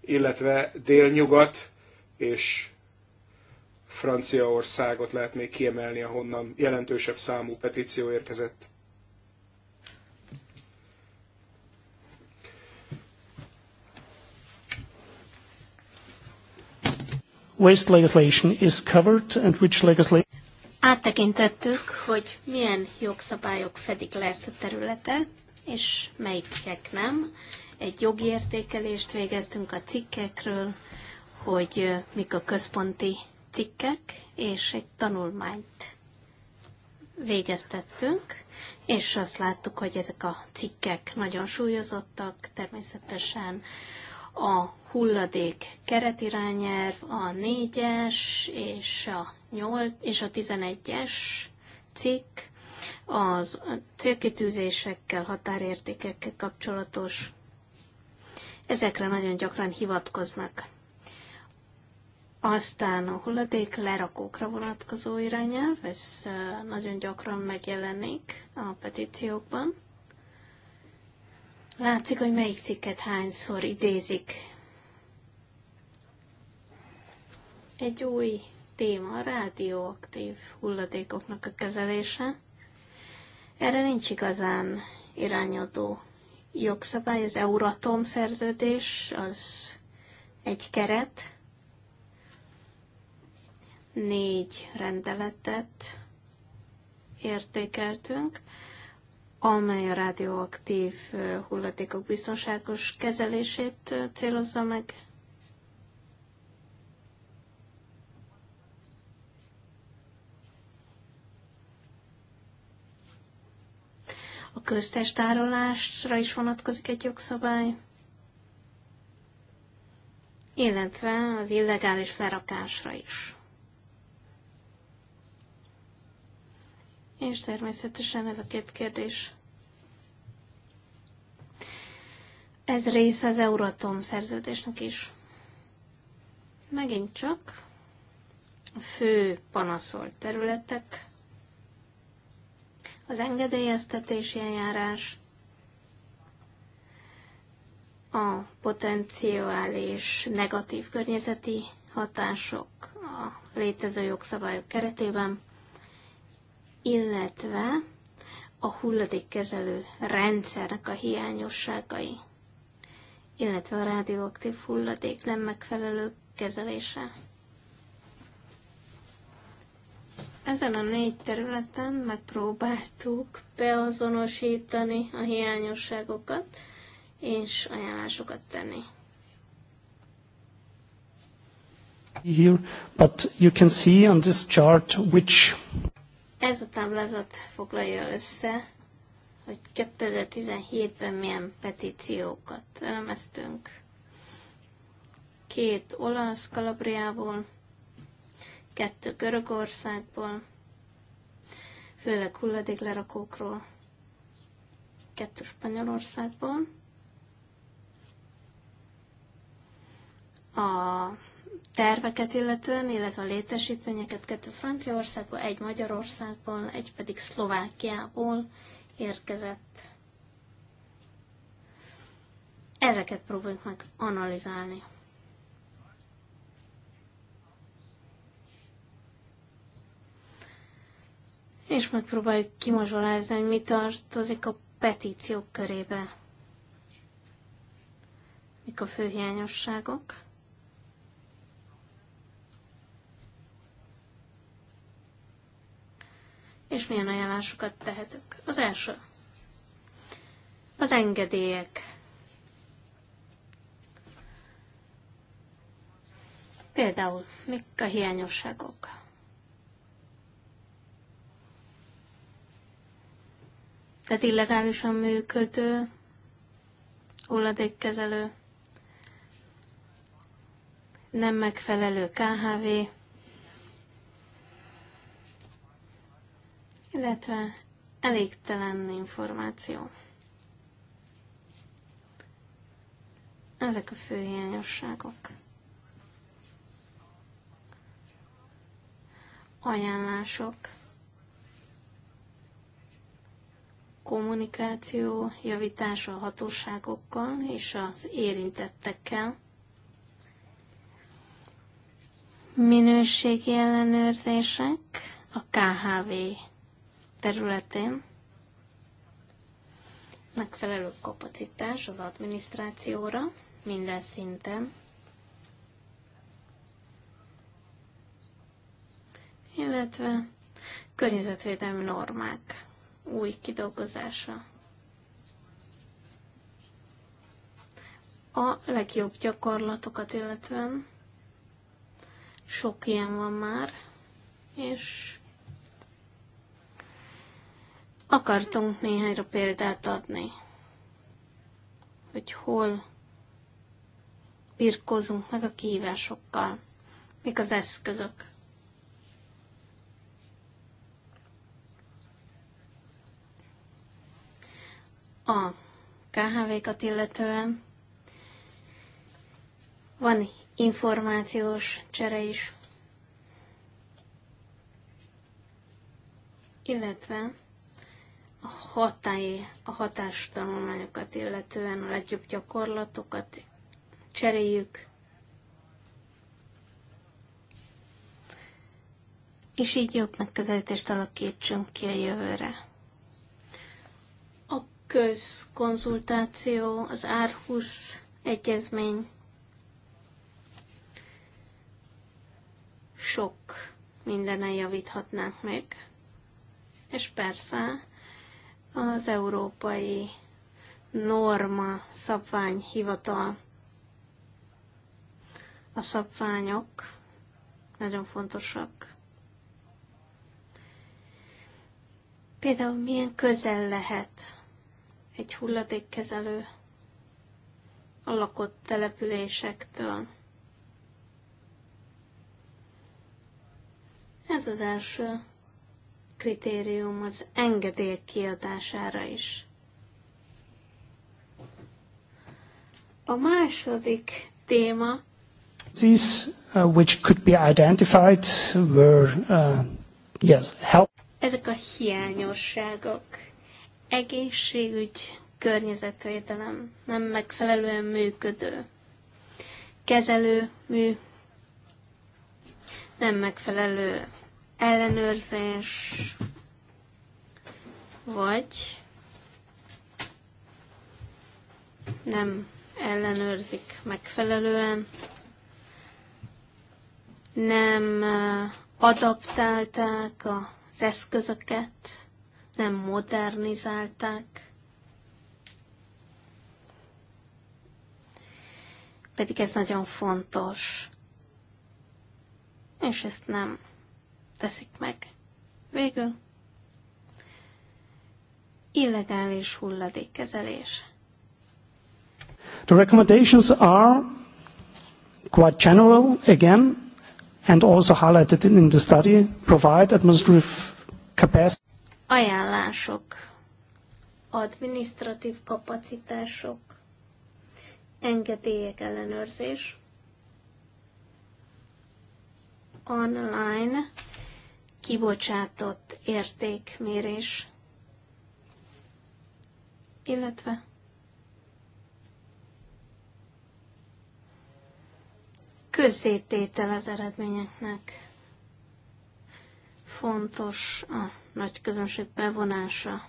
C: illetve délnyugat és Franciaországot lehet még kiemelni, ahonnan jelentősebb számú petíció érkezett.
F: Waste legislation is covered and which legislation
D: Áttekintettük, hogy milyen jogszabályok fedik le ezt a területet, és melyikek nem. Egy jogi értékelést végeztünk a cikkekről, hogy mik a központi cikkek, és egy tanulmányt végeztettünk, és azt láttuk, hogy ezek a cikkek nagyon súlyozottak, természetesen a hulladék keretirányelv, a 4-es és a 8 és a 11-es cikk, az célkitűzésekkel, határértékekkel kapcsolatos. Ezekre nagyon gyakran hivatkoznak. Aztán a hulladék lerakókra vonatkozó irányelv, ez nagyon gyakran megjelenik a petíciókban. Látszik, hogy melyik cikket hányszor idézik. Egy új téma a rádióaktív hulladékoknak a kezelése. Erre nincs igazán irányadó jogszabály, az Euratom szerződés, az egy keret, négy rendeletet értékeltünk, amely a radioaktív hulladékok biztonságos kezelését célozza meg. A köztestárolásra is vonatkozik egy jogszabály, illetve az illegális lerakásra is. És természetesen ez a két kérdés Ez része az Euratom szerződésnek is. Megint csak a fő panaszolt területek, az engedélyeztetési eljárás, a potenciális negatív környezeti hatások a létező jogszabályok keretében, illetve a hulladékkezelő rendszernek a hiányosságai illetve a rádióaktív hulladék nem megfelelő kezelése. Ezen a négy területen megpróbáltuk beazonosítani a hiányosságokat és ajánlásokat tenni.
F: Here, but you can see on this chart which...
D: Ez a táblázat foglalja össze hogy 2017-ben milyen petíciókat elemeztünk. Két olasz Kalabriából, kettő Görögországból, főleg hulladéklerakókról, kettő Spanyolországból. A terveket illetően, illetve a létesítményeket kettő Franciaországból, egy Magyarországból, egy pedig Szlovákiából, érkezett. Ezeket próbáljuk meg analizálni. És megpróbáljuk kimazsolázni, hogy mi tartozik a petíciók körébe. Mik a fő hiányosságok? És milyen ajánlásokat tehetünk. Az első. Az engedélyek. Például, mik a hiányosságok? Tehát illegálisan működő, hulladékkezelő, nem megfelelő KHV, illetve elégtelen információ. Ezek a fő hiányosságok. Ajánlások. Kommunikáció, javítás a hatóságokkal és az érintettekkel. Minőségi ellenőrzések, a KHV területén megfelelő kapacitás az adminisztrációra minden szinten, illetve környezetvédelmi normák új kidolgozása. A legjobb gyakorlatokat illetve sok ilyen van már, és Akartunk néhányra példát adni, hogy hol birkózunk meg a kihívásokkal, mik az eszközök. A KHV-kat illetően van információs csere is, illetve a, hatály, a hatástanulmányokat, illetően a legjobb gyakorlatokat cseréljük. És így jobb megközelítést alakítsunk ki a jövőre. A közkonzultáció, az R20 egyezmény sok mindenen javíthatnánk meg. És persze az Európai Norma szabvány Hivatal. A szabványok nagyon fontosak. Például milyen közel lehet egy hulladékkezelő a lakott településektől. Ez az első kritérium az engedély kiadására is. A második téma
F: These uh, which could be identified were uh, yes, help.
D: Ezek a hiányosságok. Egészségügy, környezetvédelem, nem megfelelően működő. Kezelő mű, nem megfelelő ellenőrzés, vagy nem ellenőrzik megfelelően, nem eh, adaptálták az eszközöket, nem modernizálták, pedig ez nagyon fontos, és ezt nem teszik meg. Végül illegális hulladékkezelés.
F: The recommendations are quite general again and also highlighted in the study provide administrative capacity.
D: Ajánlások, administratív kapacitások, engedélyek ellenőrzés, online kibocsátott értékmérés, illetve közzététel az eredményeknek. Fontos a nagy közönség bevonása.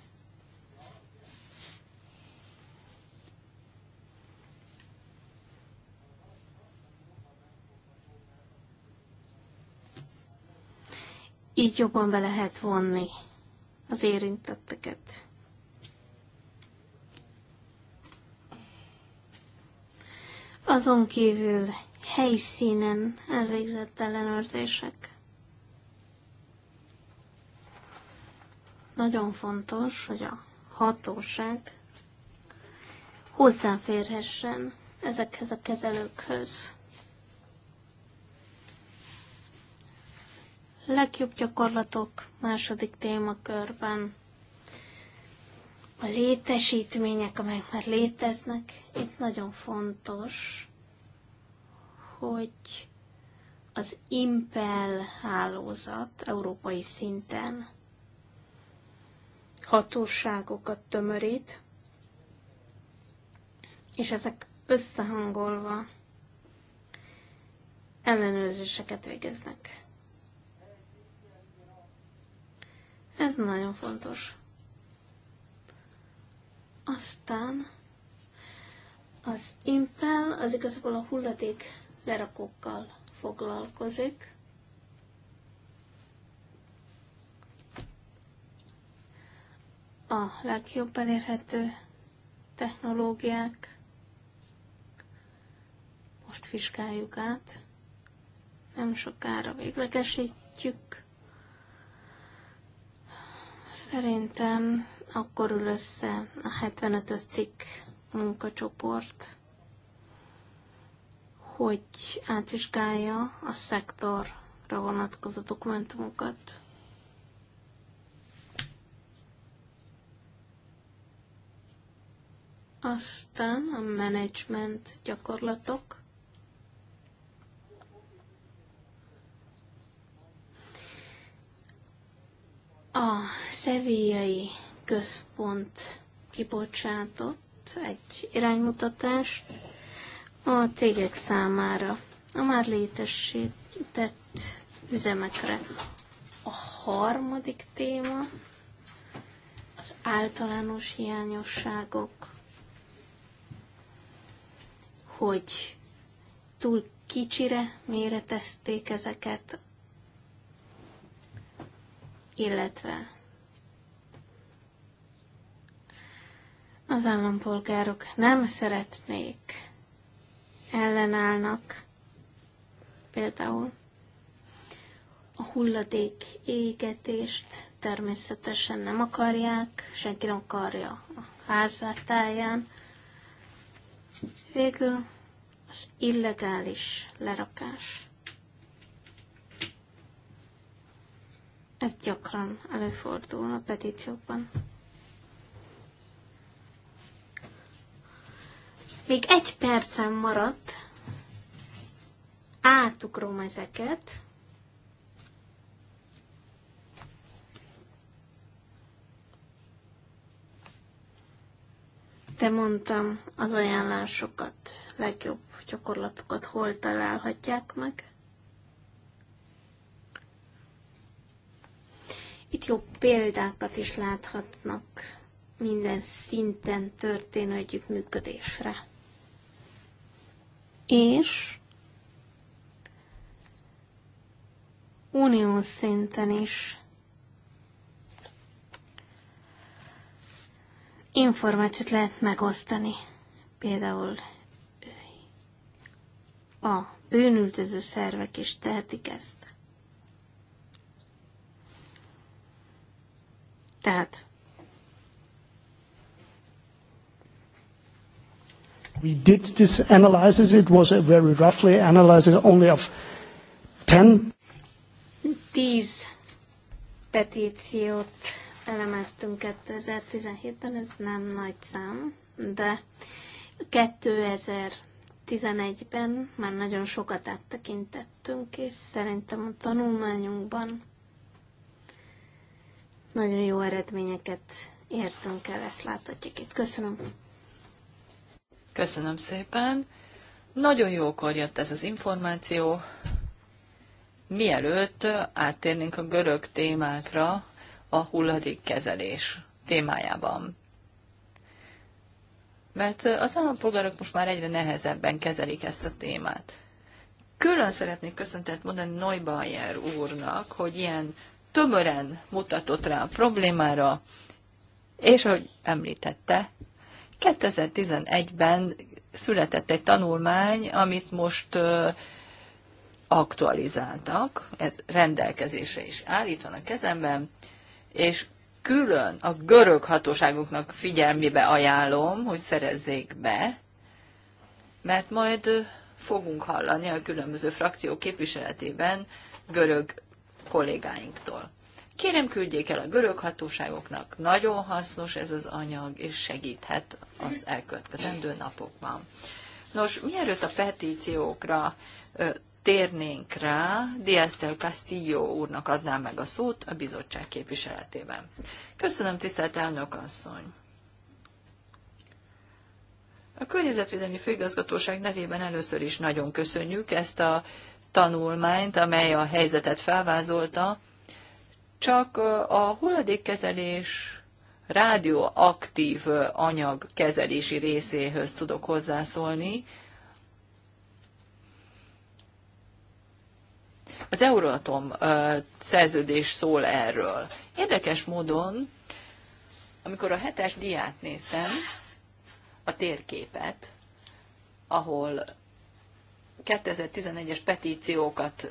D: Így jobban be lehet vonni az érintetteket. Azon kívül helyszínen elvégzett ellenőrzések. Nagyon fontos, hogy a hatóság hozzáférhessen ezekhez a kezelőkhöz. Legjobb gyakorlatok második témakörben a létesítmények, amelyek már léteznek, itt nagyon fontos, hogy az Impel hálózat európai szinten hatóságokat tömörít, és ezek összehangolva ellenőrzéseket végeznek. Ez nagyon fontos. Aztán az impel az igazából a hulladék lerakókkal foglalkozik. A legjobb elérhető technológiák most vizsgáljuk át. Nem sokára véglegesítjük Szerintem akkor ül össze a 75-ös cikk munkacsoport, hogy átvizsgálja a szektorra vonatkozó dokumentumokat. Aztán a menedzsment gyakorlatok. A szevélyai központ kibocsátott egy iránymutatást a cégek számára, a már létesített üzemekre. A harmadik téma az általános hiányosságok, hogy túl kicsire méretezték ezeket illetve az állampolgárok nem szeretnék, ellenállnak például a hulladék égetést természetesen nem akarják, senki nem akarja a házatáján. Végül az illegális lerakás. Ez gyakran előfordul a petíciókban. Még egy percem maradt. Átugrom ezeket. Te mondtam az ajánlásokat, legjobb gyakorlatokat hol találhatják meg. Itt jó példákat is láthatnak minden szinten történő együttműködésre. És unió szinten is információt lehet megosztani. Például a bűnültöző szervek is tehetik ezt. Tehát
F: We did this analysis. It was a very roughly analysis only of 10.
D: 10 petíciót elemeztünk 2017-ben, ez nem nagy szám, de 2011-ben már nagyon sokat áttekintettünk, és szerintem a tanulmányunkban nagyon jó eredményeket értünk el, ezt
B: láthatjuk itt. Köszönöm. Köszönöm szépen. Nagyon jókor jött ez az információ. Mielőtt áttérnénk a görög témákra, a hulladékkezelés témájában. Mert az állampolgárok most már egyre nehezebben kezelik ezt a témát. Külön szeretnék köszöntet mondani Neubayer úrnak, hogy ilyen tömören mutatott rá a problémára, és ahogy említette, 2011-ben született egy tanulmány, amit most aktualizáltak, ez rendelkezésre is állítva a kezemben, és külön a görög hatóságoknak figyelmébe ajánlom, hogy szerezzék be, mert majd fogunk hallani a különböző frakció képviseletében görög kollégáinktól. Kérem, küldjék el a görög hatóságoknak, nagyon hasznos ez az anyag, és segíthet az elkövetkezendő napokban. Nos, mielőtt a petíciókra ö, térnénk rá, Diaz del Castillo úrnak adnám meg a szót a bizottság képviseletében. Köszönöm, tisztelt elnök asszony! A Környezetvédelmi Főigazgatóság nevében először is nagyon köszönjük ezt a tanulmányt, amely a helyzetet felvázolta, csak a hulladékkezelés rádióaktív anyag kezelési részéhez tudok hozzászólni. Az Euratom szerződés szól erről. Érdekes módon, amikor a hetes diát néztem, a térképet, ahol 2011-es petíciókat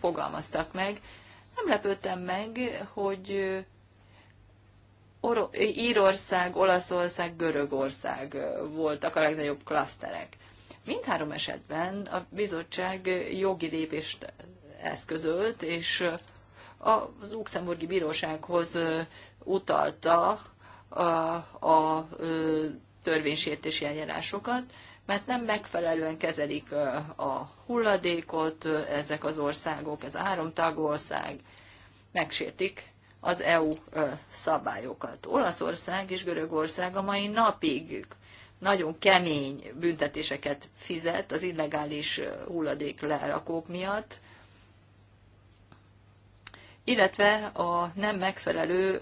B: fogalmaztak meg. Nem lepődtem meg, hogy Or- Írország, Olaszország, Görögország voltak a legnagyobb klaszterek. Mindhárom esetben a bizottság jogi lépést eszközölt, és az Luxemburgi Bírósághoz utalta a, a törvénysértési eljárásokat, mert nem megfelelően kezelik a hulladékot ezek az országok, ez a három tagország, megsértik az EU szabályokat. Olaszország és Görögország a mai napig nagyon kemény büntetéseket fizet az illegális hulladék lerakók miatt, illetve a nem megfelelő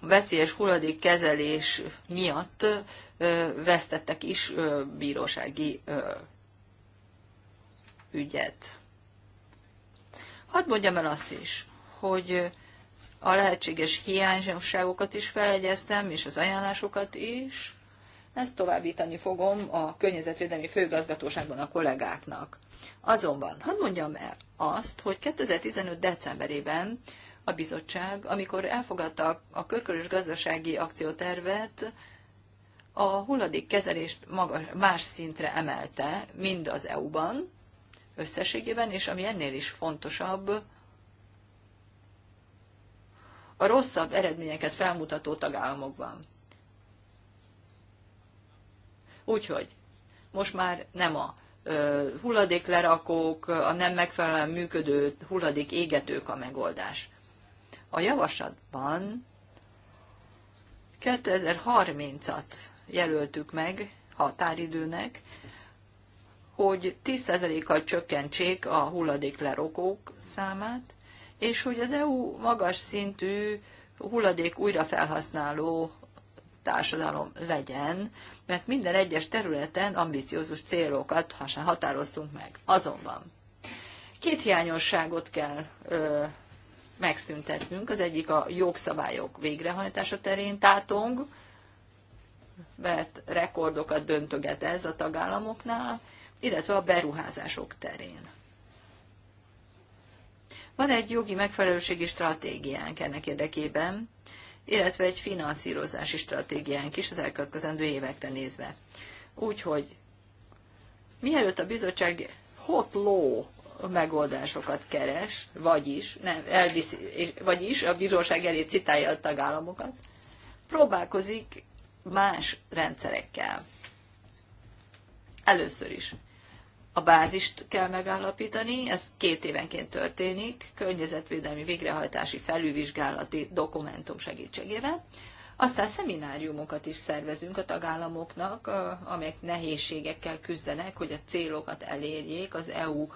B: veszélyes hulladékkezelés miatt vesztettek is bírósági ügyet. Hadd mondjam el azt is, hogy a lehetséges hiányosságokat is felegyeztem, és az ajánlásokat is. Ezt továbbítani fogom a Környezetvédelmi Főgazgatóságban a kollégáknak. Azonban, hadd mondjam el azt, hogy 2015. decemberében a bizottság, amikor elfogadta a körkörös gazdasági akciótervet, a hulladékkezelést magas, más szintre emelte, mind az EU-ban összességében, és ami ennél is fontosabb, a rosszabb eredményeket felmutató tagállamokban. Úgyhogy most már nem a hulladéklerakók, a nem megfelelően működő hulladék égetők a megoldás. A javaslatban 2030-at jelöltük meg határidőnek, hogy 10%-kal csökkentsék a hulladéklerokók számát, és hogy az EU magas szintű hulladék újrafelhasználó társadalom legyen, mert minden egyes területen ambiciózus célokat határoztunk meg. Azonban két hiányosságot kell ö, megszüntetnünk. Az egyik a jogszabályok végrehajtása terén tátong, mert rekordokat döntöget ez a tagállamoknál, illetve a beruházások terén. Van egy jogi megfelelőségi stratégiánk ennek érdekében, illetve egy finanszírozási stratégiánk is az elkövetkezendő évekre nézve. Úgyhogy mielőtt a bizottság hot law megoldásokat keres, vagyis, nem, elviszi, vagyis a bizottság elé citálja a tagállamokat, próbálkozik más rendszerekkel. Először is a bázist kell megállapítani, ez két évenként történik, környezetvédelmi végrehajtási felülvizsgálati dokumentum segítségével. Aztán szemináriumokat is szervezünk a tagállamoknak, amelyek nehézségekkel küzdenek, hogy a célokat elérjék az EU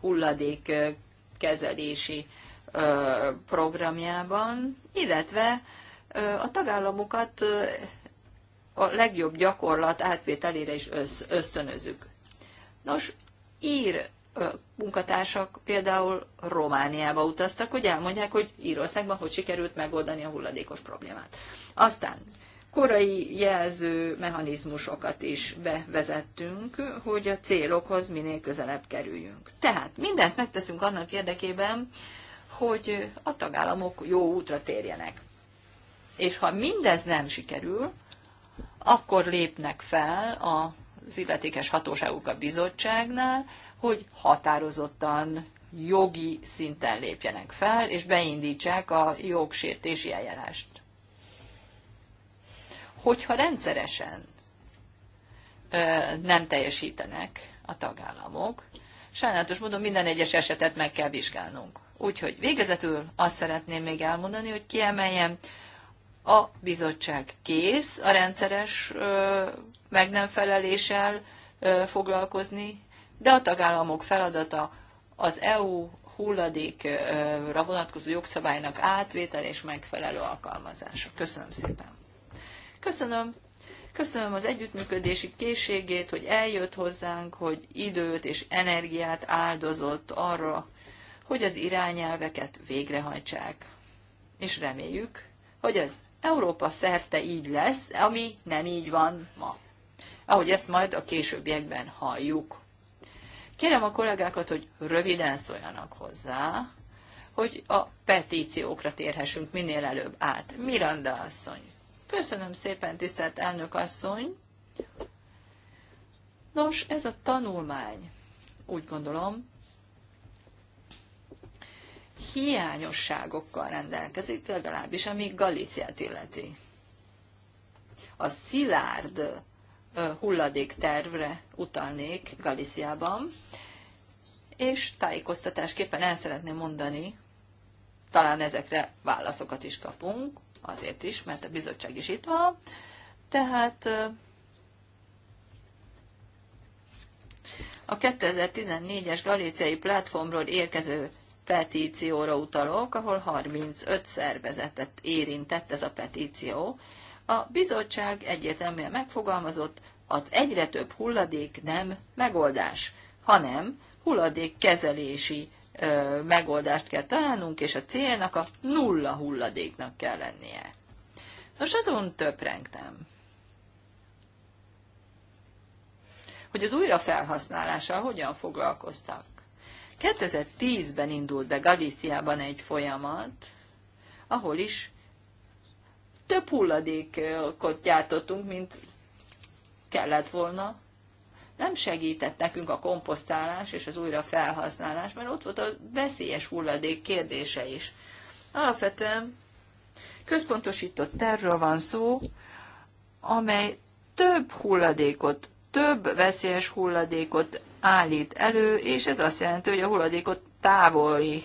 B: hulladék kezelési programjában, illetve a tagállamokat a legjobb gyakorlat átvételére is ösztönözzük. Nos, ír munkatársak például Romániába utaztak, hogy elmondják, hogy Írországban hogy sikerült megoldani a hulladékos problémát. Aztán korai jelző mechanizmusokat is bevezettünk, hogy a célokhoz minél közelebb kerüljünk. Tehát mindent megteszünk annak érdekében, hogy a tagállamok jó útra térjenek. És ha mindez nem sikerül, akkor lépnek fel az illetékes hatóságok a bizottságnál, hogy határozottan jogi szinten lépjenek fel, és beindítsák a jogsértési eljárást. Hogyha rendszeresen nem teljesítenek a tagállamok, sajnálatos módon minden egyes esetet meg kell vizsgálnunk. Úgyhogy végezetül azt szeretném még elmondani, hogy kiemeljem, a bizottság kész a rendszeres meg nem feleléssel foglalkozni, de a tagállamok feladata az EU hulladékra vonatkozó jogszabálynak átvétel és megfelelő alkalmazása. Köszönöm szépen. Köszönöm. Köszönöm az együttműködési készségét, hogy eljött hozzánk, hogy időt és energiát áldozott arra, hogy az irányelveket végrehajtsák. És reméljük, hogy ez Európa szerte így lesz, ami nem így van ma. Ahogy ezt majd a későbbiekben halljuk. Kérem a kollégákat, hogy röviden szóljanak hozzá, hogy a petíciókra térhessünk minél előbb át. Miranda asszony. Köszönöm szépen, tisztelt elnök asszony. Nos, ez a tanulmány, úgy gondolom, hiányosságokkal rendelkezik, legalábbis ami Galíciát illeti. A szilárd hulladéktervre utalnék Galíciában, és tájékoztatásképpen el szeretném mondani, talán ezekre válaszokat is kapunk, azért is, mert a bizottság is itt van, tehát a 2014-es galíciai platformról érkező petícióra utalok, ahol 35 szervezetet érintett ez a petíció. A bizottság egyértelműen megfogalmazott, az egyre több hulladék nem megoldás, hanem hulladékkezelési ö, megoldást kell találnunk, és a célnak a nulla hulladéknak kell lennie. Nos, azon töprengtem, hogy az újrafelhasználással hogyan foglalkoztak. 2010-ben indult be Galíciában egy folyamat, ahol is több hulladékot gyártottunk, mint kellett volna. Nem segített nekünk a komposztálás és az újra felhasználás, mert ott volt a veszélyes hulladék kérdése is. Alapvetően központosított tervről van szó, amely több hulladékot, több veszélyes hulladékot állít elő, és ez azt jelenti, hogy a hulladékot távoli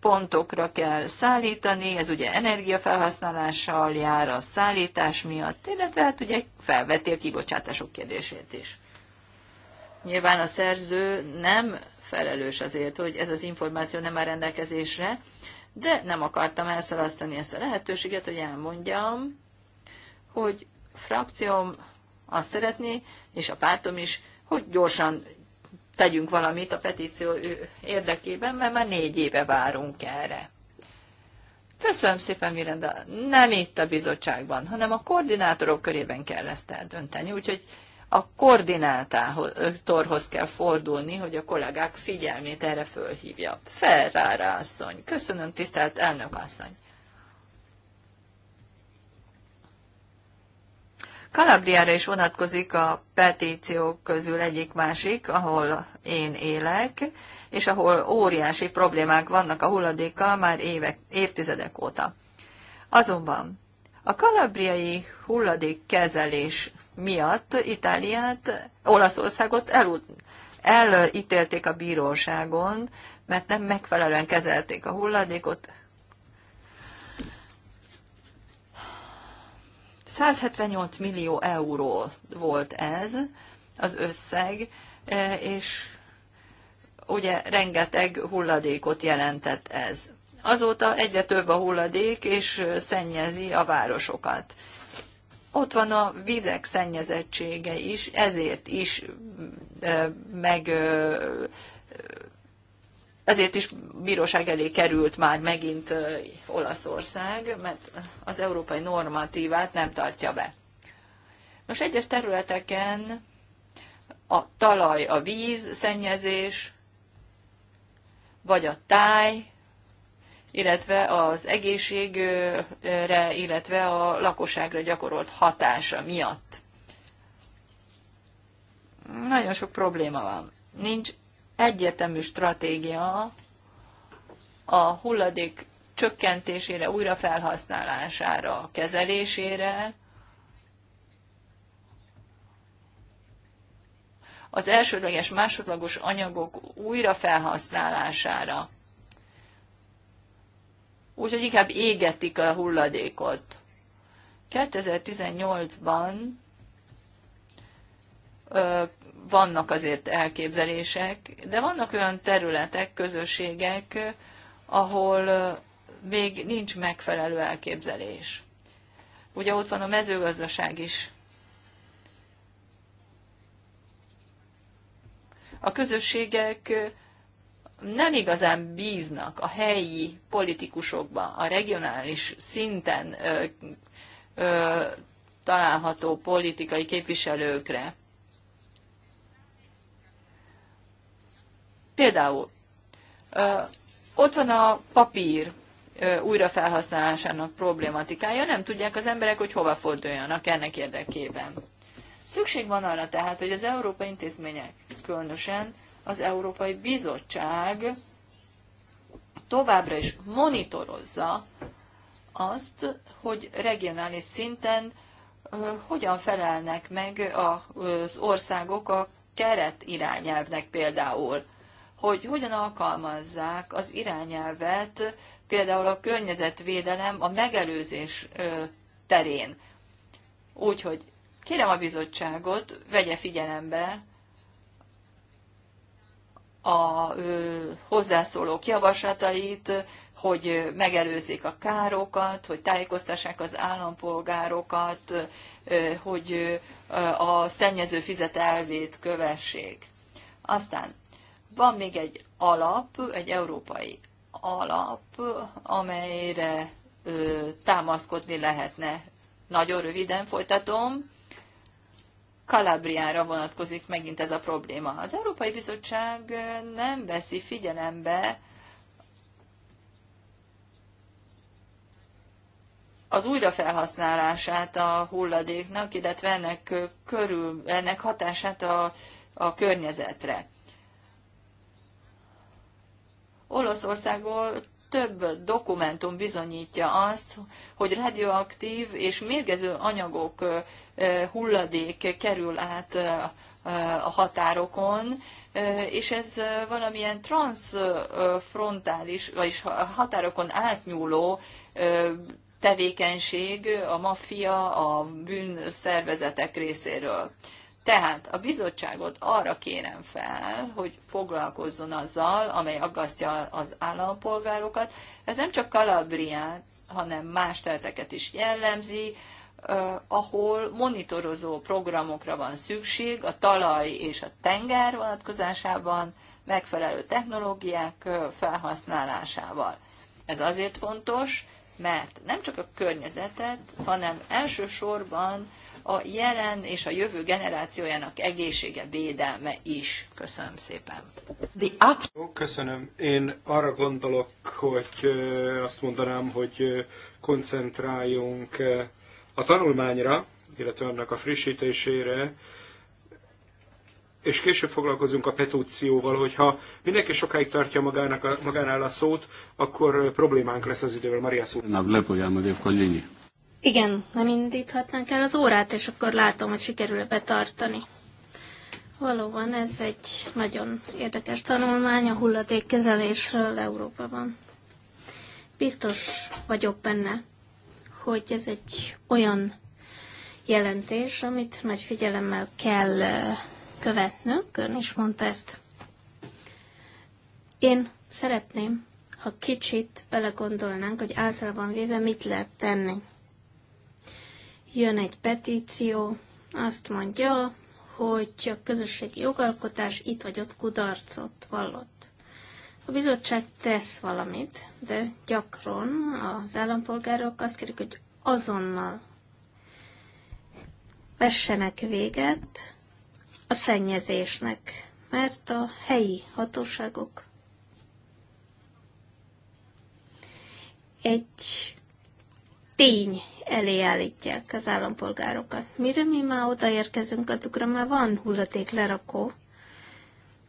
B: pontokra kell szállítani, ez ugye energiafelhasználással jár a szállítás miatt, illetve hát ugye felveti a kibocsátások kérdését is. Nyilván a szerző nem felelős azért, hogy ez az információ nem áll rendelkezésre, de nem akartam elszalasztani ezt a lehetőséget, hogy elmondjam, hogy frakcióm azt szeretné, és a pártom is, hogy gyorsan tegyünk valamit a petíció érdekében, mert már négy éve várunk erre. Köszönöm szépen, Miranda. Nem itt a bizottságban, hanem a koordinátorok körében kell ezt eldönteni, úgyhogy a koordinátorhoz kell fordulni, hogy a kollégák figyelmét erre fölhívja. Ferrara asszony. Köszönöm, tisztelt elnök asszony. Kalabriára is vonatkozik a petíciók közül egyik-másik, ahol én élek, és ahol óriási problémák vannak a hulladékkal már évek, évtizedek óta. Azonban a kalabriai hulladékkezelés miatt Itáliát, Olaszországot el, elítélték a bíróságon, mert nem megfelelően kezelték a hulladékot, 178 millió euró volt ez az összeg, e, és ugye rengeteg hulladékot jelentett ez. Azóta egyre több a hulladék, és szennyezi a városokat. Ott van a vizek szennyezettsége is, ezért is e, meg ezért is bíróság elé került már megint Olaszország, mert az európai normatívát nem tartja be. Nos, egyes területeken a talaj, a víz szennyezés, vagy a táj, illetve az egészségre, illetve a lakosságra gyakorolt hatása miatt. Nagyon sok probléma van. Nincs egyértelmű stratégia a hulladék csökkentésére, újrafelhasználására, kezelésére, az elsődleges másodlagos anyagok újrafelhasználására. Úgyhogy inkább égetik a hulladékot. 2018-ban vannak azért elképzelések, de vannak olyan területek, közösségek, ahol még nincs megfelelő elképzelés. Ugye ott van a mezőgazdaság is. A közösségek nem igazán bíznak a helyi politikusokba, a regionális szinten ö, ö, található politikai képviselőkre. Például ott van a papír újrafelhasználásának problématikája, nem tudják az emberek, hogy hova forduljanak ennek érdekében. Szükség van arra tehát, hogy az európai intézmények, különösen az Európai Bizottság továbbra is monitorozza azt, hogy regionális szinten hogyan felelnek meg az országok a keret irányelvnek például hogy hogyan alkalmazzák az irányelvet, például a környezetvédelem a megelőzés terén. Úgyhogy kérem a bizottságot, vegye figyelembe a hozzászólók javaslatait, hogy megelőzzék a károkat, hogy tájékoztassák az állampolgárokat, hogy a szennyező fizet elvét kövessék. Aztán van még egy alap, egy európai alap, amelyre ö, támaszkodni lehetne. Nagyon röviden folytatom. Kalabriára vonatkozik megint ez a probléma. Az Európai Bizottság nem veszi figyelembe az újrafelhasználását a hulladéknak, illetve ennek, körül, ennek hatását a, a környezetre. Olaszországból több dokumentum bizonyítja azt, hogy radioaktív és mérgező anyagok hulladék kerül át a határokon, és ez valamilyen transfrontális, vagyis határokon átnyúló tevékenység a maffia, a bűnszervezetek részéről. Tehát a bizottságot arra kérem fel, hogy foglalkozzon azzal, amely aggasztja az állampolgárokat. Ez nem csak Kalabriát, hanem más területeket is jellemzi, ahol monitorozó programokra van szükség a talaj és a tenger vonatkozásában, megfelelő technológiák felhasználásával. Ez azért fontos, mert nem csak a környezetet, hanem elsősorban a jelen és a jövő generációjának egészsége védelme is. Köszönöm szépen.
C: The up- Köszönöm. Én arra gondolok, hogy azt mondanám, hogy koncentráljunk a tanulmányra, illetve annak a frissítésére, és később foglalkozunk a petúcióval, hogyha mindenki sokáig tartja magának a, magánál a szót, akkor problémánk lesz az idővel. Maria szó.
E: Na, lepoljám a
D: igen, nem indíthatnánk el az órát, és akkor látom, hogy sikerül-e betartani. Valóban ez egy nagyon érdekes tanulmány a hulladékkezelésről Európában. Biztos vagyok benne, hogy ez egy olyan jelentés, amit nagy figyelemmel kell követnünk, ön is mondta ezt. Én szeretném, ha kicsit belegondolnánk, hogy általában véve mit lehet tenni jön egy petíció, azt mondja, hogy a közösségi jogalkotás itt vagy ott kudarcot vallott. A bizottság tesz valamit, de gyakran az állampolgárok azt kérik, hogy azonnal vessenek véget a szennyezésnek, mert a helyi hatóságok egy tény elé állítják az állampolgárokat. Mire mi már odaérkezünk, addigra már van hulladék lerakó,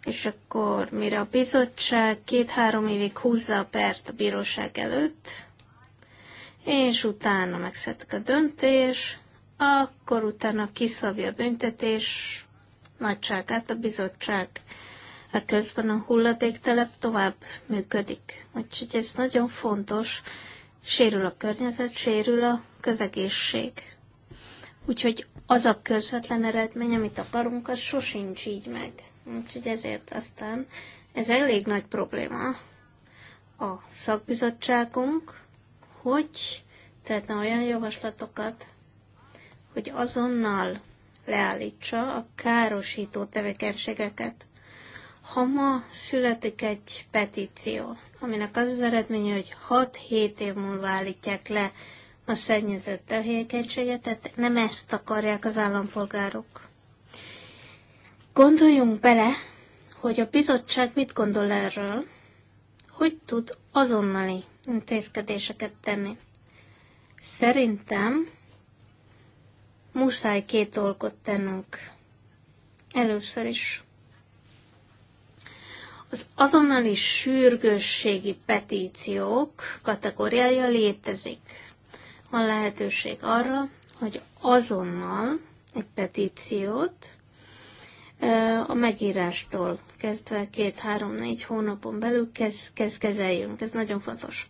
D: és akkor mire a bizottság két-három évig húzza a pert a bíróság előtt, és utána megszedik a döntés, akkor utána kiszabja a büntetés nagyságát a bizottság. A közben a hulladéktelep tovább működik. Úgyhogy ez nagyon fontos, sérül a környezet, sérül a közegészség. Úgyhogy az a közvetlen eredmény, amit akarunk, az sosincs így meg. Úgyhogy ezért aztán ez elég nagy probléma a szakbizottságunk, hogy tehetne olyan javaslatokat, hogy azonnal leállítsa a károsító tevékenységeket. Ha ma születik egy petíció, aminek az az eredménye, hogy 6-7 év múlva állítják le a szennyező tevékenységet, tehát nem ezt akarják az állampolgárok. Gondoljunk bele, hogy a bizottság mit gondol erről, hogy tud azonnali intézkedéseket tenni. Szerintem muszáj két dolgot tennünk. Először is az azonnali sürgősségi petíciók kategóriája létezik. Van lehetőség arra, hogy azonnal egy petíciót a megírástól kezdve két-három-négy hónapon belül kezd, kezd kezeljünk. Ez nagyon fontos.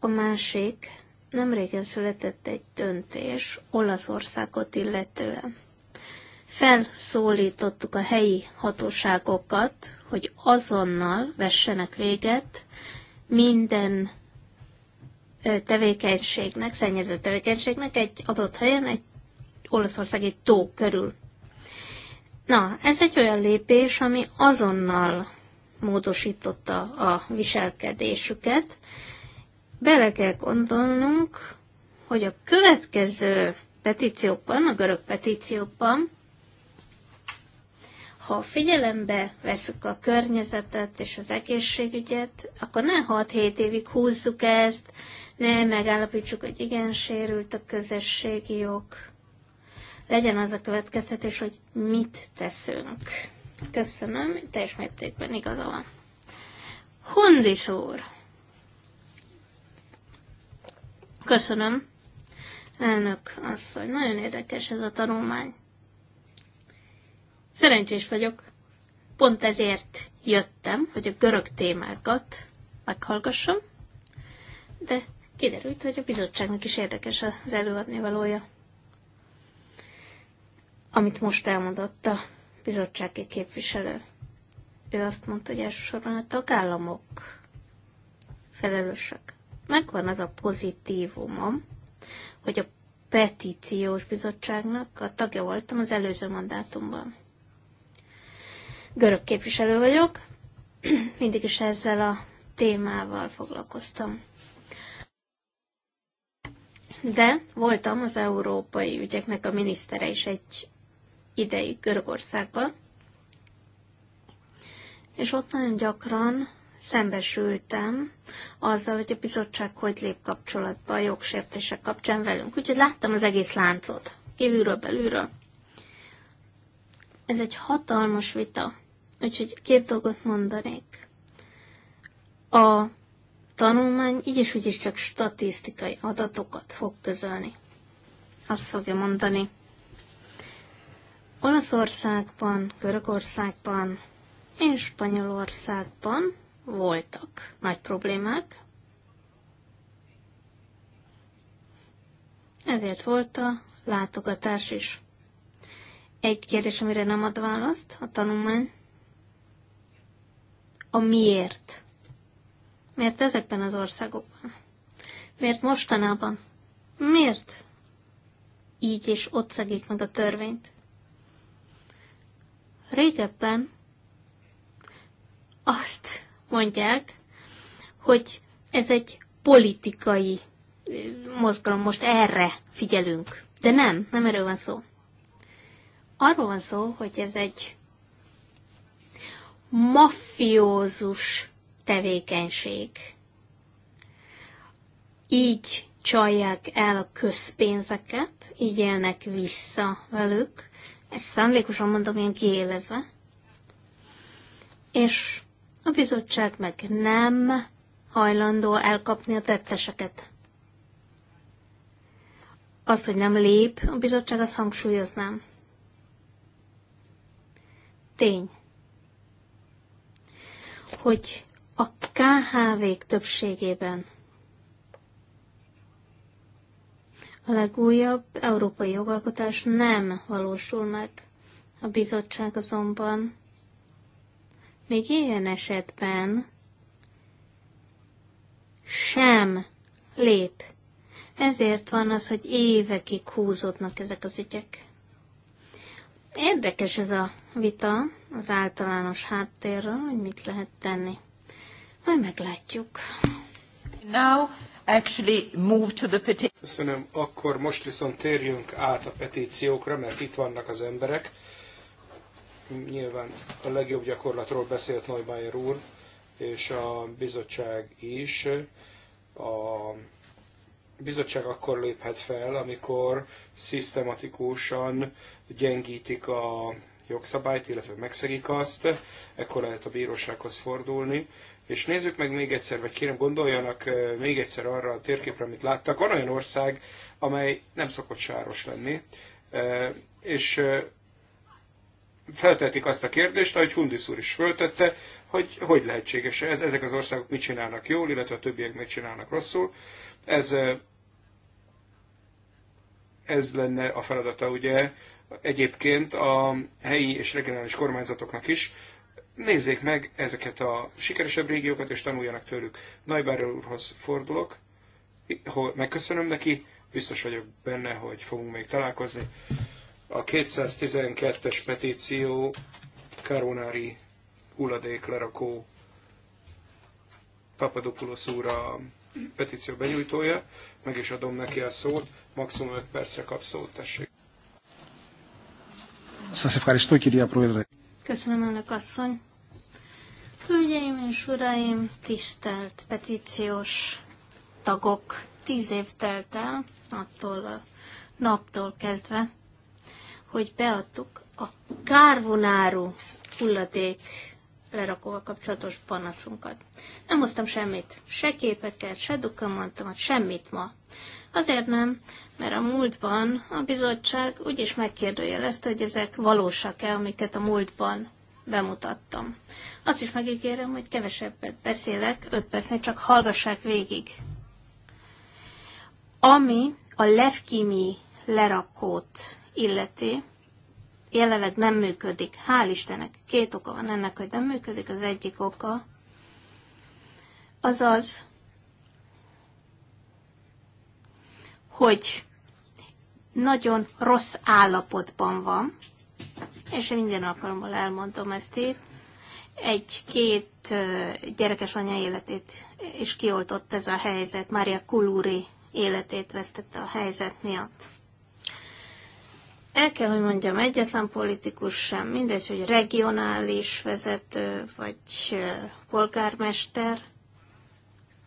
D: A másik, nemrégen született egy döntés Olaszországot illetően. Felszólítottuk a helyi hatóságokat, hogy azonnal vessenek véget minden tevékenységnek, szennyező tevékenységnek egy adott helyen, egy olaszországi tó körül. Na, ez egy olyan lépés, ami azonnal módosította a viselkedésüket. Bele kell gondolnunk, hogy a következő petíciókban, a görög petíciókban ha figyelembe veszük a környezetet és az egészségügyet, akkor ne 6-7 évig húzzuk ezt, ne megállapítsuk, hogy igen, sérült a közösségi jog. Legyen az a következtetés, hogy mit teszünk. Köszönöm, teljes mértékben igaza van. Hundis úr! Köszönöm, elnök asszony. Nagyon érdekes ez a tanulmány. Szerencsés vagyok. Pont ezért jöttem, hogy a görög témákat meghallgassam, de kiderült, hogy a bizottságnak is érdekes az előadni valója. Amit most elmondott a bizottsági képviselő. Ő azt mondta, hogy elsősorban a tagállamok felelősek. Megvan az a pozitívumom, hogy a petíciós bizottságnak a tagja voltam az előző mandátumban. Görög képviselő vagyok, mindig is ezzel a témával foglalkoztam. De voltam az európai ügyeknek a minisztere is egy ideig Görögországban, és ott nagyon gyakran szembesültem azzal, hogy a bizottság hogy lép kapcsolatba a jogsértések kapcsán velünk. Úgyhogy láttam az egész láncot, kívülről, belülről. Ez egy hatalmas vita. Úgyhogy két dolgot mondanék. A tanulmány így is úgy is csak statisztikai adatokat fog közölni. Azt fogja mondani. Olaszországban, Görögországban és Spanyolországban voltak nagy problémák. Ezért volt a látogatás is. Egy kérdés, amire nem ad választ a tanulmány, a miért. Miért ezekben az országokban? Miért mostanában? Miért? Így és ott szegik meg a törvényt. Régebben azt mondják, hogy ez egy politikai mozgalom, most erre figyelünk. De nem, nem erről van szó. Arról van szó, hogy ez egy mafiózus tevékenység. Így csalják el a közpénzeket, így élnek vissza velük. Ezt szándékosan mondom, ilyen kiélezve. És a bizottság meg nem hajlandó elkapni a tetteseket. Az, hogy nem lép, a bizottság azt hangsúlyoznám. Tény, hogy a KHV-k többségében a legújabb európai jogalkotás nem valósul meg. A bizottság azonban még ilyen esetben sem lép. Ezért van az, hogy évekig húzódnak ezek az ügyek. Érdekes ez a vita az általános háttérről, hogy mit lehet tenni. Majd meglátjuk.
A: Now
C: actually move to the petition. Köszönöm. Akkor most viszont térjünk át a petíciókra, mert itt vannak az emberek. Nyilván a legjobb gyakorlatról beszélt Neubauer úr, és a bizottság is a bizottság akkor léphet fel, amikor szisztematikusan gyengítik a jogszabályt, illetve megszegik azt, ekkor lehet a bírósághoz fordulni. És nézzük meg még egyszer, vagy kérem gondoljanak eh, még egyszer arra a térképre, amit láttak. Van olyan ország, amely nem szokott sáros lenni, eh, és eh, feltetik azt a kérdést, ahogy Hundis úr is föltette, hogy hogy lehetséges ez, ezek az országok mit csinálnak jól, illetve a többiek mit csinálnak rosszul. Ez, ez lenne a feladata ugye egyébként a helyi és regionális kormányzatoknak is. Nézzék meg ezeket a sikeresebb régiókat, és tanuljanak tőlük. Nagybár úrhoz fordulok, megköszönöm neki, biztos vagyok benne, hogy fogunk még találkozni. A 212-es petíció karonári hulladéklerakó Papadopoulos úr a petíció benyújtója, meg is adom neki a szót, maximum 5 percre kap szót, tessék.
D: Köszönöm önök, asszony. Hölgyeim és uraim, tisztelt petíciós tagok, tíz év telt el, attól a naptól kezdve, hogy beadtuk a kárvonáru hulladék lerakóval kapcsolatos panaszunkat. Nem hoztam semmit, se képeket, se dokumentumot, semmit ma. Azért nem, mert a múltban a bizottság úgyis megkérdőjelezte, hogy ezek valósak-e, amiket a múltban bemutattam. Azt is megígérem, hogy kevesebbet beszélek, perc, percnél csak hallgassák végig. Ami a levkimi lerakót illeti, jelenleg nem működik. Hál' Istennek, két oka van ennek, hogy nem működik. Az egyik oka az az, hogy nagyon rossz állapotban van, és minden alkalommal elmondom ezt itt, egy-két gyerekes anya életét is kioltott ez a helyzet, Mária Kulúri életét vesztette a helyzet miatt. El kell, hogy mondjam, egyetlen politikus sem, mindegy, hogy regionális vezető vagy polgármester,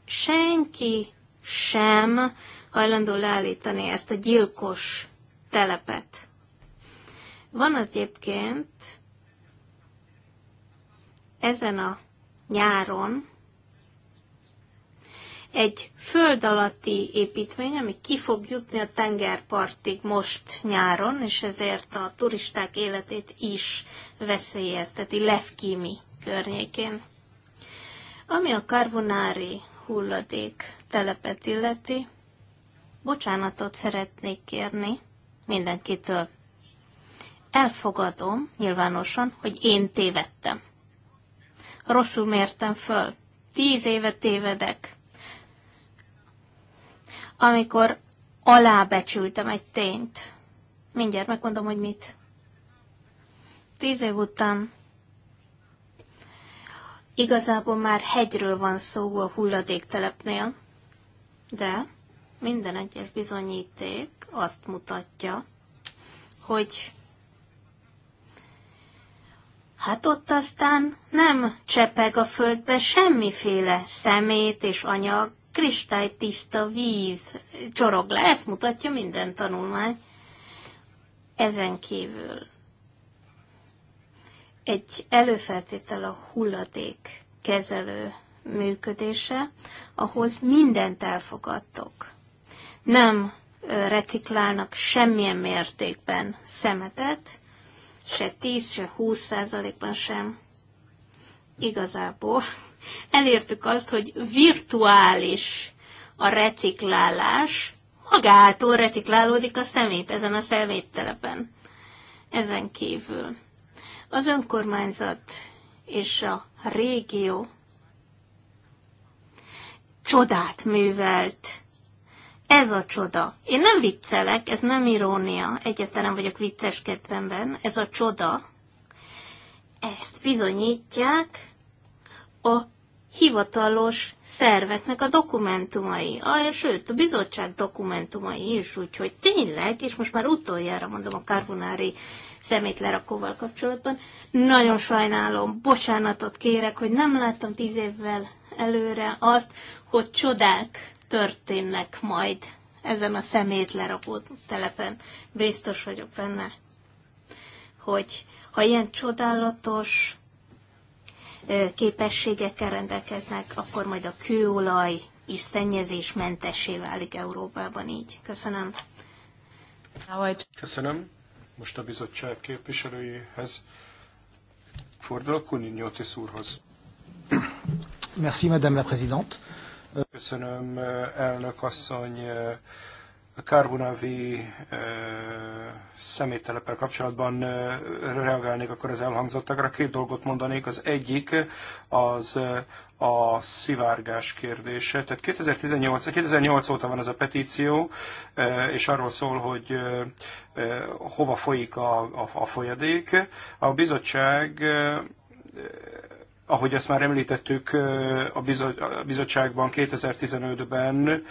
D: senki sem hajlandó leállítani ezt a gyilkos telepet. Van egyébként ezen a nyáron egy föld alatti építmény, ami ki fog jutni a tengerpartig most nyáron, és ezért a turisták életét is veszélyezteti Lefkimi környékén. Ami a karbonári hulladék telepet illeti, bocsánatot szeretnék kérni mindenkitől. Elfogadom nyilvánosan, hogy én tévedtem. Rosszul mértem föl. Tíz éve tévedek amikor alábecsültem egy tényt. Mindjárt megmondom, hogy mit. Tíz év után igazából már hegyről van szó a hulladéktelepnél, de minden egyes bizonyíték azt mutatja, hogy Hát ott aztán nem csepeg a földbe semmiféle szemét és anyag, kristálytiszta víz csorog le, ezt mutatja minden tanulmány. Ezen kívül egy előfeltétel a hulladék kezelő működése, ahhoz mindent elfogadtok. Nem reciklálnak semmilyen mértékben szemetet, se 10, se 20 százalékban sem. Igazából elértük azt, hogy virtuális a reciklálás, magától reciklálódik a szemét ezen a szeméttelepen. Ezen kívül az önkormányzat és a régió csodát művelt. Ez a csoda. Én nem viccelek, ez nem irónia, egyáltalán vagyok kedvemben. ez a csoda. Ezt bizonyítják a hivatalos szerveknek a dokumentumai, a, sőt, a bizottság dokumentumai is, úgyhogy tényleg, és most már utoljára mondom a karbonári szemétlerakóval kapcsolatban, nagyon sajnálom, bocsánatot kérek, hogy nem láttam tíz évvel előre azt, hogy csodák történnek majd ezen a szemétlerakó telepen. Biztos vagyok benne, hogy ha ilyen csodálatos képességekkel rendelkeznek, akkor majd a kőolaj is szennyezésmentessé válik Európában így. Köszönöm.
C: Köszönöm. Most a bizottság képviselőjéhez fordulok, Kuninyotis úrhoz.
F: Merci, Madame la Présidente.
C: Köszönöm, elnök asszony a Karbunavi szemétteleppel kapcsolatban reagálnék akkor az elhangzottakra. Két dolgot mondanék. Az egyik az a szivárgás kérdése. Tehát 2018, 2008 óta van ez a petíció, és arról szól, hogy hova folyik a, a, a folyadék. A bizottság ahogy ezt már említettük, a bizottságban 2015-ben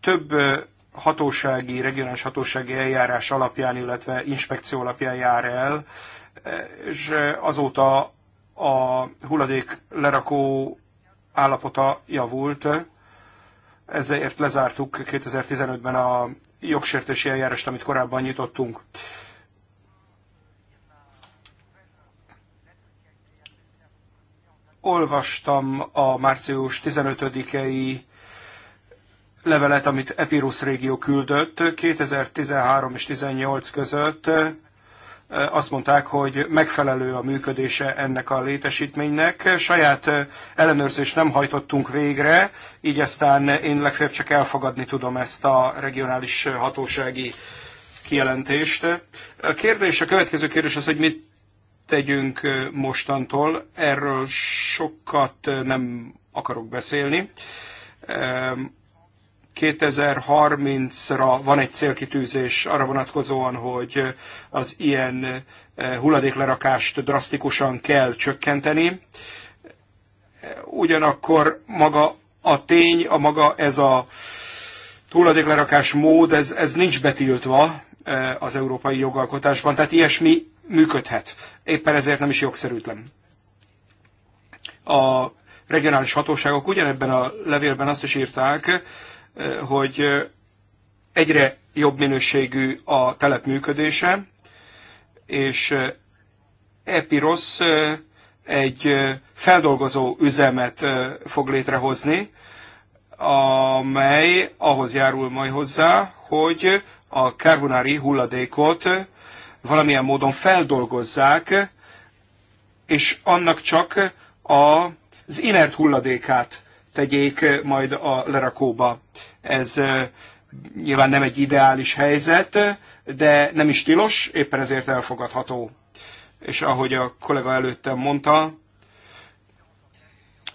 C: több hatósági, regionális hatósági eljárás alapján, illetve inspekció alapján jár el, e, és azóta a hulladék lerakó állapota javult, ezért lezártuk 2015-ben a jogsértési eljárást, amit korábban nyitottunk. Olvastam a március 15-i levelet, amit Epirus régió küldött 2013 és 2018 között, azt mondták, hogy megfelelő a működése ennek a létesítménynek. Saját ellenőrzést nem hajtottunk végre, így aztán én legfeljebb csak elfogadni tudom ezt a regionális hatósági kijelentést. A kérdés, a következő kérdés az, hogy mit tegyünk mostantól. Erről sokat nem akarok beszélni. 2030-ra van egy célkitűzés arra vonatkozóan, hogy az ilyen eh, hulladéklerakást drasztikusan kell csökkenteni. Ugyanakkor maga a tény, a maga ez a hulladéklerakás mód, ez, ez nincs betiltva eh, az európai jogalkotásban, tehát ilyesmi működhet. Éppen ezért nem is jogszerűtlen. A regionális hatóságok ugyanebben a levélben azt is írták, hogy egyre jobb minőségű a telep működése, és Epiros egy feldolgozó üzemet fog létrehozni, amely ahhoz járul majd hozzá, hogy a karbonári hulladékot valamilyen módon feldolgozzák, és annak csak az inert hulladékát tegyék majd a lerakóba. Ez nyilván nem egy ideális helyzet, de nem is tilos, éppen ezért elfogadható. És ahogy a kollega előttem mondta,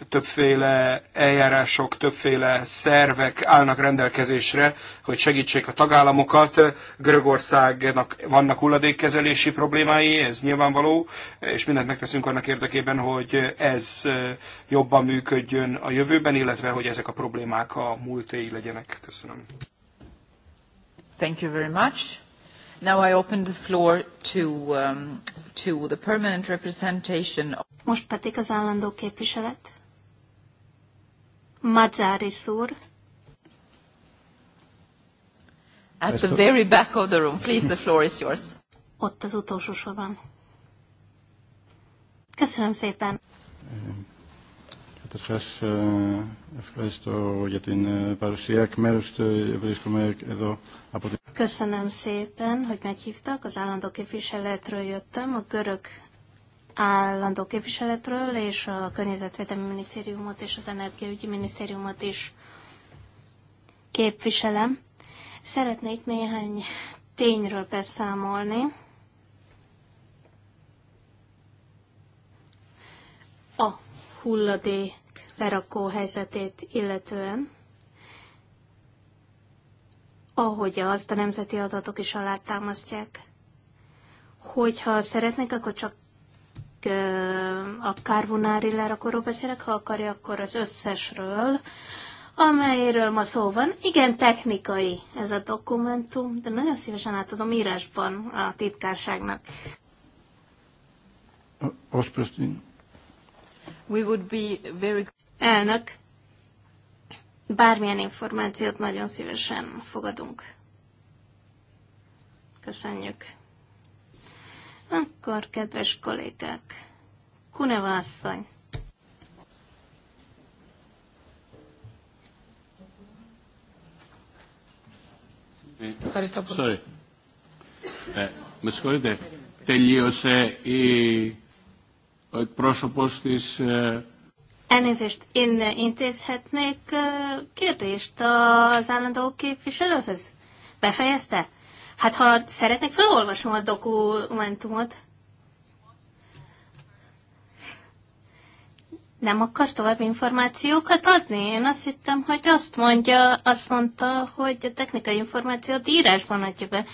C: többféle eljárások, többféle szervek állnak rendelkezésre, hogy segítsék a tagállamokat. Görögországnak vannak hulladékkezelési problémái, ez nyilvánvaló, és mindent megteszünk annak érdekében, hogy ez jobban működjön a jövőben, illetve hogy ezek a problémák a múltéi legyenek. Köszönöm.
A: Thank you very much. Now I open the floor to, um, to the permanent representation. Most pedig az állandó képviselet.
D: Madzáris úr.
E: At the very
A: back of the room, please, the floor is yours. Ott az utolsó sorban.
D: Köszönöm szépen.
E: Καταρχάς, ευχαριστώ για την παρουσία εκ μέρους του βρίσκομαι εδώ από την...
D: Köszönöm szépen, hogy meghívtak. Az állandó képviseletről jöttem. A görög állandó képviseletről, és a Környezetvédelmi Minisztériumot és az Energiaügyi Minisztériumot is képviselem. Szeretnék néhány tényről beszámolni. A hulladék lerakó helyzetét illetően, ahogy azt a nemzeti adatok is alátámasztják. Hogyha szeretnék, akkor csak a Carbonari lerakóról beszélek, ha akarja, akkor az összesről, amelyről ma szó van. Igen, technikai ez a dokumentum, de nagyon szívesen átadom írásban a titkárságnak. We would be very... Elnök, bármilyen információt nagyon szívesen fogadunk. Köszönjük. Akkor, kedves kollégák, Kuneva asszony.
E: Sorry. με συγχωρείτε. Τελείωσε η, ο εκπρόσωπος της... Ε...
D: Elnézést, én intézhetnék kérdést az állandó képviselőhöz? Befejezte? Hát ha szeretnék, felolvasom a dokumentumot. Nem akar tovább információkat adni? Én azt hittem, hogy azt mondja, azt mondta, hogy a technikai információt írásban adja be.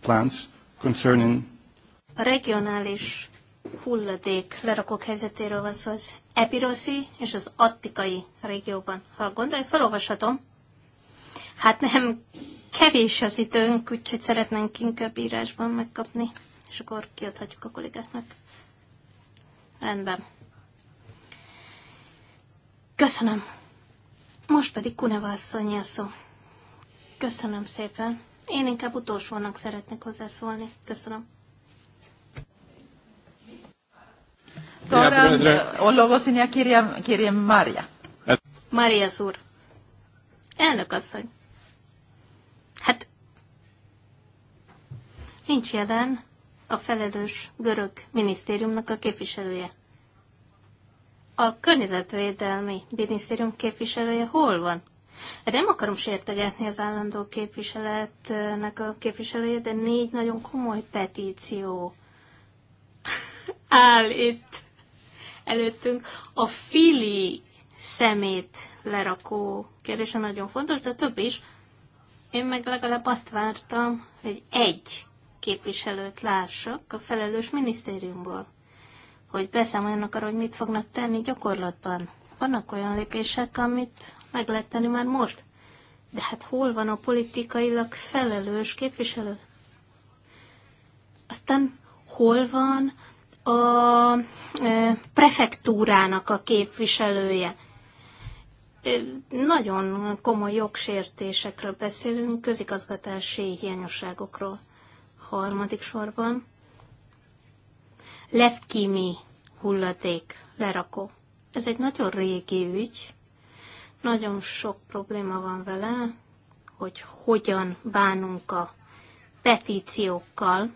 E: plans
G: concerning
D: a regionális hulladék lerakók helyzetéről van szó az epiroszi és az attikai régióban. Ha gondolj, felolvashatom. Hát nem kevés az időnk, úgyhogy szeretnénk inkább írásban megkapni, és akkor kiadhatjuk a kollégáknak. Rendben. Köszönöm. Most pedig Kuneva asszony szó. Köszönöm szépen. Én inkább utolsónak szeretnék hozzászólni.
A: Köszönöm.
E: τώρα ο
A: λόγος είναι κυρία, Maria Μάρια. Μάρια Elnök asszony. Hát, nincs
D: jelen a felelős görög minisztériumnak a képviselője. A környezetvédelmi minisztérium képviselője hol van? Hát nem akarom sértegetni az állandó képviseletnek a képviselője, de négy nagyon komoly petíció áll itt előttünk. A fili szemét lerakó kérdése nagyon fontos, de több is. Én meg legalább azt vártam, hogy egy képviselőt lássak a felelős minisztériumból, hogy beszámoljanak arra, hogy mit fognak tenni gyakorlatban. Vannak olyan lépések, amit meg lehet tenni már most. De hát hol van a politikailag felelős képviselő? Aztán hol van a e, prefektúrának a képviselője. E, nagyon komoly jogsértésekről beszélünk, közigazgatási hiányosságokról. Harmadik sorban lefkimi hulladék lerakó. Ez egy nagyon régi ügy, nagyon sok probléma van vele, hogy hogyan bánunk a petíciókkal,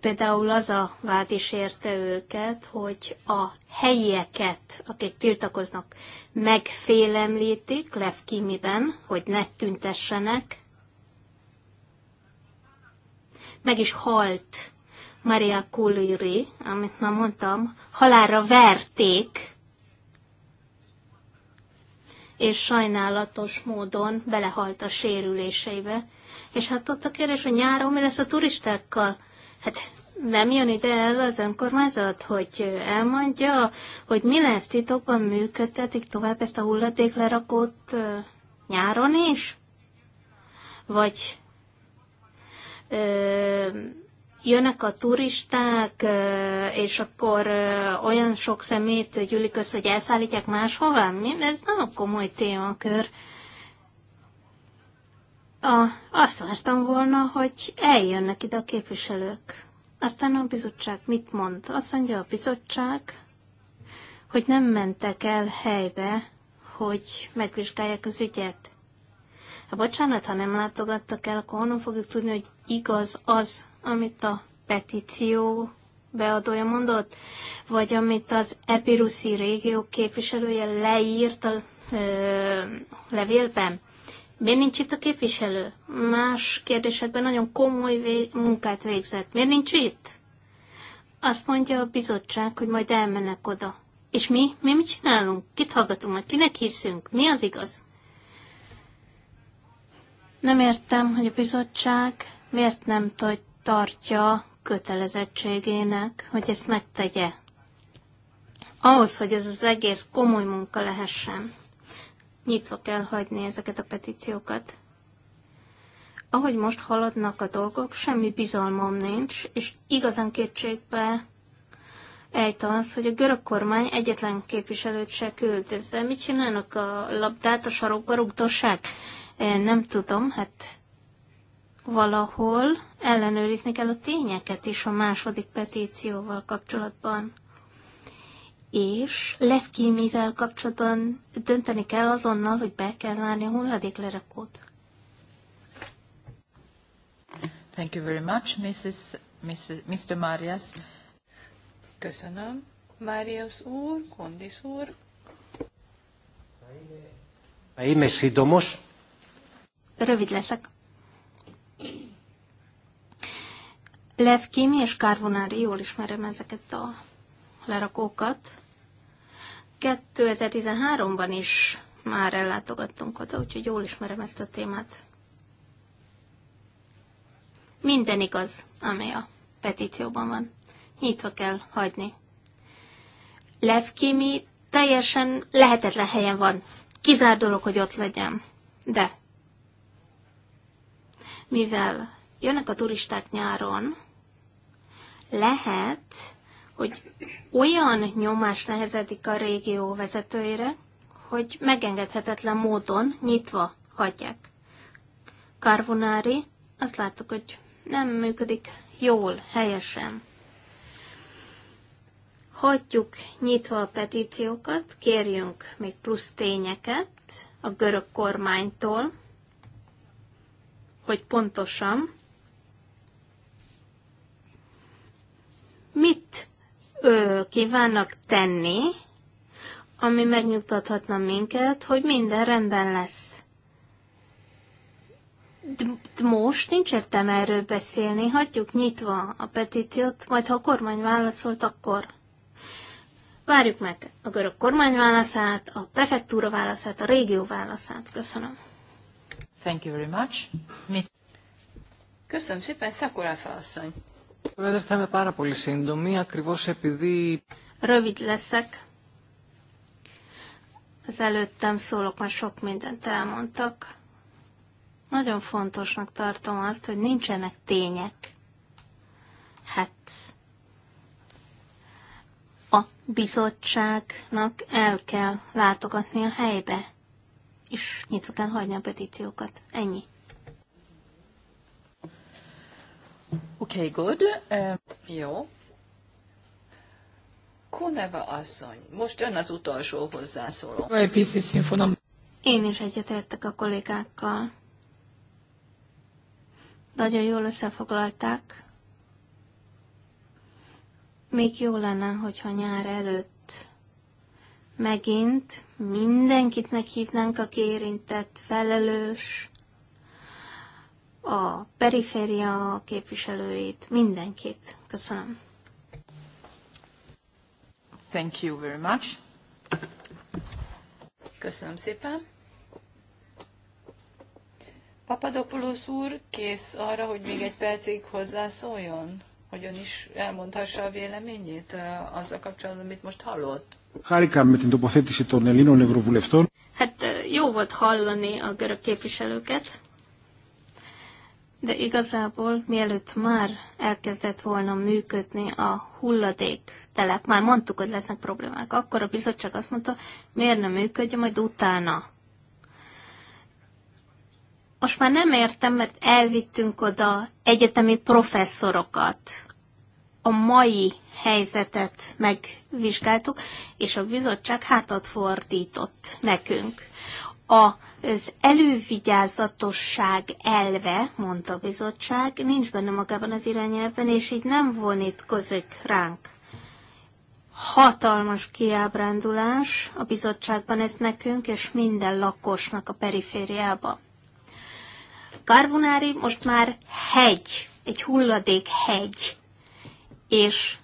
D: Például az a vád is érte őket, hogy a helyieket, akik tiltakoznak, megfélemlítik Levkimiben, hogy ne tüntessenek. Meg is halt Maria Kuliri, amit már mondtam, halára verték, és sajnálatos módon belehalt a sérüléseibe. És hát ott a kérdés, hogy nyáron mi lesz a turistákkal? Hát nem jön ide el az önkormányzat, hogy elmondja, hogy mi lesz titokban működtetik tovább ezt a hulladéklerakót nyáron is? Vagy ö, jönnek a turisták, és akkor olyan sok szemét gyűlik össze, hogy elszállítják máshová? Mi? Ez nem a komoly témakör a, azt vártam volna, hogy eljönnek ide a képviselők. Aztán a bizottság mit mond? Azt mondja a bizottság, hogy nem mentek el helybe, hogy megvizsgálják az ügyet. Ha hát bocsánat, ha nem látogattak el, akkor honnan fogjuk tudni, hogy igaz az, amit a petíció beadója mondott, vagy amit az epiruszi régió képviselője leírt a ö, levélben. Miért nincs itt a képviselő? Más kérdésekben nagyon komoly vé- munkát végzett. Miért nincs itt? Azt mondja a bizottság, hogy majd elmennek oda. És mi? Mi mit csinálunk? Kit hallgatunk Majd Kinek hiszünk? Mi az igaz? Nem értem, hogy a bizottság miért nem tartja kötelezettségének, hogy ezt megtegye. Ahhoz, hogy ez az egész komoly munka lehessen nyitva kell hagyni ezeket a petíciókat. Ahogy most haladnak a dolgok, semmi bizalmam nincs, és igazán kétségbe ejt az, hogy a görög kormány egyetlen képviselőt se küld. Ezzel mit csinálnak a labdát, a sarokba rúgtossák? nem tudom, hát valahol ellenőrizni kell a tényeket is a második petícióval kapcsolatban és lefkímivel kapcsolatban dönteni kell azonnal, hogy be kell zárni a
A: hulladéklerakót. Thank you very much, Mrs. Mrs. Mr. Marias. Köszönöm.
B: Marias úr, Kondis úr.
E: Είμαι σύντομος. Rövid leszek.
D: Lev Kimi és Carbonari, jól ismerem ezeket a lerakókat. 2013-ban is már ellátogattunk oda, úgyhogy jól ismerem ezt a témát. Minden igaz, ami a petícióban van. Nyitva kell hagyni. Levkimi teljesen lehetetlen helyen van. Kizár dolog, hogy ott legyen. De mivel jönnek a turisták nyáron, lehet, hogy olyan nyomás nehezedik a régió vezetőire, hogy megengedhetetlen módon nyitva hagyják. Carbonári, azt láttuk, hogy nem működik jól, helyesen. Hagyjuk nyitva a petíciókat, kérjünk még plusz tényeket a görög kormánytól, hogy pontosan mit ö, kívánnak tenni, ami megnyugtathatna minket, hogy minden rendben lesz. De most nincs értem erről beszélni, hagyjuk nyitva a petíciót, majd ha a kormány válaszolt, akkor várjuk meg a görög kormány válaszát, a prefektúra válaszát, a régió válaszát. Köszönöm.
A: Thank you very much.
B: Miss... Köszönöm szépen, Szakorafa asszony.
D: Rövid leszek. Az előttem szólok, már sok mindent elmondtak. Nagyon fontosnak tartom azt, hogy nincsenek tények. Hát a bizottságnak el kell látogatni a helybe, és nyitva kell hagyni a petíciókat. Ennyi.
B: Okay, good. Um, jó. Kuneva asszony, most ön az utolsó hozzászóló.
D: Én is egyetértek a kollégákkal. Nagyon jól összefoglalták. Még jó lenne, hogyha nyár előtt megint mindenkit meghívnánk, aki érintett, felelős, a periféria képviselőit,
A: mindenkit. Köszönöm. Thank you
B: very much. Köszönöm szépen. Papadopoulos úr kész arra, hogy még egy percig hozzászóljon, hogy ön is elmondhassa a véleményét eh, azzal kapcsolatban, amit most hallott. Hát eh, jó volt hallani
D: a görög képviselőket de igazából mielőtt már elkezdett volna működni a hulladék telep, már mondtuk, hogy lesznek problémák, akkor a bizottság azt mondta, miért nem működje majd utána. Most már nem értem, mert elvittünk oda egyetemi professzorokat. A mai helyzetet megvizsgáltuk, és a bizottság hátat fordított nekünk az elővigyázatosság elve, mondta a bizottság, nincs benne magában az irányelven, és így nem vonítkozik ránk. Hatalmas kiábrándulás a bizottságban ez nekünk, és minden lakosnak a perifériába. Karbonári most már hegy, egy hulladék hegy, és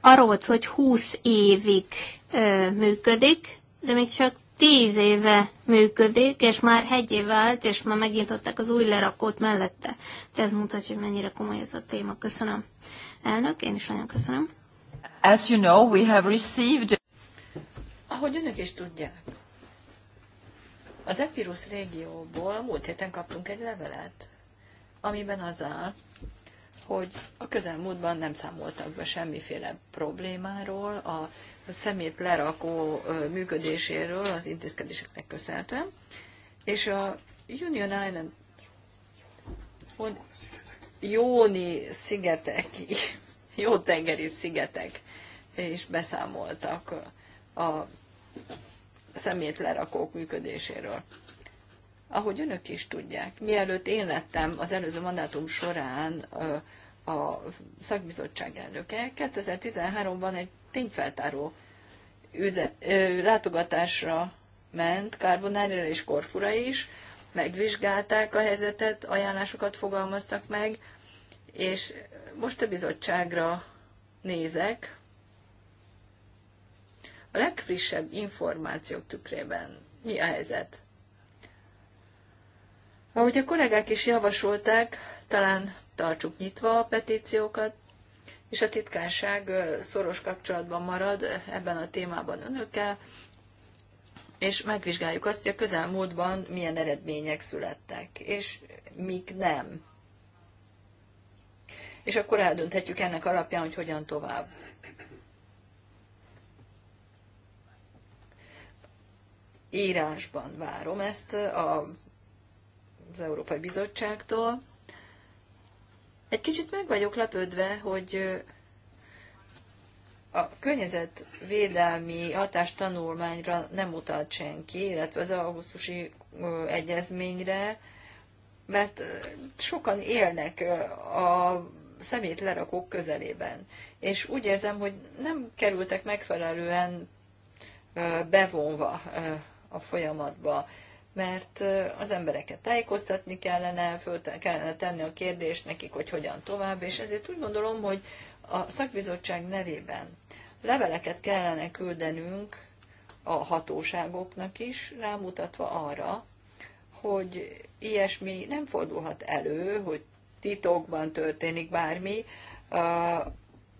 D: arról hogy 20 évig ö, működik, de még csak tíz éve működik, és már hegyé vált, és már megint adták az új lerakót mellette. De ez mutatja, hogy mennyire komoly ez a téma. Köszönöm. Elnök, én is nagyon köszönöm.
A: As you know, we
B: have received... Ahogy önök is tudják, az Epirus régióból a múlt héten kaptunk egy levelet, amiben az áll, hogy a közelmúltban nem számoltak be semmiféle problémáról, a szemét lerakó működéséről az intézkedéseknek köszönhetően, és a Union Island Jóni szigetek, jó tengeri szigetek és beszámoltak a lerakók működéséről. Ahogy önök is tudják, mielőtt én lettem az előző mandátum során a szakbizottság elnöke, 2013-ban egy tényfeltáró üze, látogatásra ment Kárbonáriára és Korfura is, megvizsgálták a helyzetet, ajánlásokat fogalmaztak meg, és most a bizottságra nézek. A legfrissebb információk tükrében mi a helyzet? Ahogy a kollégák is javasolták, talán tartsuk nyitva a petíciókat, és a titkárság szoros kapcsolatban marad ebben a témában önökkel, és megvizsgáljuk azt, hogy a közelmúltban milyen eredmények születtek, és mik nem. És akkor eldönthetjük ennek alapján, hogy hogyan tovább. Írásban várom ezt a az Európai Bizottságtól. Egy kicsit meg vagyok lepődve, hogy a környezetvédelmi hatástanulmányra nem utalt senki, illetve az augusztusi egyezményre, mert sokan élnek a szemét lerakók közelében. És úgy érzem, hogy nem kerültek megfelelően bevonva a folyamatba mert az embereket tájékoztatni kellene, föl kellene tenni a kérdést nekik, hogy hogyan tovább, és ezért úgy gondolom, hogy a szakbizottság nevében leveleket kellene küldenünk a hatóságoknak is, rámutatva arra, hogy ilyesmi nem fordulhat elő, hogy titokban történik bármi,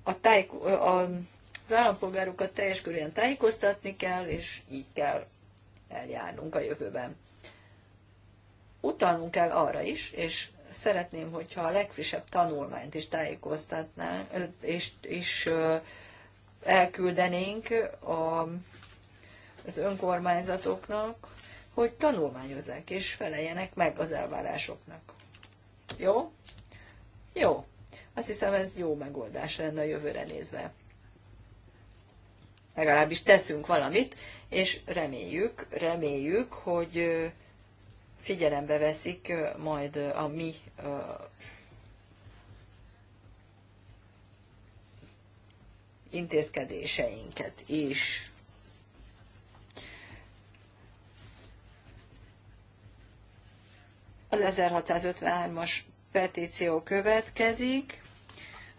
B: a táj, a, az állampolgárokat teljes körűen tájékoztatni kell, és így kell eljárnunk a jövőben utalnunk kell arra is, és szeretném, hogyha a legfrissebb tanulmányt is tájékoztatnánk, és, és elküldenénk a, az önkormányzatoknak, hogy tanulmányozzák és feleljenek meg az elvárásoknak. Jó? Jó. Azt hiszem, ez jó megoldás lenne a jövőre nézve. Legalábbis teszünk valamit, és reméljük, reméljük, hogy figyelembe veszik majd a mi intézkedéseinket is. Az 1653-as petíció következik,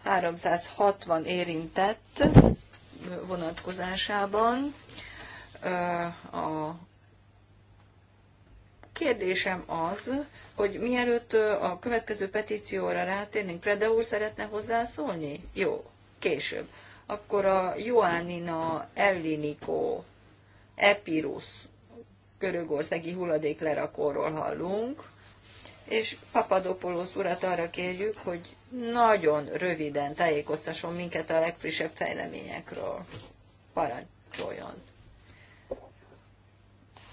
B: 360 érintett vonatkozásában a Kérdésem az, hogy mielőtt a következő petícióra rátérnénk, Prede úr szeretne hozzászólni? Jó, később. Akkor a Joannina Ellinikó Epirus görögországi hulladéklerakóról hallunk, és Papadopoulos urat arra kérjük, hogy nagyon röviden tájékoztasson minket a legfrissebb fejleményekről.
E: Parancsoljon!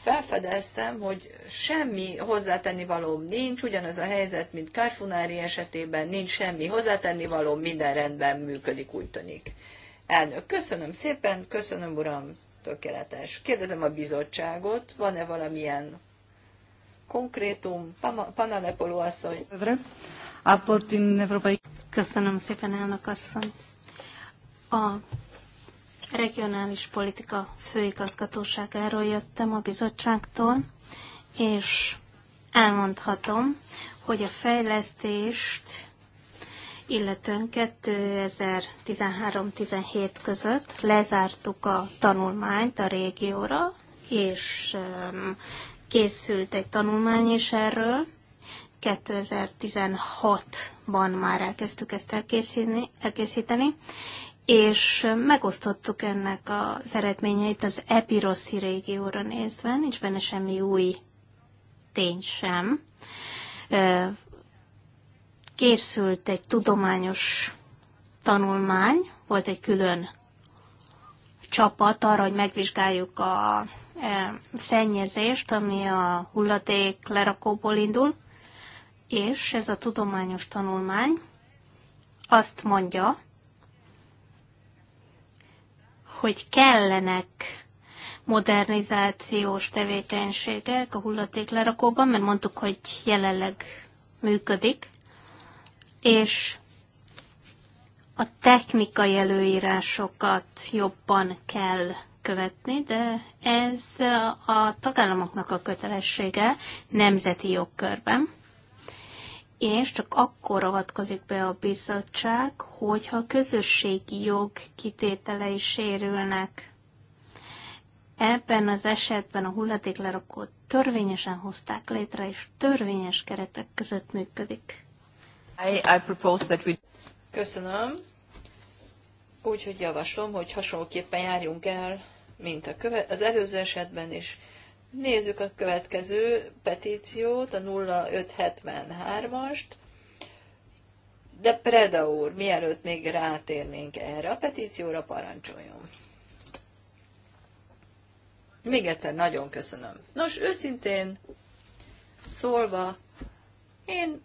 B: felfedeztem, hogy semmi hozzátenni valóm nincs, ugyanaz a helyzet, mint Carfunári esetében, nincs semmi hozzátenni valóm, minden rendben működik, úgy tűnik. Elnök, köszönöm szépen, köszönöm uram, tökéletes. Kérdezem a bizottságot, van-e valamilyen konkrétum? Panalepoló asszony.
D: Köszönöm szépen, elnök asszony. A regionális politika főigazgatóságáról jöttem a bizottságtól, és elmondhatom, hogy a fejlesztést illetően 2013-17 között lezártuk a tanulmányt a régióra, és készült egy tanulmány is erről. 2016-ban már elkezdtük ezt elkészíteni, és megosztottuk ennek az eredményeit az Epiroszi régióra nézve, nincs benne semmi új tény sem. Készült egy tudományos tanulmány, volt egy külön csapat arra, hogy megvizsgáljuk a szennyezést, ami a hulladék lerakóból indul, és ez a tudományos tanulmány azt mondja, hogy kellenek modernizációs tevékenységek a hulladéklerakóban, mert mondtuk, hogy jelenleg működik, és a technikai előírásokat jobban kell követni, de ez a tagállamoknak a kötelessége nemzeti jogkörben és csak akkor avatkozik be a bizottság, hogyha a közösségi jog kitételei sérülnek. Ebben az esetben a hulladéklerakót törvényesen hozták létre, és törvényes keretek között működik.
B: I, I propose that we... Köszönöm. Úgyhogy javaslom, hogy hasonlóképpen járjunk el, mint a köve- az előző esetben is. És Nézzük a következő petíciót, a 0573-ast. De Preda úr, mielőtt még rátérnénk erre a petícióra, parancsoljon. Még egyszer nagyon köszönöm. Nos, őszintén szólva, én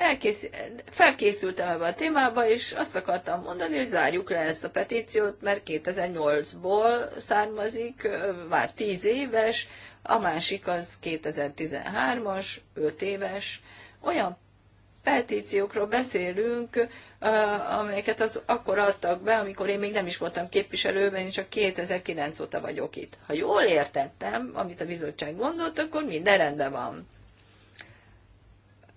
B: elkész, felkészültem ebbe a témába, és azt akartam mondani, hogy zárjuk le ezt a petíciót, mert 2008-ból származik, már 10 éves, a másik az 2013-as, 5 éves. Olyan petíciókról beszélünk, amelyeket az akkor adtak be, amikor én még nem is voltam képviselő, mert én csak 2009 óta vagyok itt. Ha jól értettem, amit a bizottság gondolt, akkor minden rendben van.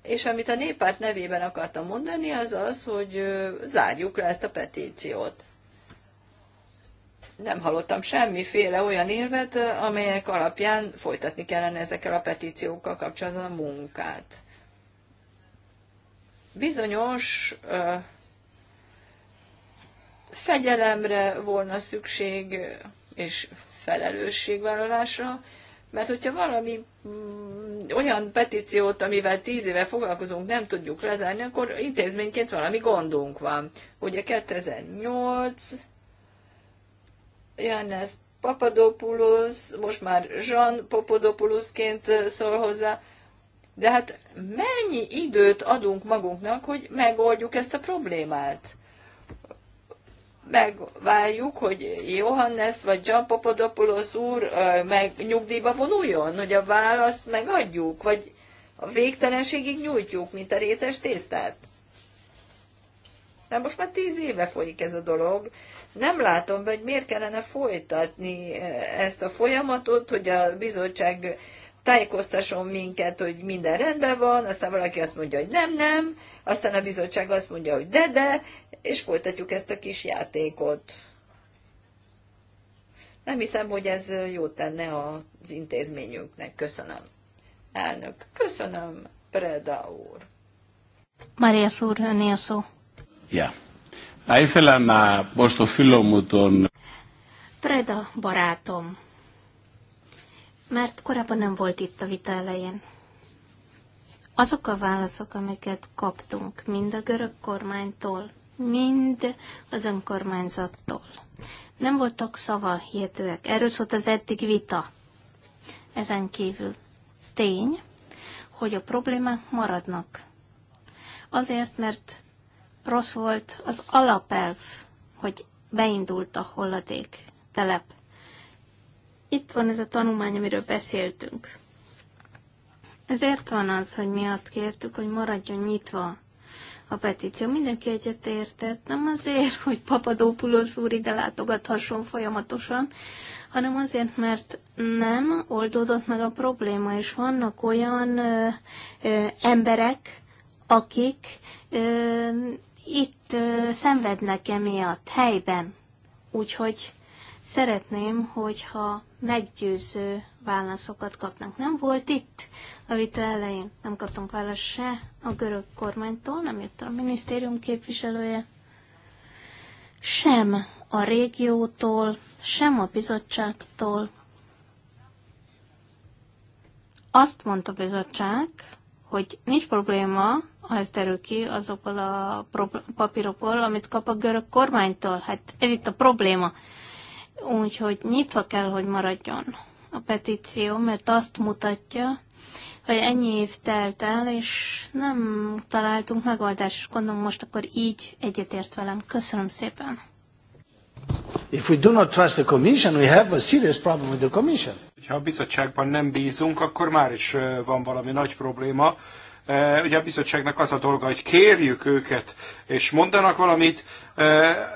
B: És amit a néppárt nevében akartam mondani, az az, hogy zárjuk le ezt a petíciót. Nem hallottam semmiféle olyan érvet, amelyek alapján folytatni kellene ezekkel a petíciókkal kapcsolatban a munkát. Bizonyos ö, fegyelemre volna szükség és felelősségvállalásra, mert hogyha valami
E: mm, olyan
B: petíciót, amivel tíz éve foglalkozunk, nem tudjuk lezárni, akkor intézményként valami gondunk van. Ugye 2008, Jannes Papadopoulos, most már Jean Papadopoulosként eh, szól hozzá, de hát mennyi időt adunk magunknak, hogy megoldjuk ezt a problémát? megvárjuk, hogy Johannes vagy John Papadopoulos úr meg nyugdíjba vonuljon, hogy a választ megadjuk, vagy a végtelenségig nyújtjuk, mint a rétes tésztát. De most már tíz éve folyik ez a dolog. Nem látom hogy miért kellene folytatni ezt a folyamatot, hogy a bizottság tájékoztasson minket, hogy minden rendben van, aztán valaki azt mondja, hogy nem, nem, aztán a bizottság azt mondja, hogy de, de, és folytatjuk ezt a kis játékot. Nem hiszem, hogy ez jó tenne az intézményünknek. Köszönöm. Elnök, köszönöm, Preda úr.
D: Maria úr, önnél szó.
E: Ja. Yeah.
D: Preda barátom, mert korábban nem volt itt a vita elején. Azok a válaszok, amiket kaptunk, mind a görög kormánytól, mind az önkormányzattól, nem voltak szava hihetőek. Erről szólt az eddig vita. Ezen kívül tény, hogy a problémák maradnak. Azért, mert rossz volt az alapelv, hogy beindult a holladék telep. Itt van ez a tanulmány, amiről beszéltünk. Ezért van az, hogy mi azt kértük, hogy maradjon nyitva a petíció. Mindenki egyetértett, nem azért, hogy Papadopoulos úr ide látogathasson folyamatosan, hanem azért, mert nem oldódott meg a probléma, és vannak olyan ö, ö, emberek, akik ö, itt ö, szenvednek emiatt helyben. Úgyhogy Szeretném, hogyha meggyőző válaszokat kapnak. Nem volt itt a vita elején, nem kaptunk választ se a görög kormánytól, nem jött a minisztérium képviselője, sem a régiótól, sem a bizottságtól. Azt mondta a bizottság, hogy nincs probléma, ha ez derül ki azokból a papírokból, amit kap a görög kormánytól. Hát ez itt a probléma úgyhogy nyitva kell, hogy maradjon a petíció, mert azt mutatja, hogy ennyi év telt el, és nem találtunk megoldást, és gondolom most akkor így egyetért velem. Köszönöm szépen.
F: If we do not trust the commission, we have a serious problem with the commission. Ha a bizottságban
C: nem bízunk, akkor már is van valami nagy probléma Ugye a bizottságnak az a dolga, hogy kérjük őket, és mondanak valamit,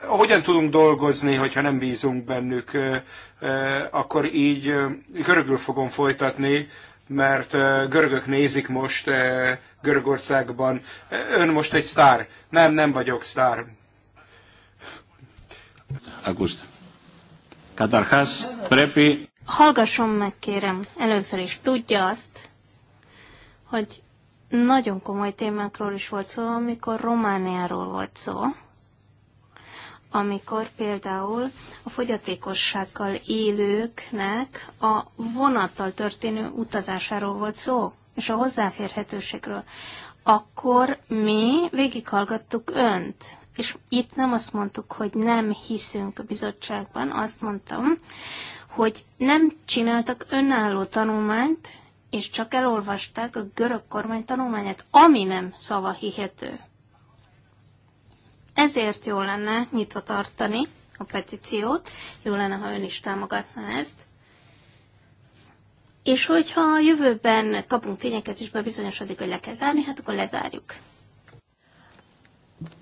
C: hogyan tudunk dolgozni, hogyha nem bízunk bennük, akkor így görögül fogom folytatni, mert görögök nézik most Görögországban. Ön most egy sztár. Nem, nem vagyok sztár.
E: August. Katarhas, prepi.
D: Hallgasson meg, kérem. Először is tudja azt, hogy nagyon komoly témákról is volt szó, amikor Romániáról volt szó, amikor például a fogyatékossággal élőknek a vonattal történő utazásáról volt szó, és a hozzáférhetőségről, akkor mi végighallgattuk önt, és itt nem azt mondtuk, hogy nem hiszünk a bizottságban, azt mondtam, hogy nem csináltak önálló tanulmányt, és csak elolvasták a görög kormány tanulmányát, ami nem szava hihető. Ezért jó lenne nyitva tartani a petíciót, jó lenne, ha ön is támogatná ezt, és hogyha a jövőben kapunk tényeket és bebizonyosodik, hogy le kell zárni, hát akkor lezárjuk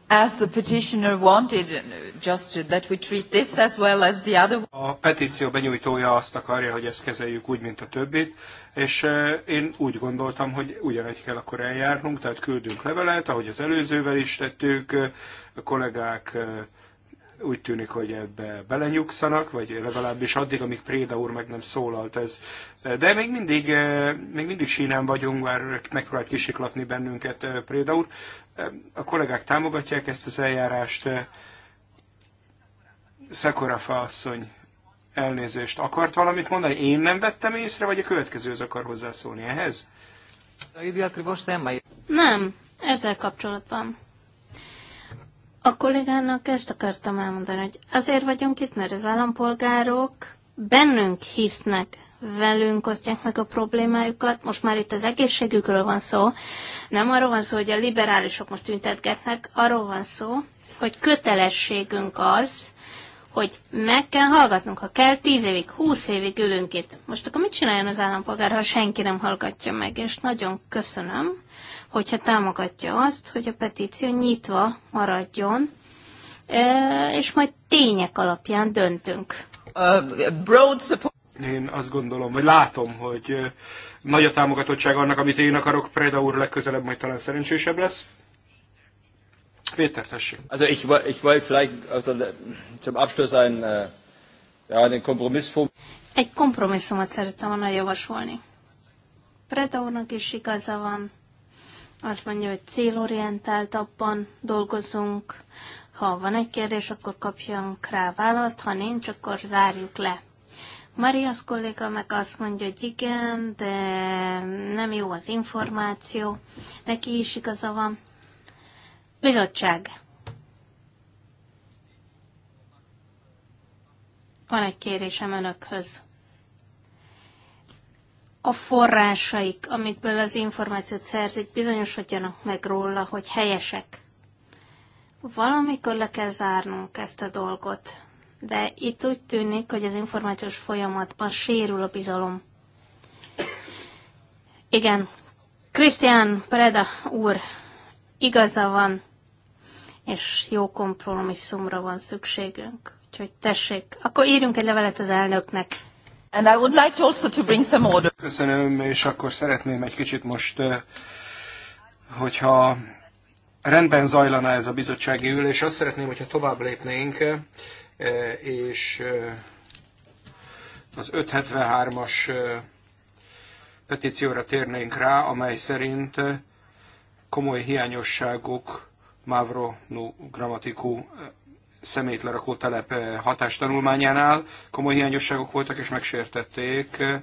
A: as the petitioner wanted, just that we treat this as well as the other.
C: A petíció benyújtója azt akarja, hogy ezt kezeljük úgy, mint a többit, és eh, én úgy gondoltam, hogy ugyanegy kell akkor eljárnunk, tehát küldünk levelet, ahogy az előzővel is tettük, eh, a kollégák eh, úgy tűnik, hogy ebbe belenyugszanak, vagy legalábbis addig, amíg Préda úr meg nem szólalt ez. De még mindig, eh, még mindig sínen vagyunk, már megpróbált kisiklatni bennünket eh, Préda úr. Eh, a kollégák támogatják ezt az eljárást. Szekorafa asszony, elnézést. Akart valamit mondani? Én nem vettem észre, vagy a következő az akar hozzászólni ehhez?
D: Nem, ezzel kapcsolatban. A kollégának ezt akartam elmondani, hogy azért vagyunk itt, mert az állampolgárok bennünk hisznek, velünk osztják meg a problémájukat. Most már itt az egészségükről van szó. Nem arról van szó, hogy a liberálisok most tüntetgetnek, arról van szó, hogy kötelességünk az, hogy meg kell hallgatnunk, ha kell, tíz évig, húsz évig ülünk itt. Most akkor mit csináljon az állampolgár, ha senki nem hallgatja meg? És nagyon köszönöm, hogyha támogatja azt, hogy a petíció nyitva maradjon, és majd tények alapján döntünk.
C: broad support. Én azt gondolom, vagy látom, hogy nagy a támogatottság annak, amit én akarok. Preda úr legközelebb majd talán szerencsésebb lesz. Péter, tessék. Also ich, ich wollte vielleicht also, zum Abschluss ein, äh, ja, einen Kompromiss
D: Egy kompromisszumot szerettem volna javasolni. Preda úrnak is igaza van azt mondja, hogy célorientáltabban dolgozunk. Ha van egy kérdés, akkor kapjunk rá választ, ha nincs, akkor zárjuk le. Marias kolléga meg azt mondja, hogy igen, de nem jó az információ, neki is igaza van. Bizottság. Van egy kérésem önökhöz a forrásaik, amikből az információt szerzik, bizonyosodjanak meg róla, hogy helyesek. Valamikor le kell zárnunk ezt a dolgot, de itt úgy tűnik, hogy az információs folyamatban sérül a bizalom. Igen, Krisztián Preda úr igaza van, és jó kompromisszumra van szükségünk. Úgyhogy tessék, akkor írjunk egy levelet az elnöknek. And I would like also to bring some order.
C: Köszönöm, és akkor szeretném egy kicsit most, hogyha rendben zajlana ez a bizottsági ülés, azt szeretném, hogyha tovább lépnénk, és az 573-as petícióra térnénk rá, amely szerint komoly hiányosságok Mavro no grammatiku szemétlerakó telep eh, hatástanulmányánál komoly hiányosságok voltak, és megsértették eh,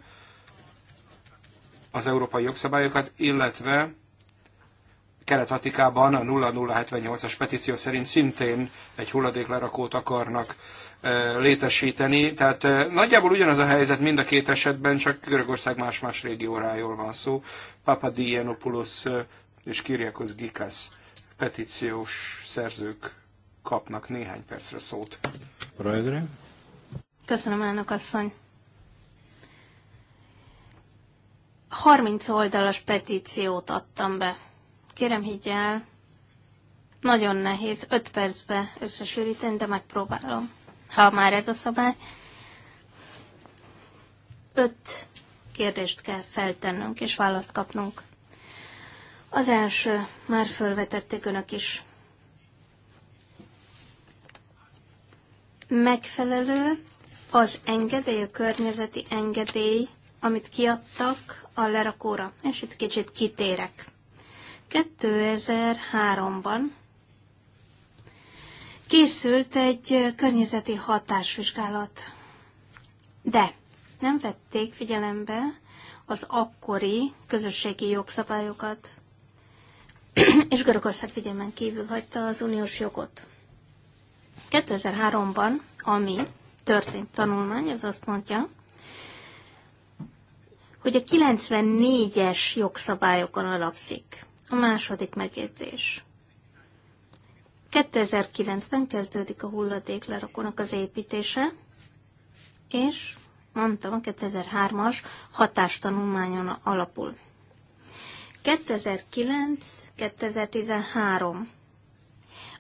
C: az európai jogszabályokat, illetve kelet a 0078-as petíció szerint szintén egy hulladéklerakót akarnak eh, létesíteni. Tehát nagyjából ugyanaz a helyzet mind a két esetben, csak Görögország más-más régióráról van szó. Papadienopoulos és Kyriakos Gikas petíciós szerzők kapnak néhány percre szót.
E: Rövidre.
D: Köszönöm, elnök asszony. 30 oldalas petíciót adtam be. Kérem el, nagyon nehéz 5 percbe összesűríteni, de megpróbálom, ha már ez a szabály. 5 kérdést kell feltennünk és választ kapnunk. Az első, már fölvetették önök is. megfelelő az engedély, a környezeti engedély, amit kiadtak a lerakóra. És itt kicsit kitérek. 2003-ban készült egy környezeti hatásvizsgálat, de nem vették figyelembe az akkori közösségi jogszabályokat, és Görögország figyelmen kívül hagyta az uniós jogot. 2003-ban, ami történt tanulmány, az azt mondja, hogy a 94-es jogszabályokon alapszik. A második megjegyzés. 2009-ben kezdődik a hulladéklerakónak az építése, és mondtam, 2003-as hatástanulmányon alapul. 2009-2013.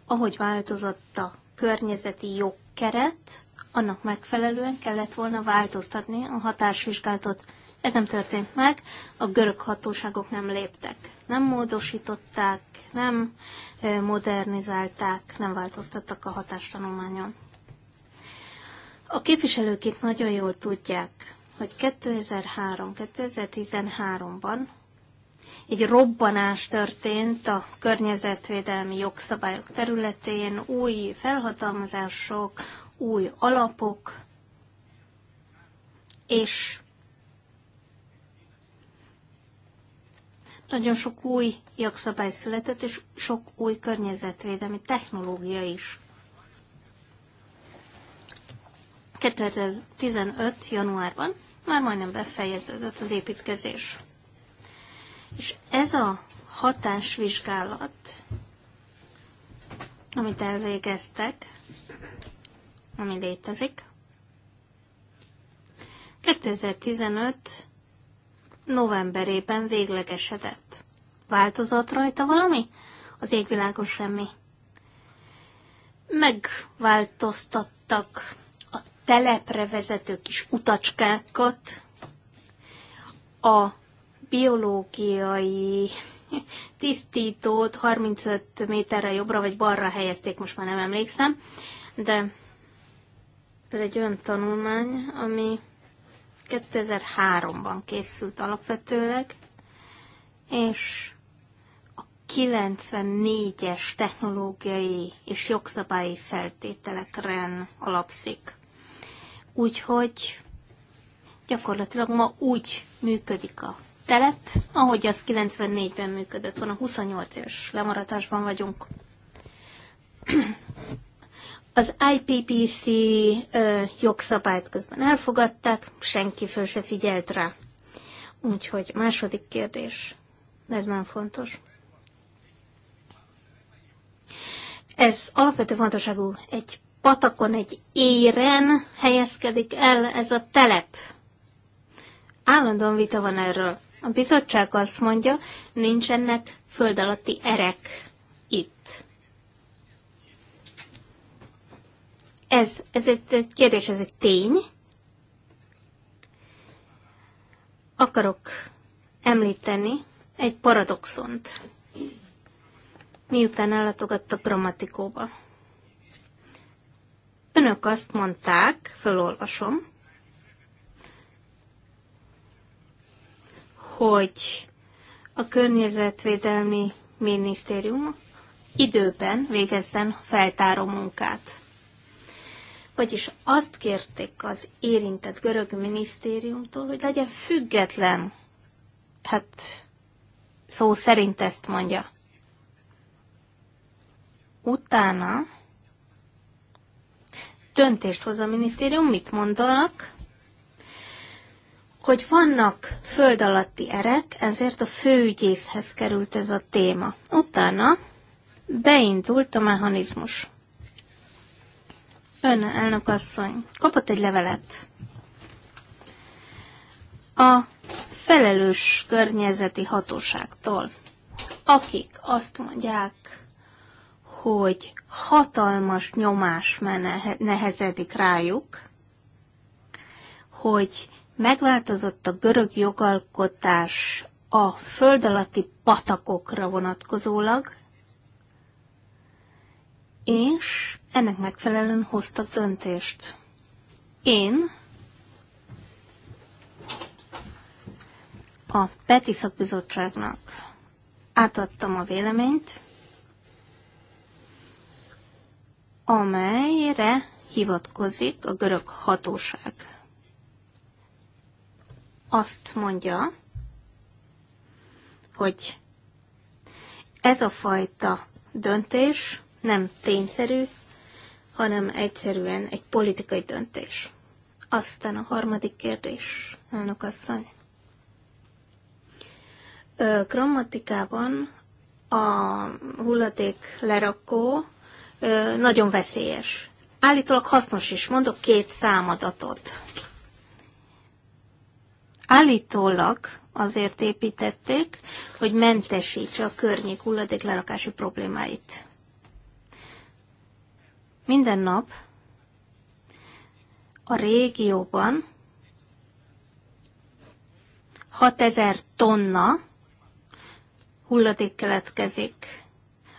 D: Ahogy változott a környezeti jogkeret, annak megfelelően kellett volna változtatni a hatásvizsgálatot. Ez nem történt meg, a görög hatóságok nem léptek, nem módosították, nem modernizálták, nem változtattak a hatástanulmányon. A képviselők itt nagyon jól tudják, hogy 2003-2013-ban egy robbanás történt a környezetvédelmi jogszabályok területén, új felhatalmazások, új alapok, és nagyon sok új jogszabály született, és sok új környezetvédelmi technológia is. 2015. januárban már majdnem befejeződött az építkezés. És ez a hatásvizsgálat, amit elvégeztek, ami létezik, 2015 novemberében véglegesedett. Változott rajta valami? Az égvilágon semmi. Megváltoztattak a telepre vezető kis utacskákat, a biológiai tisztítót 35 méterre jobbra vagy balra helyezték, most már nem emlékszem, de ez egy olyan tanulmány, ami 2003-ban készült alapvetőleg, és a 94-es technológiai és jogszabályi feltételekre alapszik. Úgyhogy gyakorlatilag ma úgy működik a telep, ahogy az 94-ben működött volna, 28 éves lemaradásban vagyunk. Az IPPC ö, jogszabályt közben elfogadták, senki föl se figyelt rá. Úgyhogy második kérdés, ez nem fontos. Ez alapvető fontosságú. Egy patakon, egy éren helyezkedik el ez a telep. Állandóan vita van erről. A bizottság azt mondja, nincsenek föld alatti erek itt. Ez, ez egy, egy kérdés, ez egy tény. Akarok említeni egy paradoxont, miután ellátogattak grammatikóba. Önök azt mondták, fölolvasom, hogy a környezetvédelmi minisztérium időben végezzen feltáró munkát. Vagyis azt kérték az érintett görög minisztériumtól, hogy legyen független. Hát szó szerint ezt mondja. Utána döntést hoz a minisztérium, mit mondanak, hogy vannak föld alatti erek, ezért a főügyészhez került ez a téma. Utána beindult a mechanizmus. Ön, elnök asszony, kapott egy levelet. A felelős környezeti hatóságtól, akik azt mondják, hogy hatalmas nyomás nehezedik rájuk, hogy megváltozott a görög jogalkotás a föld alatti patakokra vonatkozólag, és ennek megfelelően hoztak döntést. Én a Peti Szakbizottságnak átadtam a véleményt, amelyre hivatkozik a görög hatóság azt mondja, hogy ez a fajta döntés nem tényszerű, hanem egyszerűen egy politikai döntés. Aztán a harmadik kérdés, elnök asszony. grammatikában a hulladék lerakó nagyon veszélyes. Állítólag hasznos is, mondok két számadatot. Állítólag azért építették, hogy mentesítse a környék hulladéklerakási problémáit. Minden nap a régióban 6000 tonna hulladék keletkezik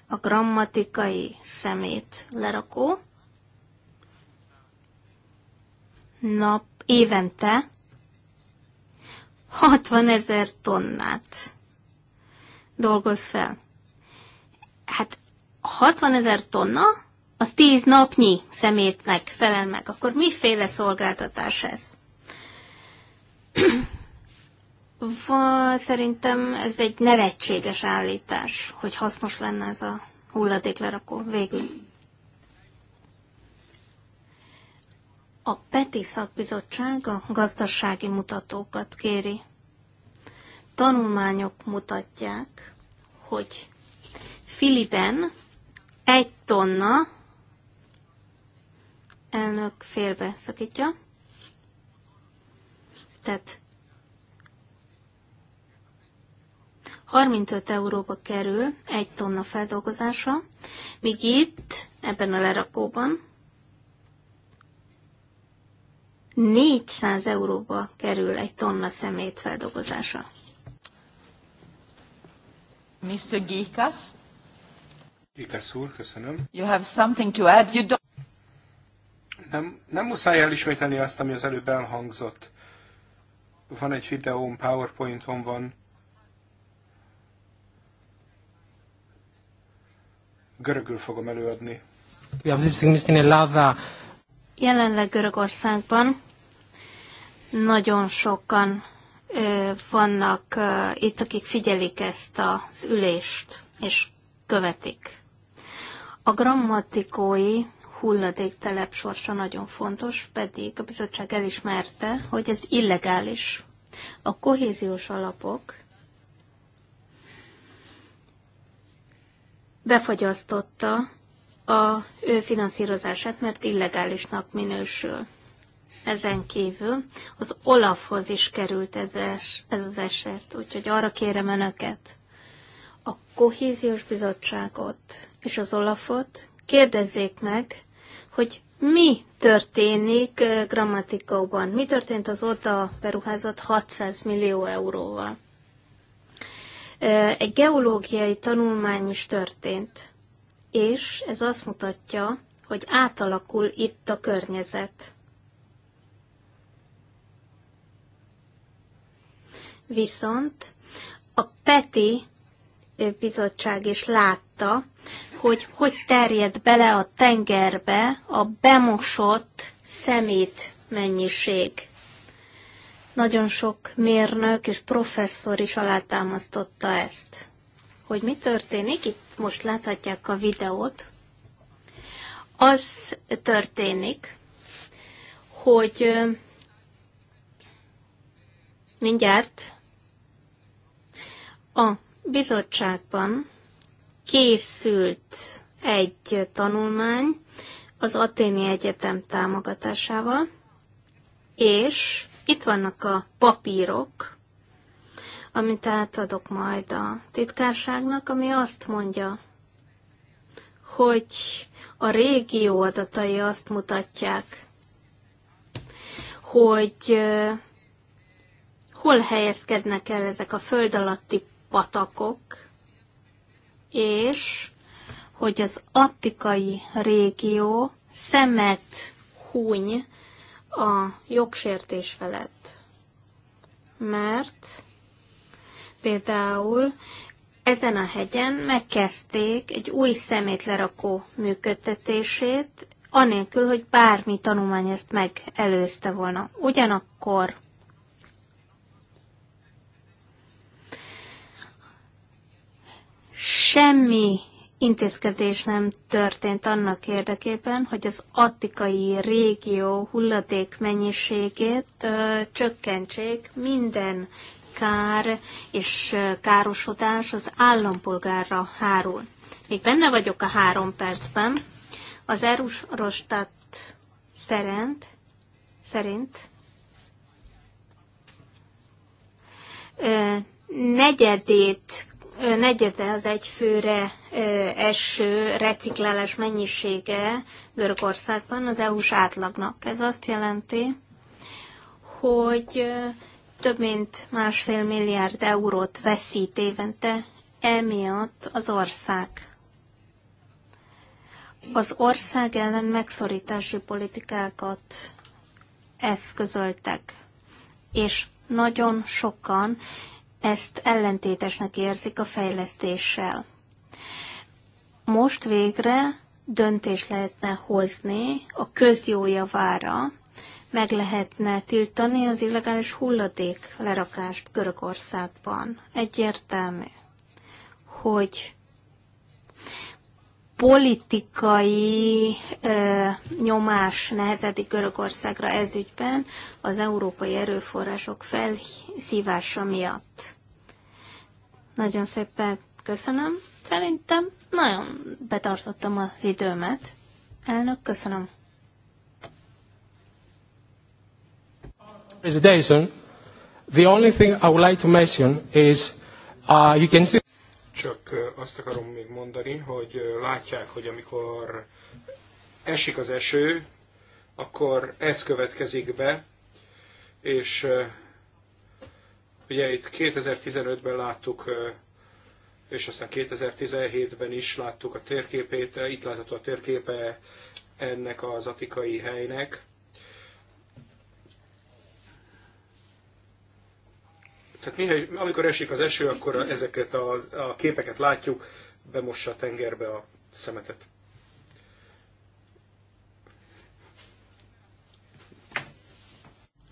D: a grammatikai szemét lerakó nap évente 60 ezer tonnát dolgoz fel. Hát 60 ezer tonna, az 10 napnyi szemétnek felel meg. Akkor miféle szolgáltatás ez? Szerintem ez egy nevetséges állítás, hogy hasznos lenne ez a hulladéklerakó végül. A PETI szakbizottság a gazdasági mutatókat kéri. Tanulmányok mutatják, hogy Filiben egy tonna elnök félbe szakítja. Tehát 35 euróba kerül egy tonna feldolgozása, míg itt, ebben a lerakóban 400 euróba kerül egy tonna szemét feldolgozása.
A: Mr. Gikas?
C: Gikas úr, köszönöm.
A: You have something to add? You don't...
C: Nem, nem muszáj elismételni azt, ami az előbb elhangzott. Van egy videóm, PowerPointom van. Görögül fogom előadni.
F: Αυτή this thing, Mr. Ελλάδα
D: Jelenleg Görögországban nagyon sokan vannak itt, akik figyelik ezt az ülést, és követik. A grammatikói hulladéktelep sorsa nagyon fontos, pedig a bizottság elismerte, hogy ez illegális. A kohéziós alapok befagyasztotta a ő finanszírozását, mert illegálisnak minősül. Ezen kívül az Olafhoz is került ez, es, ez az eset, úgyhogy arra kérem Önöket, a Kohéziós Bizottságot és az Olafot kérdezzék meg, hogy mi történik grammatikóban, mi történt az oda beruházott 600 millió euróval. Egy geológiai tanulmány is történt és ez azt mutatja, hogy átalakul itt a környezet. Viszont a Peti bizottság is látta, hogy hogy terjed bele a tengerbe a bemosott szemét mennyiség. Nagyon sok mérnök és professzor is alátámasztotta ezt hogy mi történik. Itt most láthatják a videót. Az történik, hogy mindjárt a bizottságban készült egy tanulmány az Aténi Egyetem támogatásával, és itt vannak a papírok, amit átadok majd a titkárságnak, ami azt mondja, hogy a régió adatai azt mutatják, hogy hol helyezkednek el ezek a föld alatti patakok, és hogy az attikai régió szemet húny a jogsértés felett. Mert Például ezen a hegyen megkezdték egy új szemétlerakó működtetését, anélkül, hogy bármi tanulmány ezt megelőzte volna. Ugyanakkor semmi intézkedés nem történt annak érdekében, hogy az attikai régió hulladék mennyiségét ö, csökkentsék minden kár és károsodás az állampolgárra hárul. Még benne vagyok a három percben. Az Erusrostat szerint, szerint negyedét, negyede az egyfőre eső reciklálás mennyisége Görögországban az EU-s átlagnak. Ez azt jelenti, hogy több mint másfél milliárd eurót veszít évente emiatt az ország. Az ország ellen megszorítási politikákat eszközöltek, és nagyon sokan ezt ellentétesnek érzik a fejlesztéssel. Most végre döntés lehetne hozni a közjó javára, meg lehetne tiltani az illegális hulladék lerakást Görögországban. Egyértelmű, hogy politikai ö, nyomás nehezedik Görögországra ezügyben az európai erőforrások felszívása miatt. Nagyon szépen köszönöm. Szerintem nagyon betartottam az időmet. Elnök, köszönöm.
F: presentation, the only thing I would like to mention
C: is uh, you can see csak uh, azt akarom még mondani, hogy uh, látják, hogy amikor esik az eső, akkor ez következik be, és uh, ugye itt 2015-ben láttuk, és aztán 2017-ben is láttuk a térképét, itt látható a térképe ennek az atikai helynek, Tehát mihely, amikor esik az eső, akkor ezeket a, a képeket látjuk, bemossa a tengerbe a szemetet.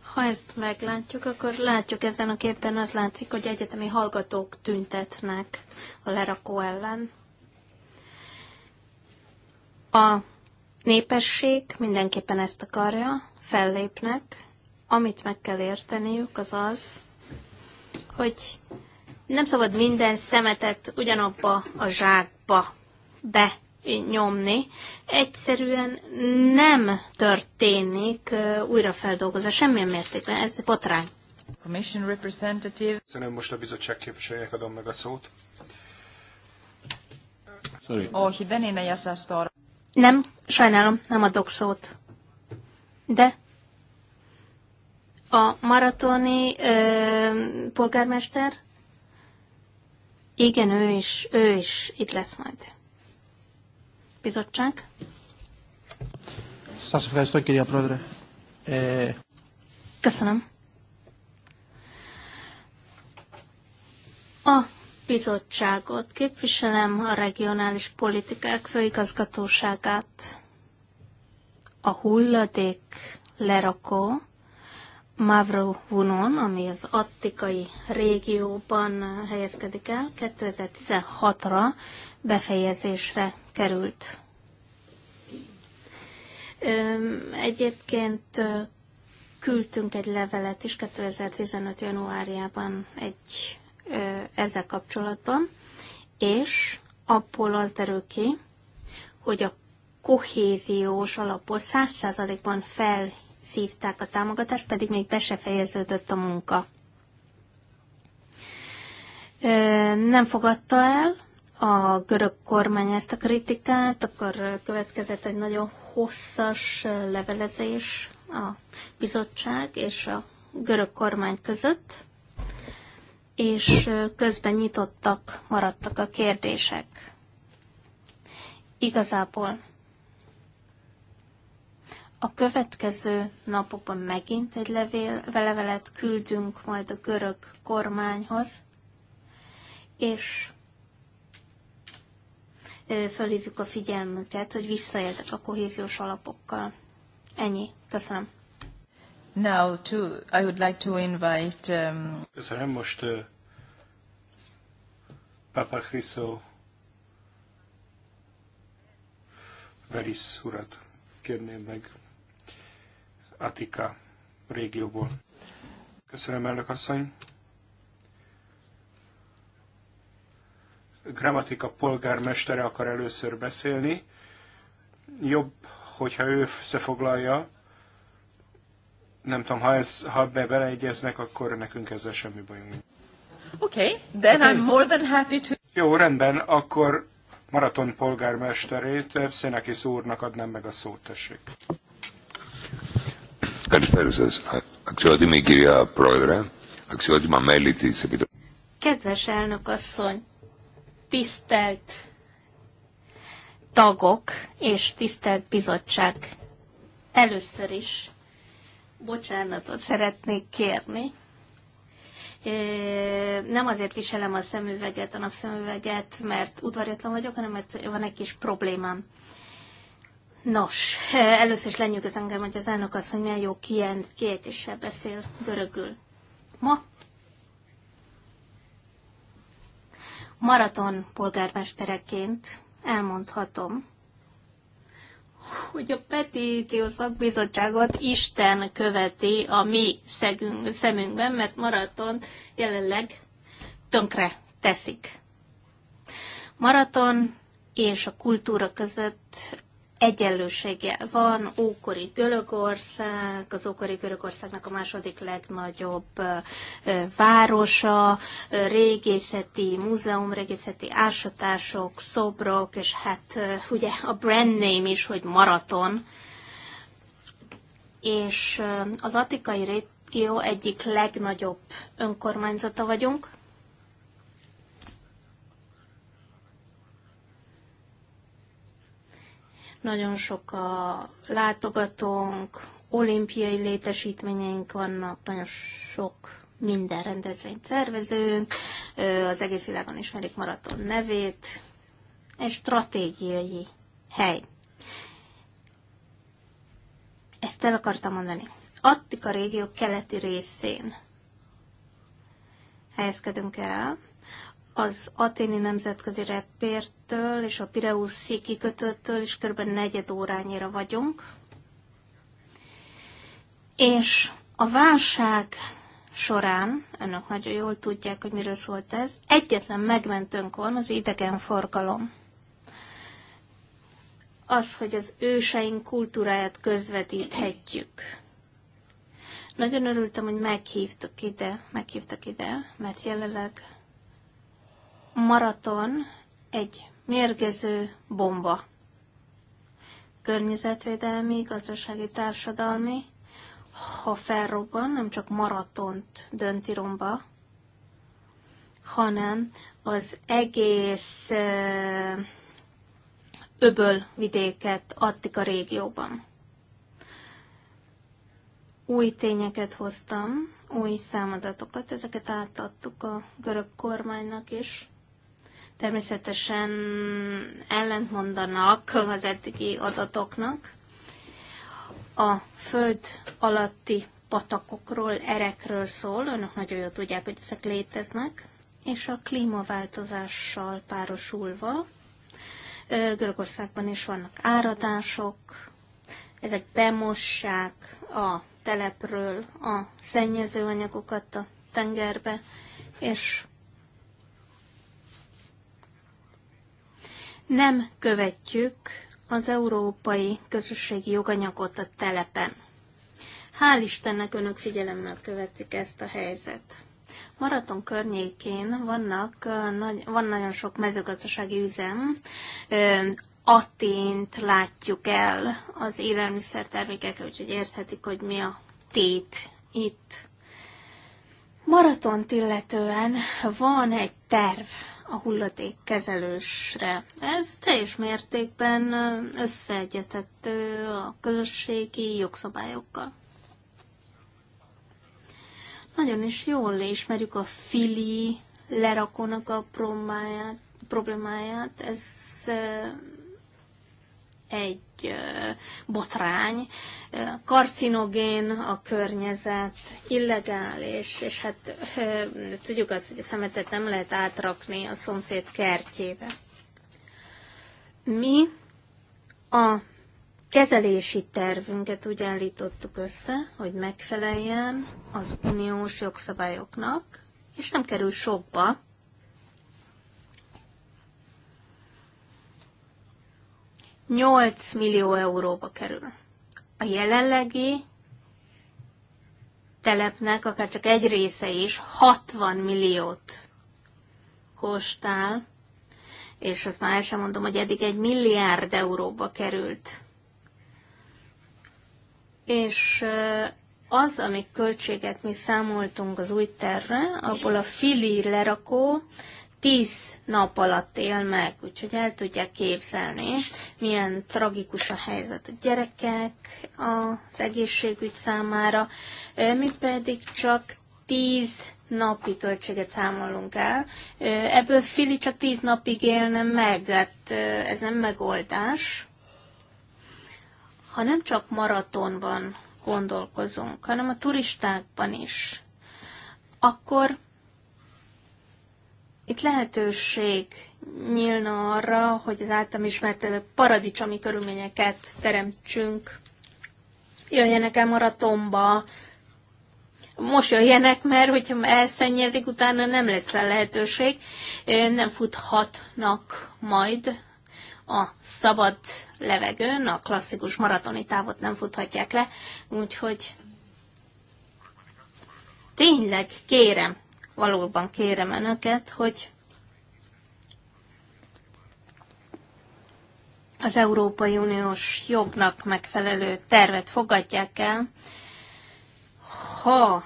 D: Ha ezt meglátjuk, akkor látjuk ezen a képen, az látszik, hogy egyetemi hallgatók tüntetnek a lerakó ellen. A népesség mindenképpen ezt akarja, fellépnek. Amit meg kell érteniük, az az, hogy nem szabad minden szemetet ugyanabba a zsákba be nyomni. Egyszerűen nem történik újrafeldolgozás semmilyen mértékben. Ez botrány.
A: Commission representative. Szerintem most a
C: bizottság képviselőjének adom meg a szót. Sorry.
D: Oh, én Nem, sajnálom, nem adok szót. De a maratoni ö, polgármester? Igen, ő is, ő is itt lesz majd. Bizottság? Köszönöm. A bizottságot képviselem a regionális politikák főigazgatóságát. A hulladék lerakó Mavro Mavrovunon, ami az attikai régióban helyezkedik el, 2016-ra befejezésre került. Egyébként küldtünk egy levelet is 2015. januárjában egy ezzel kapcsolatban, és abból az derül ki, hogy a kohéziós alapból 100%-ban fel szívták a támogatást, pedig még be se fejeződött a munka. Nem fogadta el a görög kormány ezt a kritikát, akkor következett egy nagyon hosszas levelezés a bizottság és a görög kormány között, és közben nyitottak maradtak a kérdések. Igazából a következő napokban megint egy levél, levelet küldünk majd a görög kormányhoz, és fölhívjuk a figyelmüket, hogy visszaéltek a kohéziós alapokkal. Ennyi. Köszönöm.
A: Now to, I would like to invite... Um...
C: Köszönöm. Most uh, Papa Chriso Veris urat kérném meg. Atika régióból. Köszönöm, elnök asszony. Grammatika polgármestere akar először beszélni. Jobb, hogyha ő összefoglalja. Nem tudom, ha, ez, ha be beleegyeznek, akkor nekünk ezzel semmi bajunk.
A: Okay, then I'm more
C: than happy to... Jó, rendben, akkor Maraton polgármesterét Szenekis úrnak adnám meg a szót, tessék.
E: Καλησπέρα σας. Αξιότιμη κυρία Πρόεδρε, αξιότιμα μέλη της Επιτροπής.
D: Kedves elnök asszony, tisztelt tagok és tisztelt bizottság, először is bocsánatot szeretnék kérni. Nem azért viselem a szemüveget, a napszemüveget, mert udvariatlan vagyok, hanem mert van egy kis problémám. Nos, először is lenyűgöz engem, hogy az elnök azt, hogy jó ilyen kiejtéssel beszél görögül. Ma maraton polgármestereként elmondhatom, hogy a petíció szakbizottságot Isten követi a mi szegünk, szemünkben, mert maraton jelenleg tönkre teszik. Maraton és a kultúra között egyenlőséggel van, ókori Görögország, az ókori Görögországnak a második legnagyobb városa, régészeti múzeum, régészeti ásatások, szobrok, és hát ugye a brand name is, hogy maraton. És az atikai régió egyik legnagyobb önkormányzata vagyunk, Nagyon sok a látogatónk, olimpiai létesítményeink vannak, nagyon sok minden rendezvényt szervezünk, az egész világon ismerik maraton nevét, egy stratégiai hely. Ezt el akartam mondani. Attika régió keleti részén helyezkedünk el, az aténi nemzetközi repértől és a Pireuszi kikötőtől is kb. negyed órányira vagyunk. És a válság során, önök nagyon jól tudják, hogy miről szólt ez, egyetlen megmentőnk van az idegenforgalom. Az, hogy az őseink kultúráját közvetíthetjük. Nagyon örültem, hogy meghívtak ide, meghívtak ide, mert jelenleg maraton egy mérgező bomba. Környezetvédelmi, gazdasági, társadalmi, ha felrobban, nem csak maratont dönti romba, hanem az egész öbölvidéket adtik a régióban. Új tényeket hoztam, új számadatokat, ezeket átadtuk a görög kormánynak is természetesen ellentmondanak az eddigi adatoknak. A föld alatti patakokról, erekről szól, önök nagyon jól tudják, hogy ezek léteznek, és a klímaváltozással párosulva Görögországban is vannak áradások, ezek bemossák a telepről a szennyezőanyagokat a tengerbe, és nem követjük az európai közösségi joganyagot a telepen. Hál' Istennek önök figyelemmel követik ezt a helyzet. Maraton környékén vannak, nagy, van nagyon sok mezőgazdasági üzem, Atént látjuk el az élelmiszertermékek, úgyhogy érthetik, hogy mi a tét itt. Maratont illetően van egy terv, a hulladékkezelősre. Ez teljes mértékben összeegyeztető a közösségi jogszabályokkal. Nagyon is jól ismerjük a fili lerakónak a problémáját. Ez egy botrány, karcinogén a környezet, illegális, és hát tudjuk azt, hogy a szemetet nem lehet átrakni a szomszéd kertjébe. Mi a kezelési tervünket úgy állítottuk össze, hogy megfeleljen az uniós jogszabályoknak, és nem kerül sokba, 8 millió euróba kerül. A jelenlegi telepnek akár csak egy része is 60 milliót kóstál, és azt már el sem mondom, hogy eddig egy milliárd euróba került. És az, amik költséget mi számoltunk az új terre, abból a fili lerakó tíz nap alatt él meg, úgyhogy el tudják képzelni, milyen tragikus a helyzet a gyerekek az egészségügy számára, mi pedig csak tíz napi költséget számolunk el. Ebből Fili csak tíz napig élne meg, hát ez nem megoldás. Ha nem csak maratonban gondolkozunk, hanem a turistákban is, akkor itt lehetőség nyílna arra, hogy az általam ismert paradicsomi körülményeket teremtsünk. Jöjjenek el maratomba, most jöjjenek, mert hogyha elszennyezik, utána nem lesz rá lehetőség, nem futhatnak majd a szabad levegőn, a klasszikus maratoni távot nem futhatják le, úgyhogy tényleg kérem, valóban kérem önöket, hogy az Európai Uniós jognak megfelelő tervet fogadják el, ha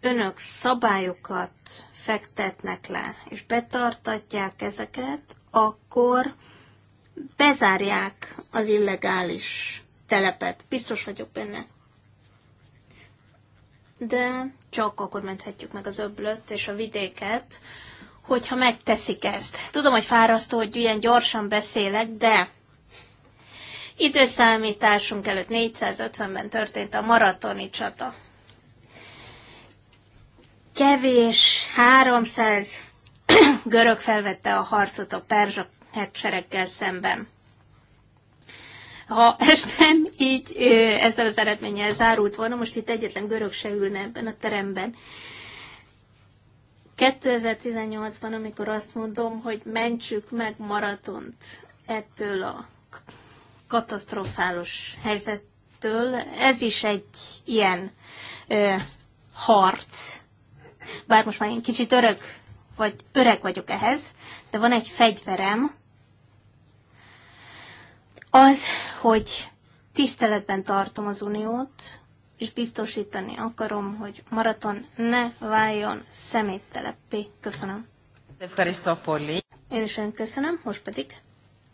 D: önök szabályokat fektetnek le, és betartatják ezeket, akkor bezárják az illegális telepet. Biztos vagyok benne. De csak akkor menthetjük meg az öblöt és a vidéket, hogyha megteszik ezt. Tudom, hogy fárasztó, hogy ilyen gyorsan beszélek, de időszámításunk előtt 450-ben történt a maratoni csata. Kevés 300 görög felvette a harcot a perzsa hadsereggel szemben ha ez nem így ezzel az eredménnyel zárult volna, most itt egyetlen görög se ülne ebben a teremben. 2018-ban, amikor azt mondom, hogy mentsük meg maratont ettől a katasztrofálos helyzettől, ez is egy ilyen ö, harc. Bár most már én kicsit öreg, vagy öreg vagyok ehhez, de van egy fegyverem, az, hogy tiszteletben tartom az uniót, és biztosítani akarom, hogy maraton ne váljon szeméttelepé. Köszönöm. Én is ön köszönöm, most pedig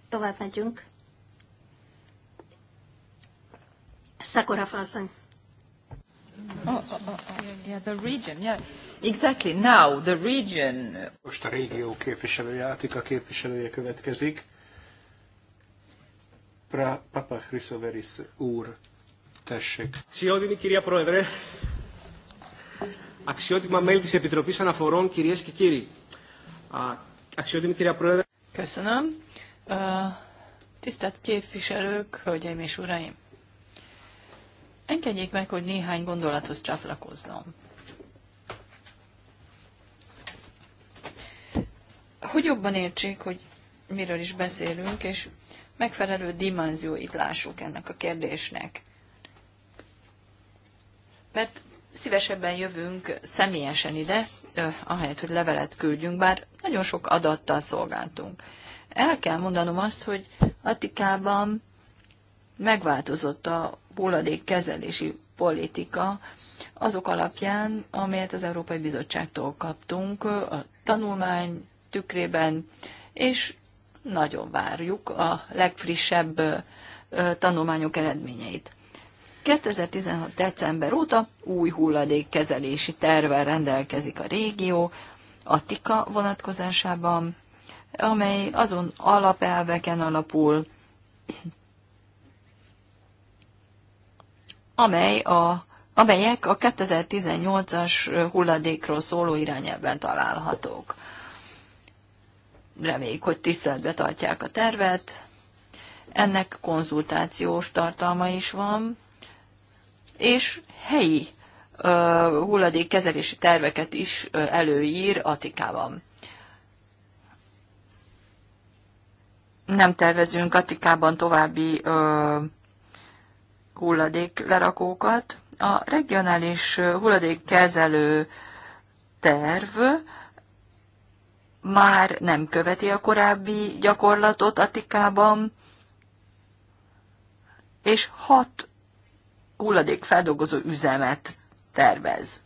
D: tovább megyünk.
A: Szakora Fason. Oh, oh, oh, oh, yeah, the region, yeah. Exactly, now the region.
C: Most a régió képviselője, Átika képviselője következik. Pra, Papa Hriszoveris úr, tessék. Sziódini, kirja Prodre. Αξιότιμα μέλη της Επιτροπής Αναφορών, κυρίες και κύριοι. Αξιότιμη κυρία Πρόεδρε. Köszönöm.
B: Tisztelt képviselők, hölgyeim és uraim! Engedjék meg, hogy néhány gondolathoz csatlakoznom. Hogy jobban értsék, hogy miről is beszélünk, és megfelelő dimenzióit lássuk ennek a kérdésnek. Mert szívesebben jövünk személyesen ide, ahelyett, hogy levelet küldjünk, bár nagyon sok adattal szolgáltunk. El kell mondanom azt, hogy Attikában megváltozott a kezelési politika azok alapján, amelyet az Európai Bizottságtól kaptunk, a tanulmány tükrében, és nagyon várjuk a legfrissebb tanulmányok eredményeit. 2016. december óta új hulladékkezelési tervvel rendelkezik a régió, Attika vonatkozásában, amely azon alapelveken alapul, amely a, amelyek a 2018-as hulladékról szóló irányelven találhatók reméljük, hogy tiszteletbe tartják a tervet. Ennek konzultációs tartalma is van, és helyi hulladékkezelési terveket is előír Atikában. Nem tervezünk Atikában további ö, hulladéklerakókat. A regionális hulladékkezelő terv már nem követi a korábbi gyakorlatot Atikában, és hat hulladékfeldolgozó üzemet tervez.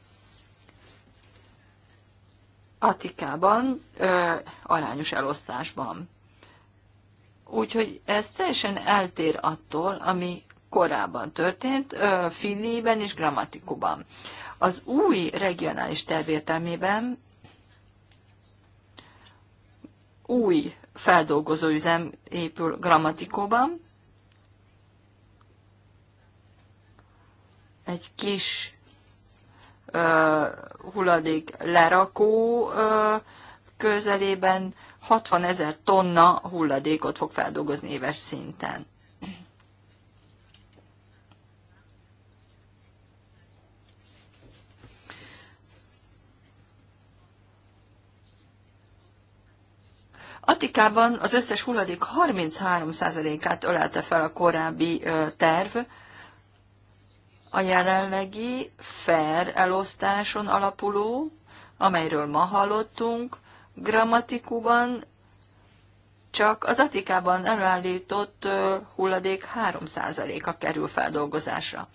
B: Atikában ö, arányos elosztásban. Úgyhogy ez teljesen eltér attól, ami korábban történt, ö, Finniben és grammatikuban. Az új regionális tervértelmében új feldolgozóüzem épül Grammatikóban, egy kis uh, hulladék lerakó uh, közelében 60 ezer tonna hulladékot fog feldolgozni éves szinten. Attikában az összes hulladék 33%-át ölelte fel a korábbi terv, a jelenlegi fair elosztáson alapuló, amelyről ma hallottunk, grammatikuban csak az Atikában előállított hulladék 3%-a kerül feldolgozásra.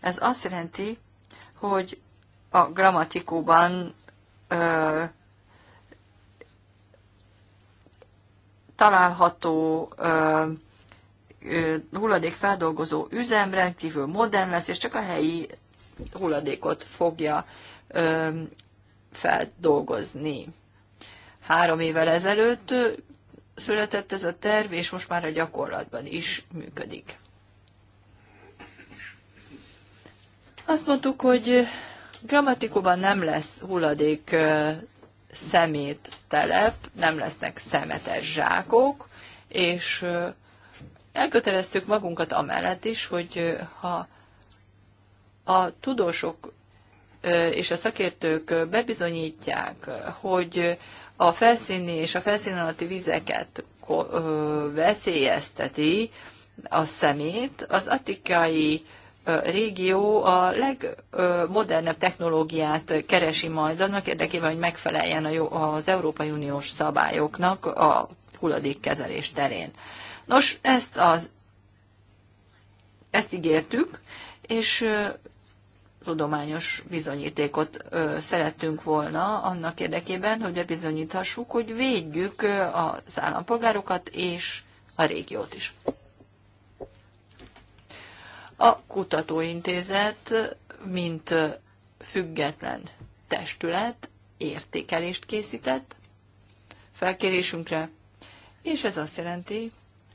B: Ez azt jelenti, hogy a grammatikóban található hulladékfeldolgozó üzem rendkívül modern lesz, és csak a helyi hulladékot fogja feldolgozni. Három évvel ezelőtt született ez a terv, és most már a gyakorlatban is működik. Azt mondtuk, hogy grammatikuban nem lesz hulladék szeméttelep, nem lesznek szemetes zsákok, és elköteleztük magunkat amellett is, hogy ha a tudósok és a szakértők bebizonyítják, hogy a felszíni és a felszín alatti vizeket veszélyezteti a szemét, az atikai régió a legmodernebb technológiát keresi majd annak érdekében, hogy megfeleljen az Európai Uniós szabályoknak a hulladékkezelés terén. Nos, ezt, az, ezt ígértük, és tudományos bizonyítékot szerettünk volna annak érdekében, hogy bebizonyíthassuk, hogy védjük az állampolgárokat és a régiót is. A kutatóintézet, mint független testület értékelést készített felkérésünkre, és ez azt jelenti,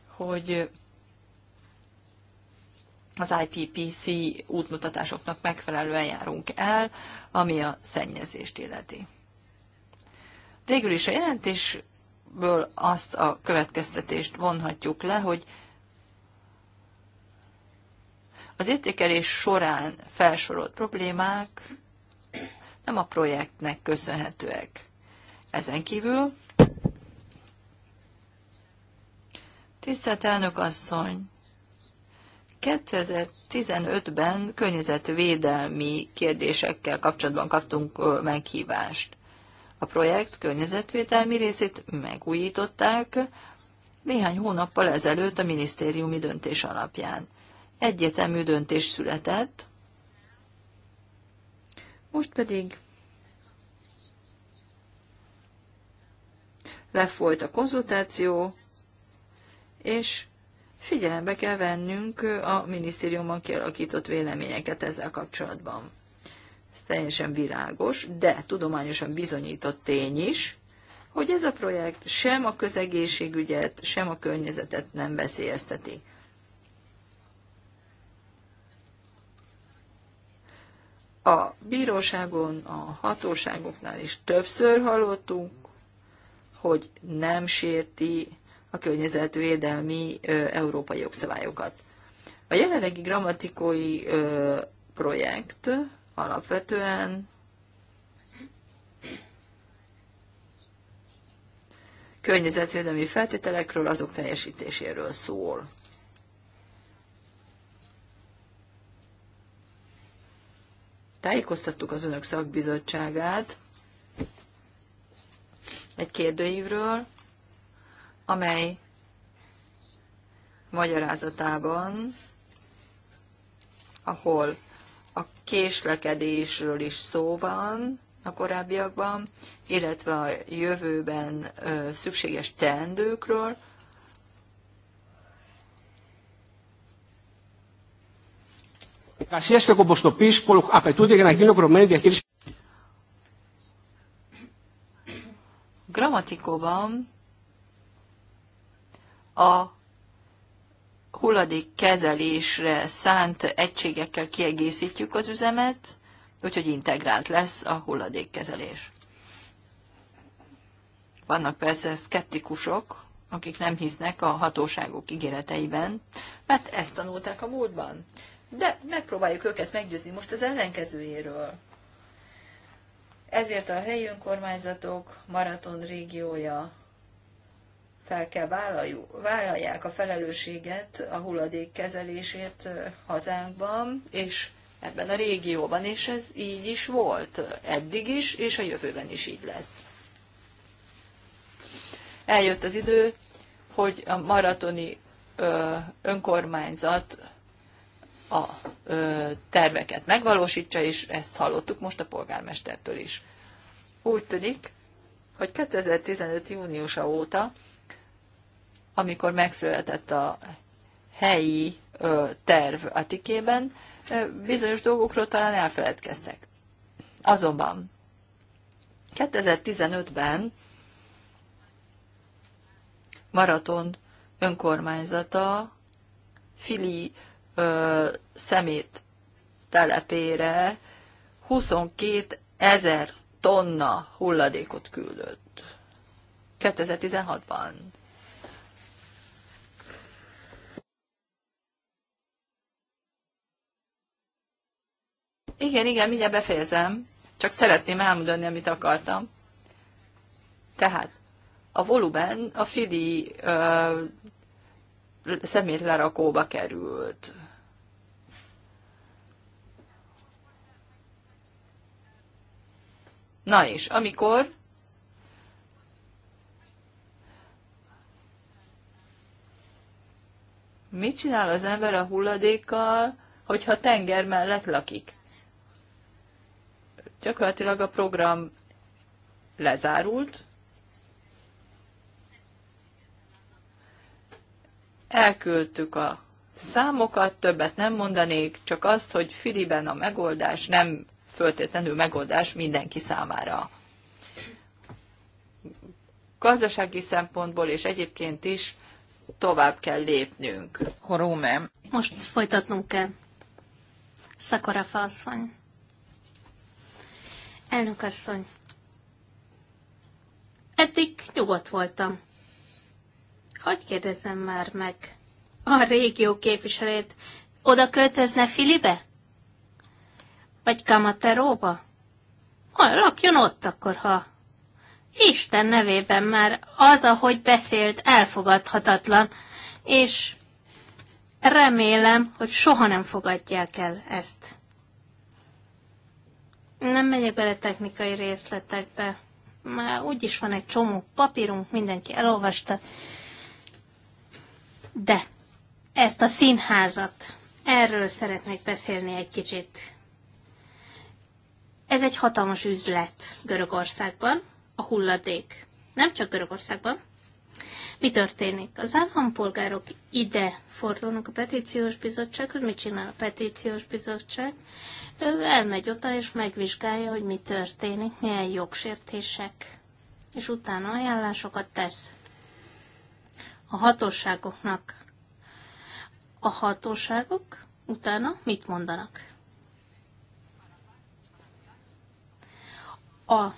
B: hogy az IPPC útmutatásoknak megfelelően járunk el, ami a szennyezést illeti. Végül is a jelentésből azt a következtetést vonhatjuk le, hogy az értékelés során felsorolt problémák nem a projektnek köszönhetőek. Ezen kívül Tisztelt elnök asszony! 2015-ben környezetvédelmi kérdésekkel kapcsolatban kaptunk meghívást. A projekt környezetvédelmi részét megújították néhány hónappal ezelőtt a minisztériumi döntés alapján. Egyértelmű döntés született. Most pedig lefolyt a konzultáció, és figyelembe kell vennünk a minisztériumban kialakított véleményeket ezzel kapcsolatban. Ez teljesen világos, de tudományosan bizonyított tény is, hogy ez a projekt sem a közegészségügyet, sem a környezetet nem veszélyezteti. A bíróságon, a hatóságoknál is többször hallottunk, hogy nem sérti a környezetvédelmi ö, európai jogszabályokat. A jelenlegi grammatikai ö, projekt alapvetően környezetvédelmi feltételekről, azok teljesítéséről szól. tájékoztattuk az önök szakbizottságát egy kérdőívről, amely magyarázatában, ahol a késlekedésről is szó van a korábbiakban, illetve a jövőben szükséges teendőkről,
E: εργασία και κομποστοποίηση που απαιτούνται
C: για να γίνουν ολοκληρωμένη διαχείριση.
B: Grammatikóban a hulladék kezelésre szánt egységekkel kiegészítjük az üzemet, úgyhogy integrált lesz a hulladékkezelés. Vannak persze szkeptikusok, akik nem hisznek a hatóságok ígéreteiben, mert ezt tanulták a múltban de megpróbáljuk őket meggyőzni most az ellenkezőjéről. Ezért a helyi önkormányzatok maraton régiója fel kell vállalják a felelősséget a hulladék kezelését hazánkban, és ebben a régióban, és ez így is volt eddig is, és a jövőben is így lesz. Eljött az idő, hogy a maratoni önkormányzat a terveket megvalósítsa, és ezt hallottuk most a polgármestertől is. Úgy tűnik, hogy 2015. júniusa óta, amikor megszületett a helyi terv Atikében, bizonyos dolgokról talán elfeledkeztek. Azonban 2015-ben Maraton önkormányzata Fili ö, szemét telepére 22 ezer tonna hulladékot küldött. 2016-ban. Igen, igen, mindjárt befejezem. Csak szeretném elmondani, amit akartam. Tehát a voluben a fidi ö, szemétlerakóba került. Na és amikor mit csinál az ember a hulladékkal, hogyha tenger mellett lakik? Gyakorlatilag a program lezárult, elküldtük a számokat, többet nem mondanék, csak azt, hogy Filiben a megoldás nem föltétlenül megoldás mindenki számára. Gazdasági szempontból és egyébként is tovább kell lépnünk.
A: Horóme.
D: Most folytatnunk kell.
B: szakora asszony.
D: Elnök asszony. Eddig nyugodt voltam. Hogy kérdezem már meg a régió képviselét? Oda költözne Filibe? Vagy Kamateróba? Majd lakjon ott akkor, ha... Isten nevében már az, ahogy beszélt, elfogadhatatlan, és remélem, hogy soha nem fogadják el ezt. Nem megyek bele technikai részletekbe. Már úgyis van egy csomó papírunk, mindenki elolvasta. De ezt a színházat, erről szeretnék beszélni egy kicsit. Ez egy hatalmas üzlet Görögországban, a hulladék. Nem csak Görögországban. Mi történik? Az állampolgárok ide fordulnak a petíciós bizottsághoz. Mit csinál a petíciós bizottság? Ő elmegy oda és megvizsgálja, hogy mi történik, milyen jogsértések, és utána ajánlásokat tesz a hatóságoknak. A hatóságok utána mit mondanak? a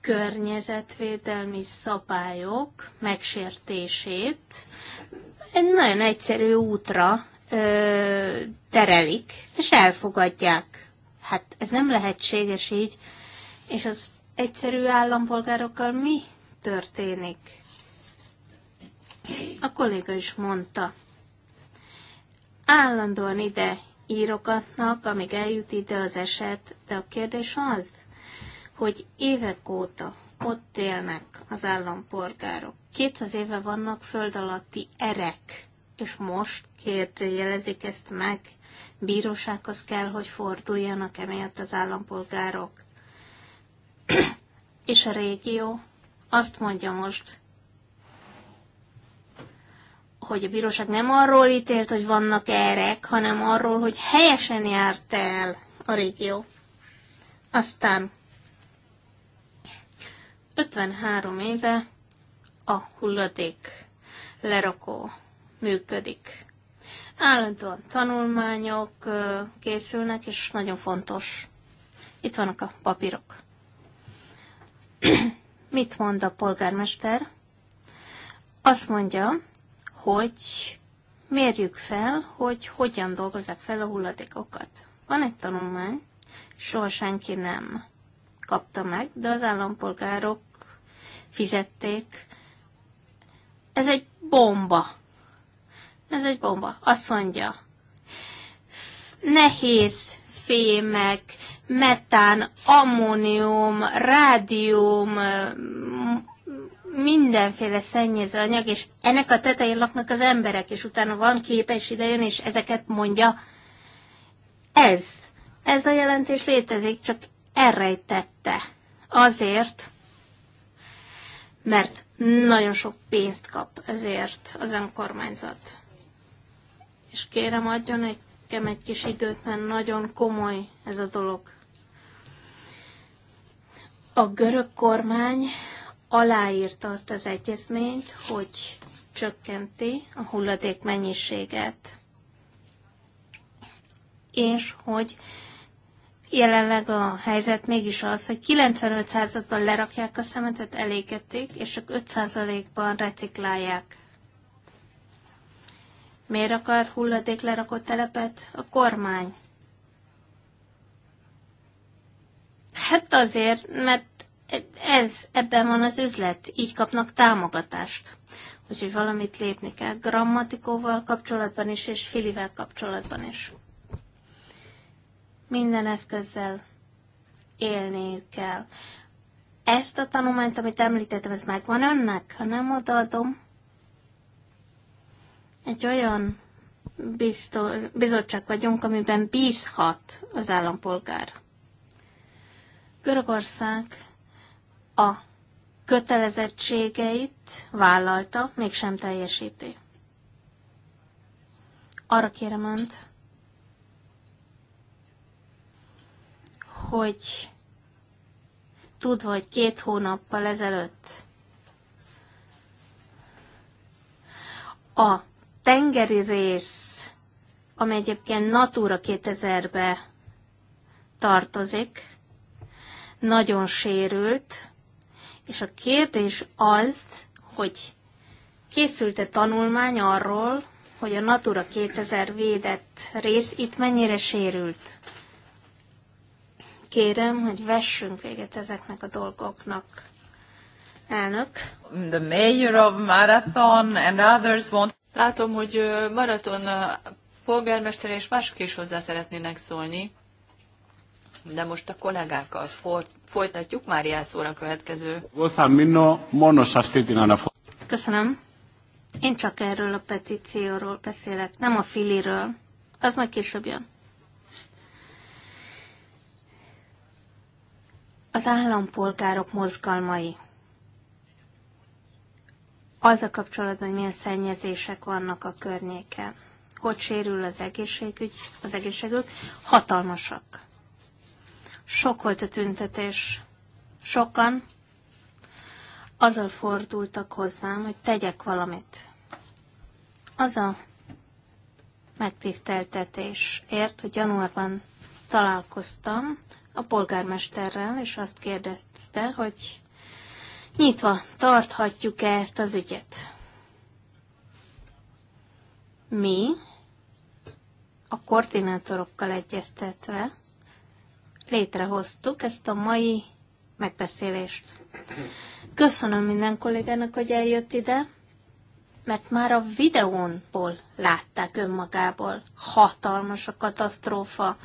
D: környezetvédelmi szabályok megsértését egy nagyon egyszerű útra ö, terelik, és elfogadják. Hát ez nem lehetséges így, és az egyszerű állampolgárokkal mi történik? A kolléga is mondta. Állandóan ide írogatnak, amíg eljut ide az eset, de a kérdés az, hogy évek óta ott élnek az állampolgárok. 200 éve vannak föld alatti erek, és most kérdőjelezik ezt meg. Bírósághoz kell, hogy forduljanak emiatt az állampolgárok. és a régió azt mondja most, hogy a bíróság nem arról ítélt, hogy vannak erek, hanem arról, hogy helyesen járt el a régió. Aztán 53 éve a hulladék lerakó működik. Állandóan tanulmányok készülnek, és nagyon fontos. Itt vannak a papírok. Mit mond a polgármester? Azt mondja, hogy mérjük fel, hogy hogyan dolgozzák fel a hulladékokat. Van egy tanulmány, soha senki nem kapta meg, de az állampolgárok fizették. Ez egy bomba. Ez egy bomba. Azt mondja, nehéz fémek, metán, ammónium, rádium, mindenféle szennyező anyag, és ennek a tetején laknak az emberek, és utána van képes idejön, és ezeket mondja. Ez, ez a jelentés létezik, csak elrejtette. Azért, mert nagyon sok pénzt kap ezért az önkormányzat. És kérem, adjon nekem egy kis időt, mert nagyon komoly ez a dolog. A görög kormány aláírta azt az egyezményt, hogy csökkenti a hulladék mennyiséget, és hogy Jelenleg a helyzet mégis az, hogy 95%-ban lerakják a szemetet, elégetik, és csak 5%-ban reciklálják. Miért akar hulladék lerakott telepet? A kormány. Hát azért, mert ez, ebben van az üzlet, így kapnak támogatást. Úgyhogy valamit lépni kell grammatikóval kapcsolatban is, és filivel kapcsolatban is minden eszközzel élniük kell. Ezt a tanulmányt, amit említettem, ez megvan önnek? Ha nem odaadom, egy olyan biztos, bizottság vagyunk, amiben bízhat az állampolgár. Görögország a kötelezettségeit vállalta, mégsem teljesíti. Arra kérem önt, hogy tudva, hogy két hónappal ezelőtt a tengeri rész, ami egyébként Natura 2000-be tartozik, nagyon sérült, és a kérdés az, hogy készült-e tanulmány arról, hogy a Natura 2000 védett rész itt mennyire sérült kérem,
A: hogy vessünk véget ezeknek a dolgoknak. Elnök.
B: The mayor of Marathon and others want... Látom, hogy Marathon polgármester és mások is hozzá szeretnének szólni, de most a kollégákkal folytatjuk. már szóra következő.
D: Köszönöm. Én csak erről a petícióról beszélek, nem a filiről. Az majd később jön. az állampolgárok mozgalmai. Az a kapcsolatban, hogy milyen szennyezések vannak a környéken, hogy sérül az egészségügy, az egészségük, hatalmasak. Sok volt a tüntetés. Sokan azzal fordultak hozzám, hogy tegyek valamit. Az a ért, hogy januárban találkoztam a polgármesterrel, és azt kérdezte, hogy nyitva tarthatjuk-e ezt az ügyet. Mi a koordinátorokkal egyeztetve létrehoztuk ezt a mai megbeszélést. Köszönöm minden kollégának, hogy eljött ide, mert már a videónból látták önmagából. Hatalmas a katasztrófa,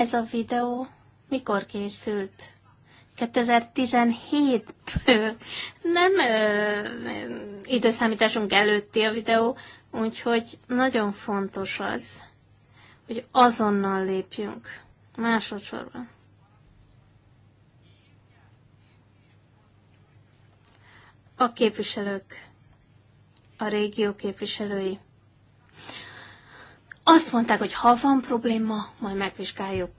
D: Ez a videó mikor készült? 2017 nem ö, időszámításunk előtti a videó, úgyhogy nagyon fontos az, hogy azonnal lépjünk. Másodszorban. A képviselők, a régió képviselői. Azt mondták, hogy ha van probléma, majd megvizsgáljuk.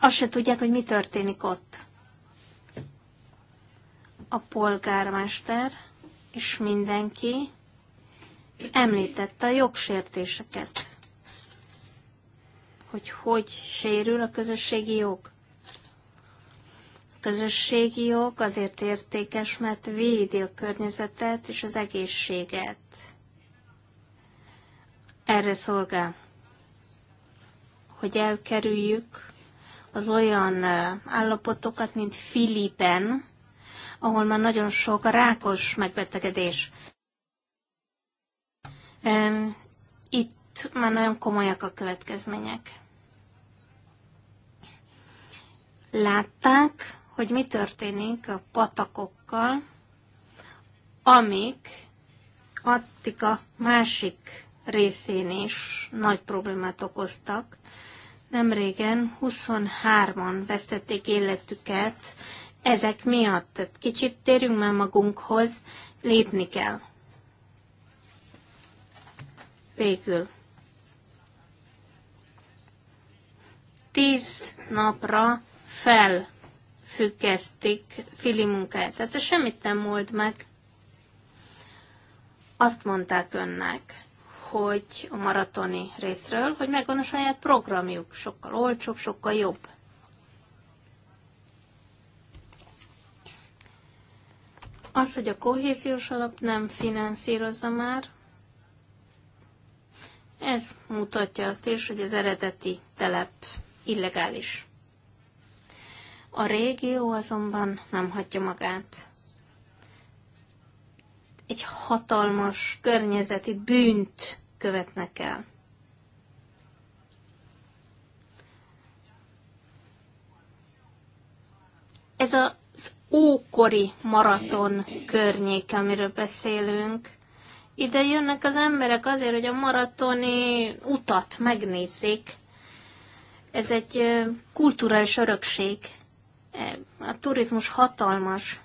D: Azt se tudják, hogy mi történik ott. A polgármester és mindenki említette a jogsértéseket. Hogy hogy sérül a közösségi jog. A közösségi jog azért értékes, mert védi a környezetet és az egészséget erre szolgál, hogy elkerüljük az olyan állapotokat, mint Filipen, ahol már nagyon sok a rákos megbetegedés. Itt már nagyon komolyak a következmények. Látták, hogy mi történik a patakokkal, amik Attika másik részén is nagy problémát okoztak. Nemrégen 23-an vesztették életüket ezek miatt. Tehát kicsit térjünk már magunkhoz, lépni kell. Végül. Tíz napra felfüggesztik Fili munkáját. Tehát semmit nem old meg. Azt mondták önnek, hogy a maratoni részről, hogy megvan a saját programjuk, sokkal olcsóbb, sokkal jobb. Az, hogy a kohéziós alap nem finanszírozza már, ez mutatja azt is, hogy az eredeti telep illegális. A régió azonban nem hagyja magát. Egy hatalmas környezeti bűnt követnek el. Ez az ókori maraton környék, amiről beszélünk. Ide jönnek az emberek azért, hogy a maratoni utat megnézzék. Ez egy kulturális örökség. E, a turizmus hatalmas,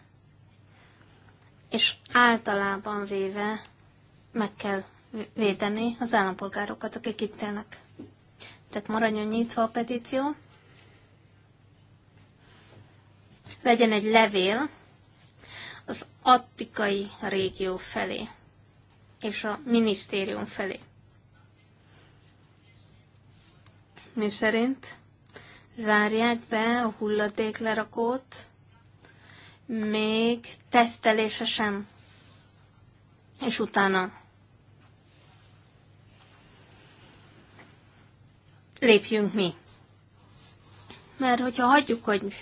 D: és általában véve meg kell védeni az állampolgárokat, akik itt élnek. Tehát maradjon nyitva a petíció. Legyen egy levél az attikai régió felé és a minisztérium felé. Mi szerint zárják be a hulladéklerakót, még tesztelése sem, és utána lépjünk mi. Mert hogyha hagyjuk, hogy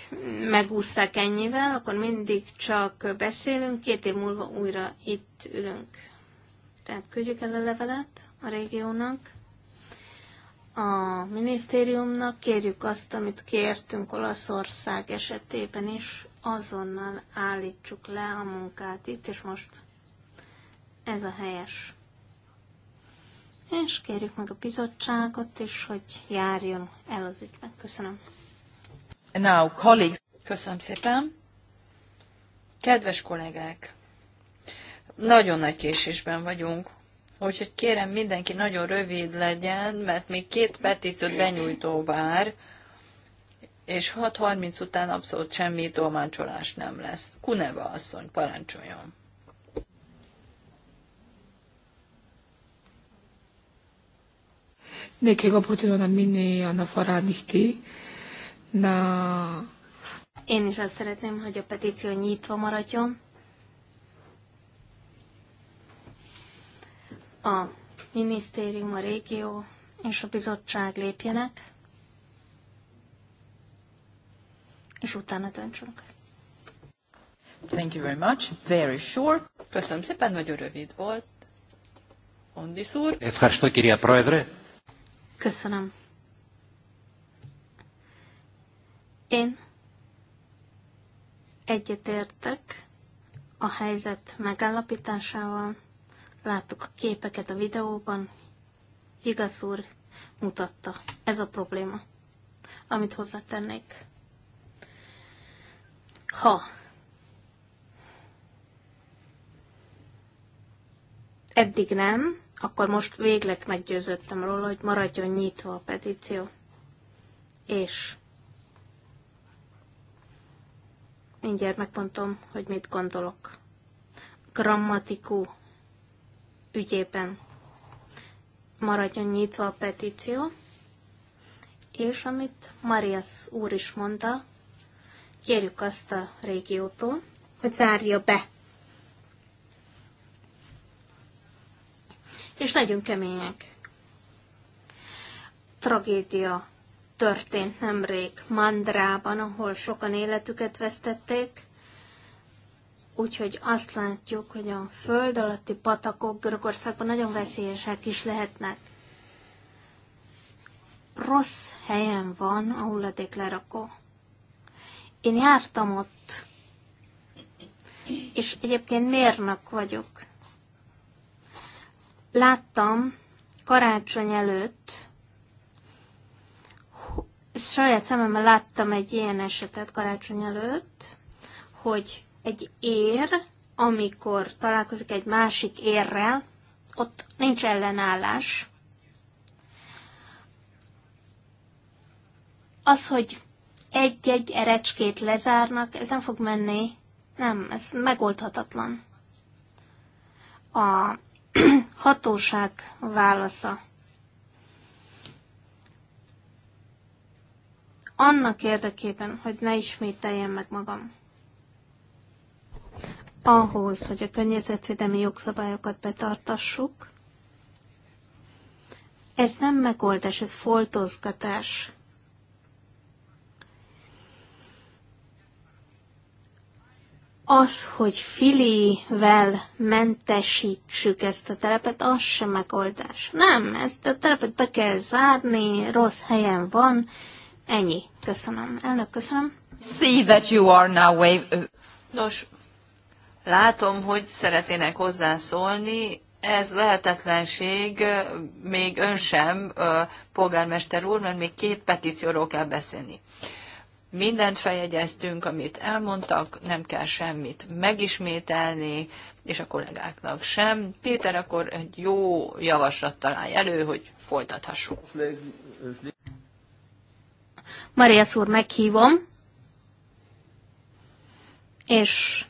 D: megúszszák ennyivel, akkor mindig csak beszélünk, két év múlva újra itt ülünk. Tehát küldjük el a levelet a régiónak, a minisztériumnak, kérjük azt, amit kértünk Olaszország esetében is, azonnal állítsuk le a munkát itt és most. Ez a helyes és kérjük meg a bizottságot is, hogy járjon el az ügyben.
B: Köszönöm. Now, colleagues. Köszönöm szépen. Kedves kollégák, nagyon nagy késésben vagyunk, úgyhogy kérem mindenki nagyon rövid legyen, mert még két petíciót benyújtó vár, és 6.30 után abszolút semmi tolmácsolás nem lesz. Kuneva asszony, parancsoljon! Ναι, και εγώ προτείνω να μείνει αναφορά ανοιχτή, να...
D: Én is azt szeretném, hogy a petíció nyitva maradjon. A minisztérium, a régió és a bizottság lépjenek, és utána döntsünk.
B: Thank you very much. Very short. Köszönöm szépen, nagyon rövid volt. Ondis úr.
E: Ευχαριστώ, κυρία Πρόεδρε.
B: Köszönöm.
D: Én egyetértek a helyzet megállapításával. Láttuk a képeket a videóban. Igaz úr mutatta. Ez a probléma, amit hozzátennék. Ha eddig nem, akkor most végleg meggyőződtem róla, hogy maradjon nyitva a petíció. És mindjárt megmondom, hogy mit gondolok. Grammatikú ügyében maradjon nyitva a petíció, és amit Marias úr is mondta, kérjük azt a régiótól, hogy zárja be és legyünk kemények. Tragédia történt nemrég Mandrában, ahol sokan életüket vesztették, úgyhogy azt látjuk, hogy a föld alatti patakok Görögországban nagyon veszélyesek is lehetnek. Rossz helyen van a hulladéklerakó. Én jártam ott, és egyébként mérnök vagyok láttam karácsony előtt, saját szememmel láttam egy ilyen esetet karácsony előtt, hogy egy ér, amikor találkozik egy másik érrel, ott nincs ellenállás. Az, hogy egy-egy erecskét lezárnak, ez nem fog menni. Nem, ez megoldhatatlan. A hatóság válasza. Annak érdekében, hogy ne ismételjem meg magam. Ahhoz, hogy a környezetvédelmi jogszabályokat betartassuk, ez nem megoldás, ez foltozgatás. az, hogy filivel mentesítsük ezt a telepet, az sem megoldás. Nem, ezt a telepet be kell zárni, rossz helyen van, ennyi.
B: Köszönöm. Elnök, köszönöm.
A: See that you are now wave...
B: Nos, látom, hogy szeretnének hozzászólni, ez lehetetlenség, még ön sem, polgármester úr, mert még két petícióról kell beszélni mindent feljegyeztünk, amit elmondtak, nem kell semmit megismételni, és a kollégáknak sem. Péter akkor egy jó javaslat találj elő, hogy folytathassuk.
D: Maria úr, meghívom, és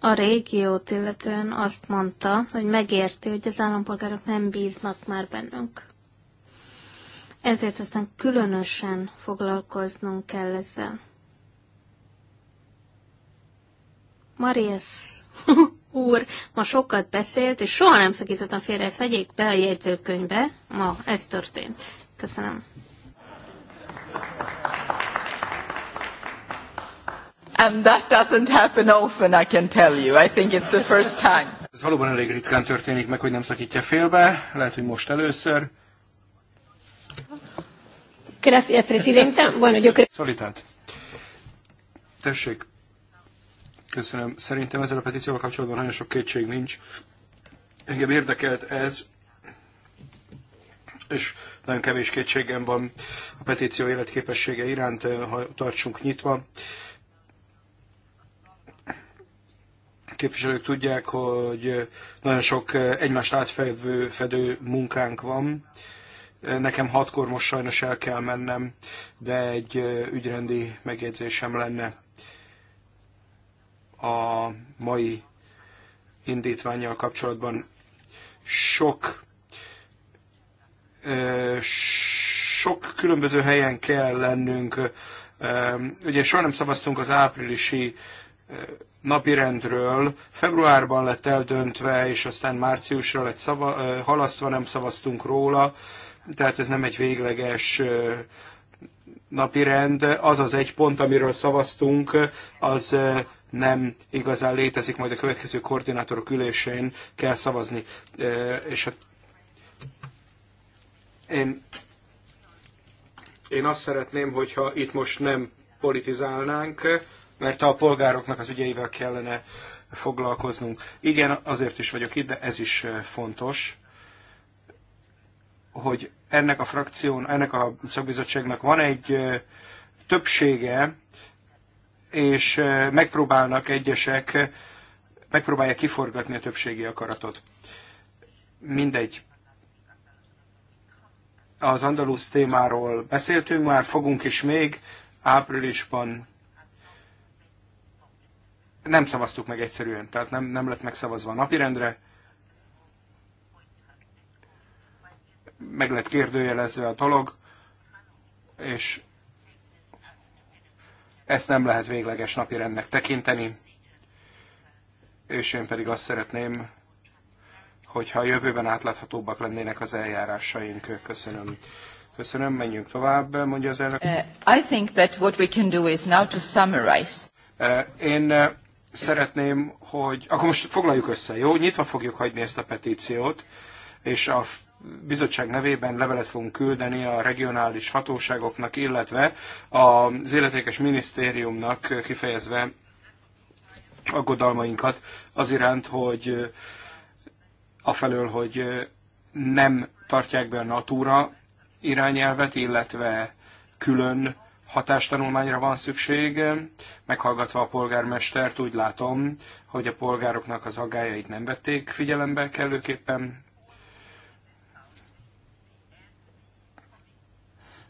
D: a régiót illetően azt mondta, hogy megérti, hogy az állampolgárok nem bíznak már bennünk. Ezért aztán különösen foglalkoznunk kell ezzel. Marias úr ma sokat beszélt, és soha nem szakítottam félre, ezt vegyék be a jegyzőkönyvbe. Ma ez történt. Köszönöm.
A: And that doesn't happen often, I can tell you. I think it's the first time.
C: Ez valóban elég ritkán történik meg, hogy nem szakítja félbe. Lehet, hogy most először.
D: Gracias, presidenta. Bueno, yo
C: creo... Szolitát. Tessék. Köszönöm. Szerintem ezzel a petícióval kapcsolatban nagyon sok kétség nincs. Engem érdekelt ez, és nagyon kevés kétségem van a petíció életképessége iránt, eh, ha tartsunk nyitva. Képviselők tudják, hogy eh, nagyon sok eh, egymást átfedő fedő munkánk van, Nekem hatkor most sajnos el kell mennem, de egy ügyrendi megjegyzésem lenne a mai indítványjal kapcsolatban. Sok sok különböző helyen kell lennünk. Ugye soha nem szavaztunk az áprilisi napirendről, februárban lett eldöntve, és aztán márciusra lett szava, halasztva, nem szavaztunk róla tehát ez nem egy végleges rend, Az az egy pont, amiről szavaztunk, az nem igazán létezik, majd a következő koordinátorok ülésén kell szavazni. És hát én, én azt szeretném, hogyha itt most nem politizálnánk, mert a polgároknak az ügyeivel kellene foglalkoznunk. Igen, azért is vagyok itt, de ez is fontos hogy ennek a frakción, ennek a szakbizottságnak van egy többsége, és megpróbálnak egyesek, megpróbálják kiforgatni a többségi akaratot. Mindegy. Az andalusz témáról beszéltünk már, fogunk is még, áprilisban nem szavaztuk meg egyszerűen, tehát nem, nem lett megszavazva a napirendre, meg lett kérdőjelezve a dolog, és ezt nem lehet végleges napirendnek tekinteni, és én pedig azt szeretném, hogyha a jövőben átláthatóbbak lennének az eljárásaink. Köszönöm. Köszönöm, menjünk tovább, mondja az elnök. Uh, I think that what we can do is now to summarize. Uh, én uh, szeretném, hogy... Akkor most foglaljuk össze, jó? Nyitva fogjuk hagyni ezt a petíciót, és a bizottság nevében levelet fogunk küldeni a regionális hatóságoknak, illetve az illetékes minisztériumnak kifejezve aggodalmainkat az iránt, hogy eh, afelől, hogy eh, nem tartják be a Natura irányelvet, illetve külön hatástanulmányra van szükség. Meghallgatva a polgármestert úgy látom, hogy a polgároknak az aggájait nem vették figyelembe kellőképpen.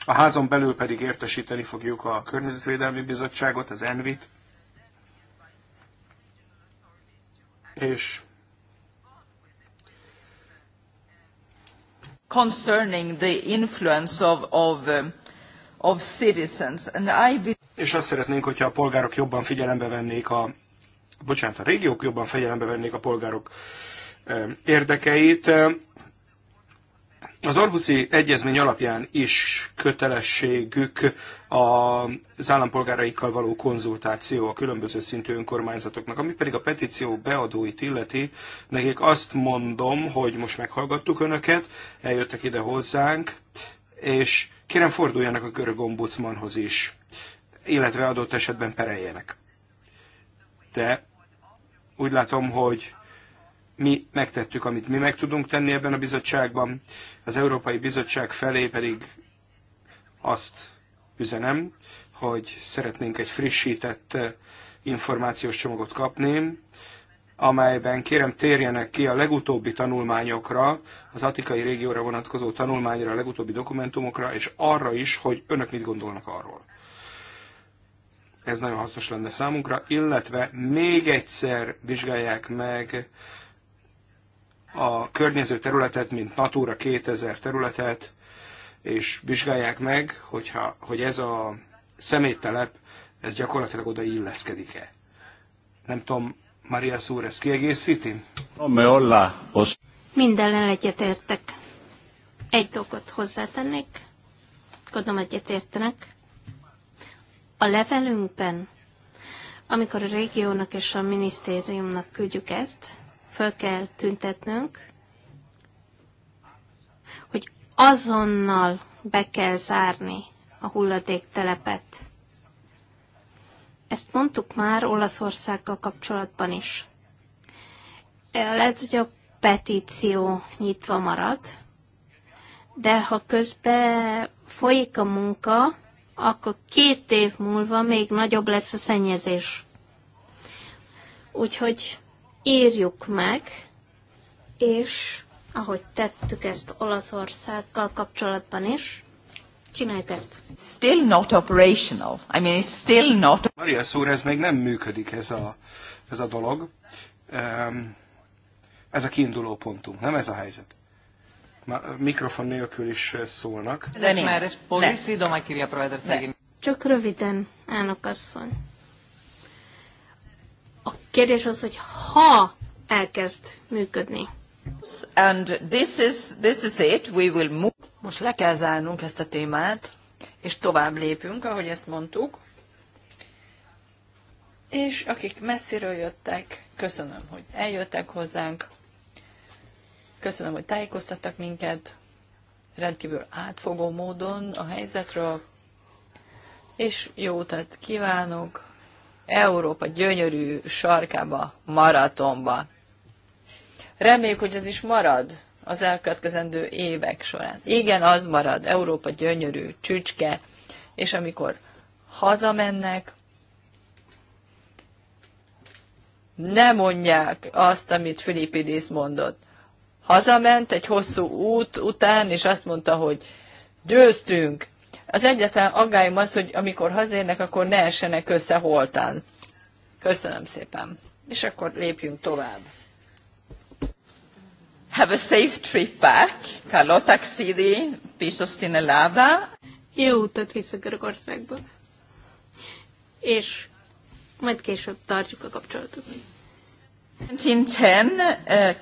C: A házon belül pedig értesíteni fogjuk a Környezetvédelmi Bizottságot, az ENVIT, és
A: concerning the influence of, of, um,
C: of citizens. And I és azt szeretnénk, hogyha a polgárok jobban figyelembe vennék a, bocsánat, a régiók jobban figyelembe vennék a polgárok um, érdekeit. Az Orbuszi Egyezmény alapján is kötelességük az állampolgáraikkal való konzultáció a különböző szintű önkormányzatoknak, ami pedig a petíció beadóit illeti. Nekik azt mondom, hogy most meghallgattuk önöket, eljöttek ide hozzánk, és kérem forduljanak a görög ombudsmanhoz is, illetve adott esetben pereljenek. De úgy látom, hogy mi megtettük, amit mi meg tudunk tenni ebben a bizottságban. Az Európai Bizottság felé pedig azt üzenem, hogy szeretnénk egy frissített eh, információs csomagot kapni, amelyben kérem térjenek ki a legutóbbi tanulmányokra, az Atikai régióra vonatkozó tanulmányra, a legutóbbi dokumentumokra, és arra is, hogy önök mit gondolnak arról. Ez nagyon hasznos lenne számunkra, illetve még egyszer vizsgálják meg a környező területet, mint Natura 2000 területet, és vizsgálják meg, hogyha, hogy ez a szeméttelep, ez gyakorlatilag oda illeszkedik-e. Nem tudom, Maria Szúr ezt kiegészíti?
D: Mindennel egyetértek. Egy dolgot hozzátennék, gondolom egyetértenek. A levelünkben, amikor a régiónak és a minisztériumnak küldjük ezt, föl kell tüntetnünk, hogy azonnal be kell zárni a hulladéktelepet. Ezt mondtuk már Olaszországgal kapcsolatban is. Lehet, hogy a petíció nyitva marad, de ha közben folyik a munka, akkor két év múlva még nagyobb lesz a szennyezés. Úgyhogy írjuk meg, és ahogy tettük ezt Olaszországgal kapcsolatban is, csináljuk ezt.
A: Still not operational. I mean, it's still not...
C: Maria szúr, ez még nem működik ez a, ez a dolog. Um, ez a kiinduló pontunk, nem ez a helyzet. Ma Mikrofon nélkül is szólnak. De már ez policy,
E: de
D: Csak röviden, elnök asszony. A kérdés az, hogy ha elkezd működni.
B: And this is, this is it. We will move. Most le kell zárnunk ezt a témát, és tovább lépünk, ahogy ezt mondtuk. És akik messziről jöttek, köszönöm, hogy eljöttek hozzánk. Köszönöm, hogy tájékoztattak minket rendkívül átfogó módon a helyzetről, és jó utat kívánok! Európa gyönyörű sarkába, maratonba. Reméljük, hogy ez is marad az elkövetkezendő évek során. Igen, az marad, Európa gyönyörű, csücske, és amikor hazamennek, ne mondják azt, amit Filipidis mondott. Hazament egy hosszú út után, és azt mondta, hogy győztünk, az egyetlen aggályom az, hogy amikor hazérnek, akkor ne essenek össze holtán. Köszönöm szépen. És akkor lépjünk tovább. Have a
A: safe trip back. Καλό ταξίδι Pisos στην Ελλάδα. Jó utat vissza Görögországba. És majd később tartjuk a kapcsolatot. 1910, uh,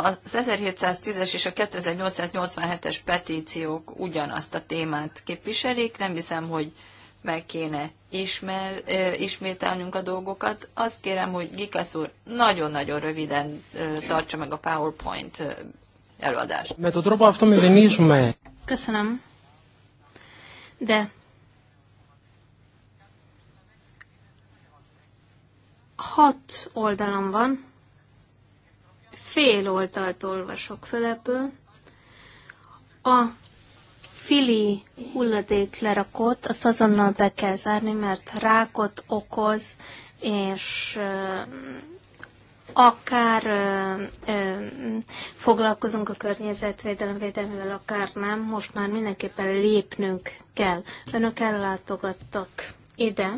B: Az 1710-es és a 2887-es petíciók ugyanazt a témát képviselik, nem hiszem, hogy meg kéne ismer, ismételnünk a dolgokat. Azt kérem, hogy Gikasz úr nagyon-nagyon röviden tartsa meg a PowerPoint előadást.
D: Mert
F: a drobaftom, de nincs meg.
B: Köszönöm. De
D: hat oldalam van, fél oltalt olvasok föl ebből. A fili hulladék lerakott, azt azonnal be kell zárni, mert rákot okoz, és akár ö, ö, foglalkozunk a környezetvédelem védelmével, akár nem, most már mindenképpen lépnünk kell. Önök ellátogattak ide,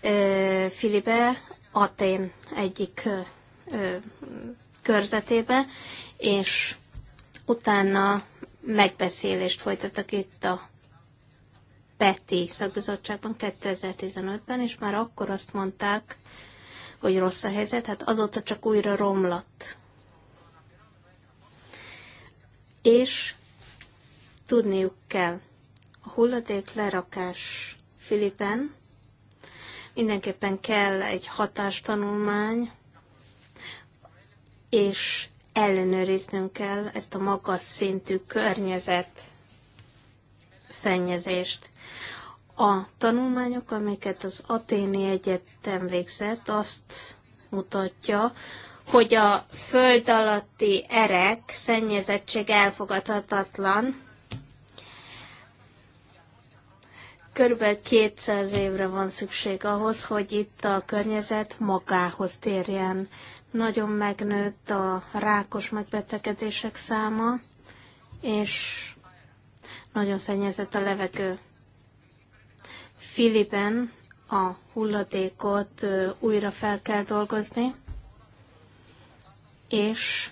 D: ö, Filibe, Atén egyik ö, ö, körzetébe, és utána megbeszélést folytattak itt a PETI szakbizottságban 2015-ben, és már akkor azt mondták, hogy rossz a helyzet, hát azóta csak újra romlott. És tudniuk kell, a hulladék lerakás Filipen mindenképpen kell egy hatástanulmány, és ellenőriznünk kell ezt a magas szintű környezet szennyezést. A tanulmányok, amiket az Aténi Egyetem végzett, azt mutatja, hogy a föld alatti erek szennyezettség elfogadhatatlan. Körülbelül 200 évre van szükség ahhoz, hogy itt a környezet magához térjen. Nagyon megnőtt a rákos megbetegedések száma, és nagyon szennyezett a levegő. Filiben a hulladékot újra fel kell dolgozni, és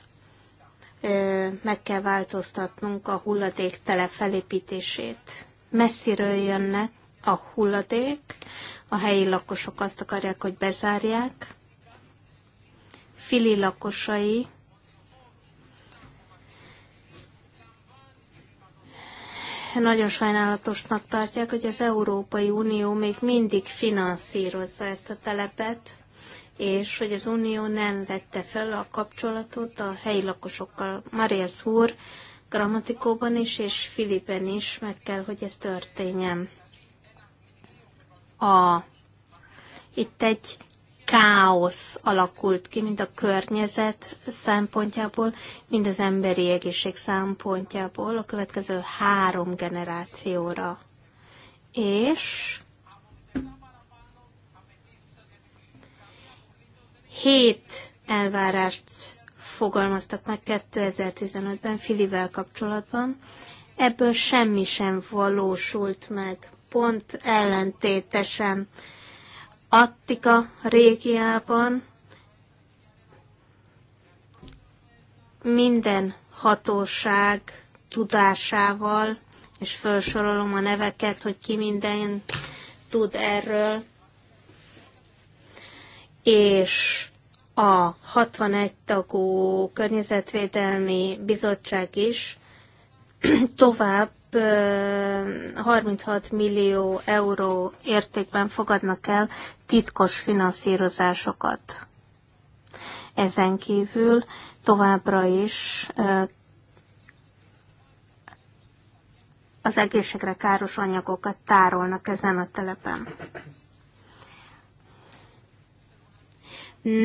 D: meg kell változtatnunk a hulladéktele felépítését. Messziről jönnek a hulladék, a helyi lakosok azt akarják, hogy bezárják, Fili lakosai nagyon sajnálatosnak tartják, hogy az Európai Unió még mindig finanszírozza ezt a telepet, és hogy az Unió nem vette fel a kapcsolatot a helyi lakosokkal. Maria Szúr grammatikóban is, és Filipen is meg kell, hogy ez történjen. A, itt egy káosz alakult ki, mind a környezet szempontjából, mind az emberi egészség szempontjából a következő három generációra. És hét elvárást fogalmaztak meg 2015-ben Filivel kapcsolatban. Ebből semmi sem valósult meg, pont ellentétesen Attika régiában minden hatóság tudásával, és felsorolom a neveket, hogy ki minden tud erről, és a 61 tagú környezetvédelmi bizottság is tovább 36 millió euró értékben fogadnak el titkos finanszírozásokat. Ezen kívül továbbra is az egészségre káros anyagokat tárolnak ezen a telepen.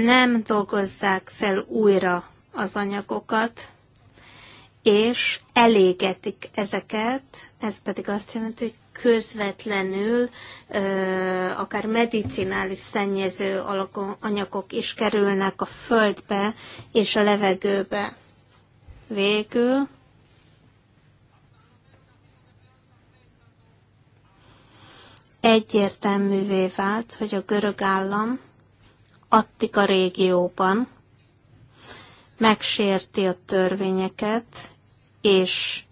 D: Nem dolgozzák fel újra az anyagokat, és elégetik ezeket, ez pedig azt jelenti, hogy közvetlenül ö, akár medicinális szennyező anyagok is kerülnek a földbe és a levegőbe. Végül egyértelművé vált, hogy a görög állam Attika régióban, megsérti a törvényeket, és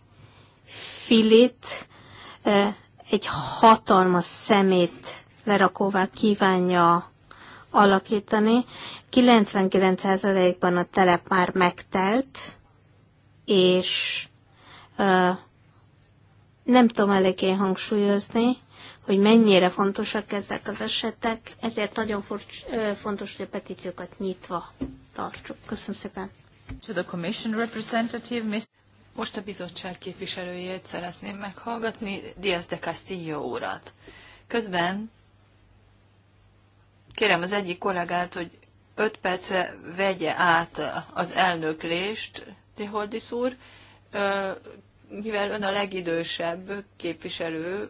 D: Filit egy hatalmas szemét lerakóvá kívánja alakítani. 99%-ban a telep már megtelt, és nem tudom eléggé hangsúlyozni, hogy mennyire fontosak ezek az esetek, ezért nagyon fontos, hogy a petíciókat
B: nyitva tartsuk. Köszönöm szépen. To the commission representative, Mr. Most a bizottság képviselőjét szeretném meghallgatni, Diaz de Castillo urat. Közben kérem az egyik kollégát, hogy öt percre vegye át az elnöklést, Tiholdis úr, mivel ön a legidősebb képviselő,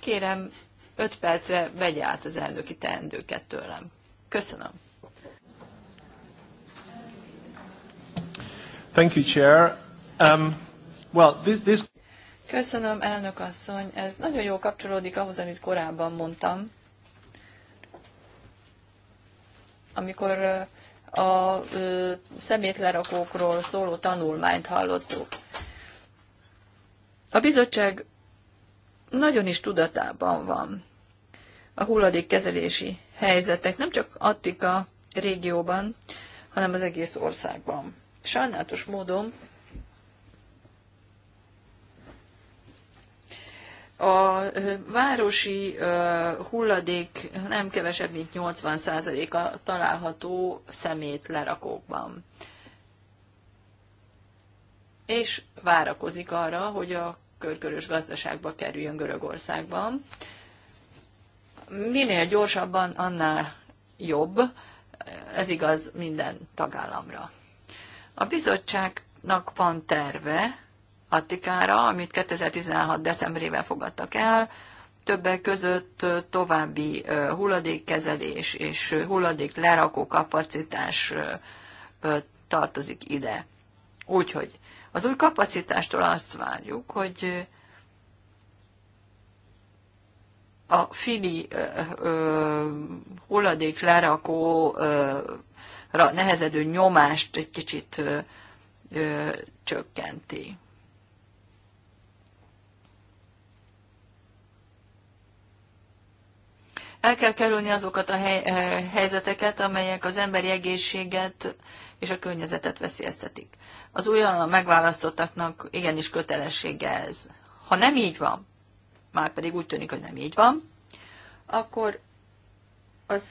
B: kérem öt percre vegye át az elnöki teendőket tőlem. Köszönöm.
C: Thank you, Chair. Um,
F: well, this, this...
B: Köszönöm, elnök asszony. Ez nagyon jól kapcsolódik ahhoz, amit korábban mondtam. Amikor uh, a uh, szemétlerakókról szóló tanulmányt hallottuk. A bizottság nagyon is tudatában van a hulladékkezelési helyzetek, nem csak Attika régióban, hanem az egész országban. Sajnálatos módon A városi hulladék nem kevesebb, mint 80%-a található szemét lerakókban. És várakozik arra, hogy a körkörös gazdaságba kerüljön Görögországban. Minél gyorsabban, annál jobb. Ez igaz minden tagállamra. A bizottságnak van terve, Attikára, amit 2016. decemberében fogadtak el, többek között további hulladékkezelés és hulladék lerakó kapacitás tartozik ide. Úgyhogy az új kapacitástól azt várjuk, hogy a fili hulladék lerakóra nehezedő nyomást egy kicsit csökkenti. El kell kerülni azokat a hely, eh, helyzeteket, amelyek az emberi egészséget és a környezetet veszélyeztetik. Az újonnan megválasztottaknak igenis kötelessége ez. Ha nem így van, már pedig úgy tűnik, hogy nem így van, akkor az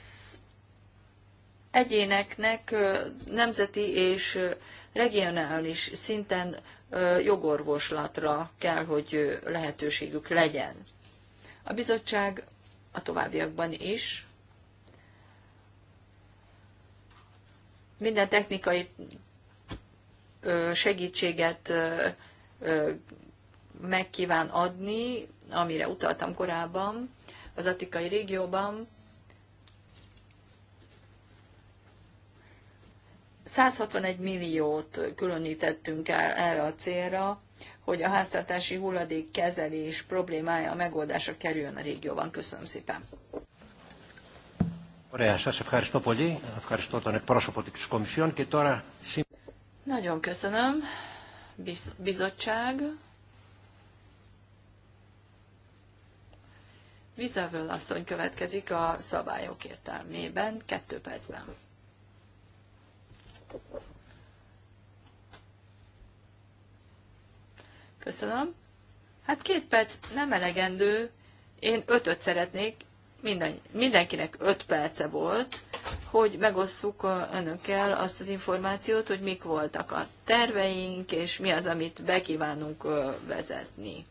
B: egyéneknek nemzeti és regionális szinten jogorvoslatra kell, hogy lehetőségük legyen. A bizottság a továbbiakban is. Minden technikai segítséget megkíván adni, amire utaltam korábban, az atikai régióban. 161 milliót különítettünk el erre a célra, hogy a háztartási hulladék kezelés problémája a megoldása kerüljön a régióban. Köszönöm szépen. Nagyon köszönöm, Biz bizottság. Vizavöl asszony következik a szabályok értelmében, kettő percben. Köszönöm. Hát két perc nem elegendő. Én ötöt szeretnék. Minden, mindenkinek öt perce volt, hogy megosszuk önökkel azt az információt, hogy mik voltak a terveink, és mi az, amit bekívánunk vezetni.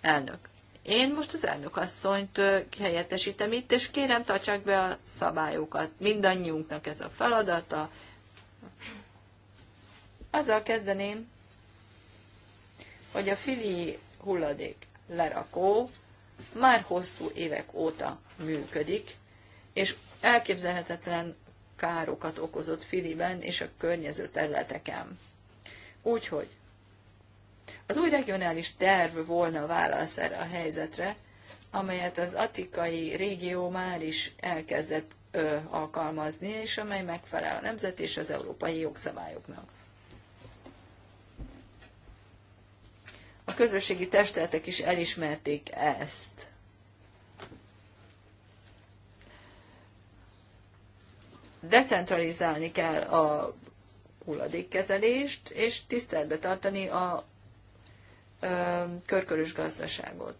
B: Elnök. Én most az elnök asszonyt helyettesítem itt, és kérem, tartsák be a szabályokat. Mindannyiunknak ez a feladata. Azzal kezdeném, hogy a fili hulladék lerakó már hosszú évek óta működik, és elképzelhetetlen károkat okozott Filiben és a környező területeken. Úgyhogy az új regionális terv volna válasz erre a helyzetre, amelyet az atikai régió már is elkezdett ö, alkalmazni, és amely megfelel a nemzet és az európai jogszabályoknak. a közösségi testületek is elismerték ezt. Decentralizálni kell a hulladékkezelést, és tiszteletbe tartani a ö, körkörös gazdaságot.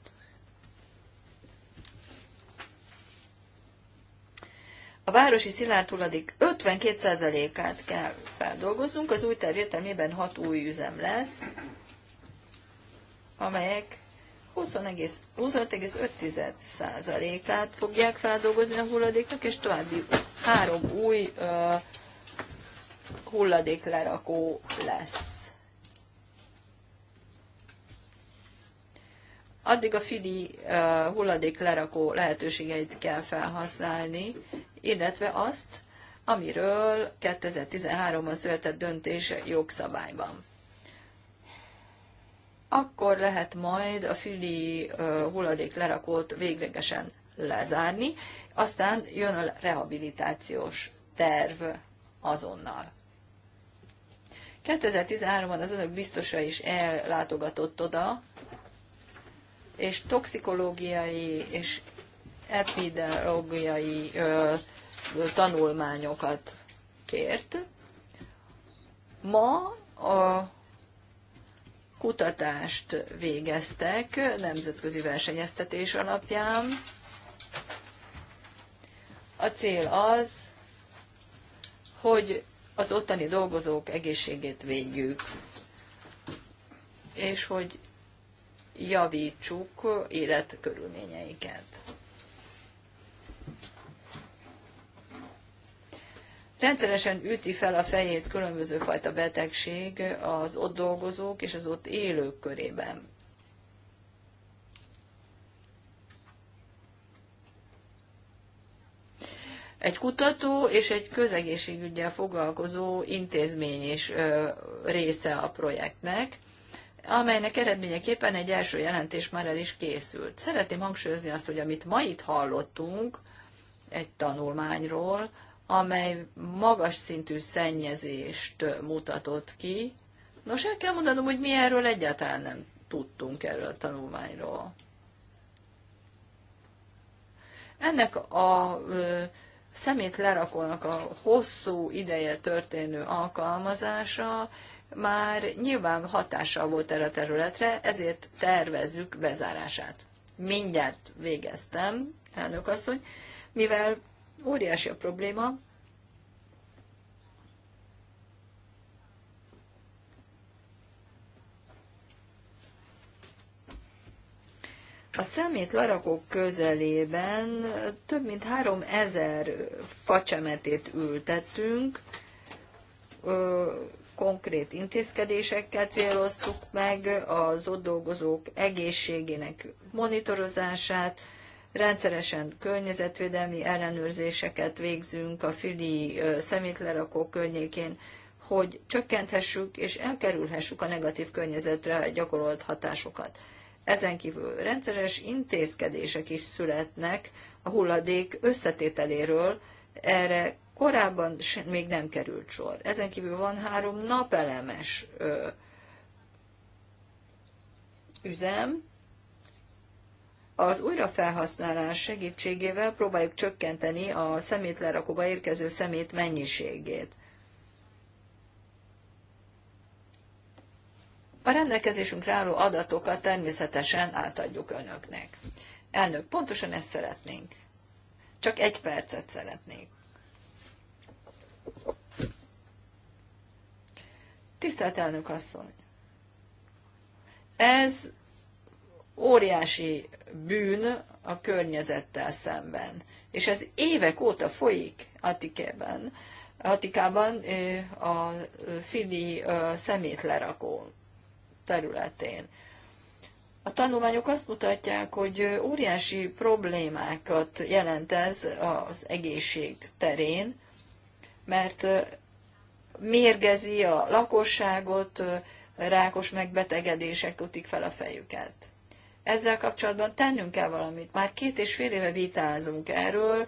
B: A városi szilárd hulladék 52%-át kell feldolgoznunk, az új terv értelmében 6 új üzem lesz, amelyek 25,5%-át fogják feldolgozni a hulladéknak, és további három új uh, hulladéklerakó lesz. addig a fili uh, hulladék lerakó lehetőségeit kell felhasználni, illetve azt, amiről 2013-ban született döntés jogszabályban akkor lehet majd a füli hulladék lerakót véglegesen lezárni, aztán jön a rehabilitációs terv azonnal. 2013-ban az önök biztosa is ellátogatott oda, és toxikológiai és epidemiológiai tanulmányokat kért. Ma a kutatást végeztek nemzetközi versenyeztetés alapján. A cél az, hogy az ottani dolgozók egészségét védjük, és hogy javítsuk életkörülményeiket. Rendszeresen üti fel a fejét különböző fajta betegség az ott dolgozók és az ott élők körében. Egy kutató és egy közegészségügyel foglalkozó intézmény is része a projektnek, amelynek eredményeképpen egy első jelentés már el is készült. Szeretném hangsúlyozni azt, hogy amit ma itt hallottunk egy tanulmányról, amely magas szintű szennyezést mutatott ki. Nos, el kell mondanom, hogy mi erről egyáltalán nem tudtunk erről a tanulmányról. Ennek a ö, szemét lerakónak a hosszú ideje történő alkalmazása már nyilván hatással volt erre a területre, ezért tervezzük bezárását. Mindjárt végeztem, elnök asszony, mivel Óriási a probléma. A szemét larakók közelében több mint 3000 facsemetét ültettünk, ö, konkrét intézkedésekkel céloztuk meg az ott dolgozók egészségének monitorozását, Rendszeresen környezetvédelmi ellenőrzéseket végzünk a Füli szemétlerakó környékén, hogy csökkenthessük és elkerülhessük a negatív környezetre gyakorolt hatásokat. Ezen kívül rendszeres intézkedések is születnek a hulladék összetételéről, erre korábban még nem került sor. Ezen kívül van három napelemes üzem, az újrafelhasználás segítségével próbáljuk csökkenteni a szemétlerakóba érkező szemét mennyiségét. A rendelkezésünkre álló adatokat természetesen átadjuk önöknek. Elnök, pontosan ezt szeretnénk. Csak egy percet szeretnénk. Tisztelt elnök asszony! Ez óriási bűn a környezettel szemben. És ez évek óta folyik Atikában, Atikában a fili szemétlerakó területén. A tanulmányok azt mutatják, hogy óriási problémákat jelent ez az egészség terén, mert mérgezi a lakosságot, rákos megbetegedések utik fel a fejüket ezzel kapcsolatban tennünk kell valamit. Már két és fél éve vitázunk erről,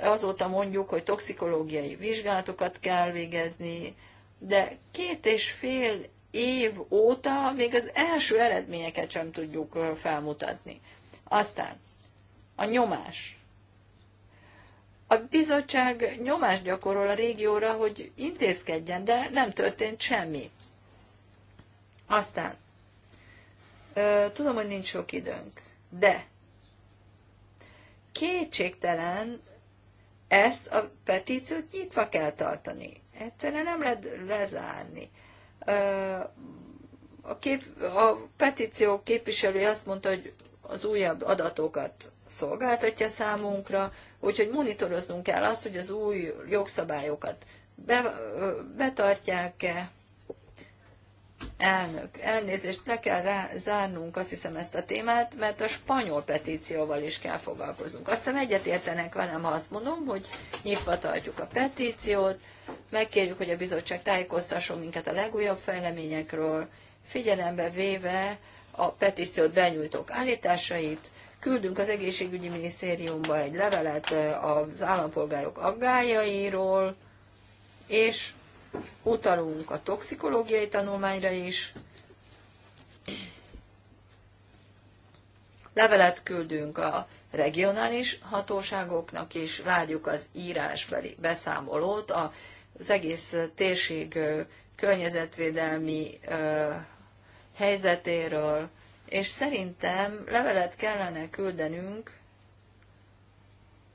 B: azóta mondjuk, hogy toxikológiai vizsgálatokat kell végezni, de két és fél év óta még az első eredményeket sem tudjuk felmutatni. Aztán a nyomás. A bizottság nyomást gyakorol a régióra, hogy intézkedjen, de nem történt semmi. Aztán Tudom, hogy nincs sok időnk, de kétségtelen ezt a petíciót nyitva kell tartani. Egyszerűen nem lehet lezárni. A, kép, a petíció képviselő azt mondta, hogy az újabb adatokat szolgáltatja számunkra, úgyhogy monitoroznunk kell azt, hogy az új jogszabályokat be, betartják-e, Elnök, elnézést, le kell rá zárnunk, azt hiszem, ezt a témát, mert a spanyol petícióval is kell foglalkoznunk. Azt hiszem egyetértenek velem, ha azt mondom, hogy nyitva tartjuk a petíciót, megkérjük, hogy a bizottság tájékoztasson minket a legújabb fejleményekről, figyelembe véve a petíciót benyújtók állításait, küldünk az egészségügyi minisztériumba egy levelet az állampolgárok aggájairól, és utalunk a toxikológiai tanulmányra is, levelet küldünk a regionális hatóságoknak, és várjuk az írásbeli beszámolót az egész térség környezetvédelmi helyzetéről, és szerintem levelet kellene küldenünk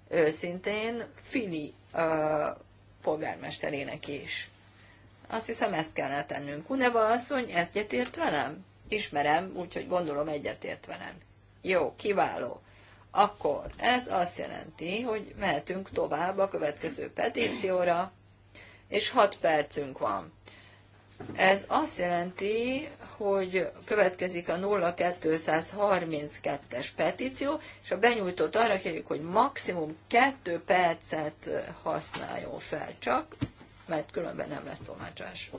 B: őszintén Fini polgármesterének is. Azt hiszem, ezt kellene tennünk. Kuneva asszony, egyetért velem? Ismerem, úgyhogy gondolom egyetért velem. Jó, kiváló. Akkor ez azt jelenti, hogy mehetünk tovább a következő petícióra, és hat percünk van. Ez azt jelenti, hogy következik a 0232-es petíció, és a benyújtót arra kérjük, hogy maximum 2 percet használjon fel csak, mert különben nem lesz tolmácsás.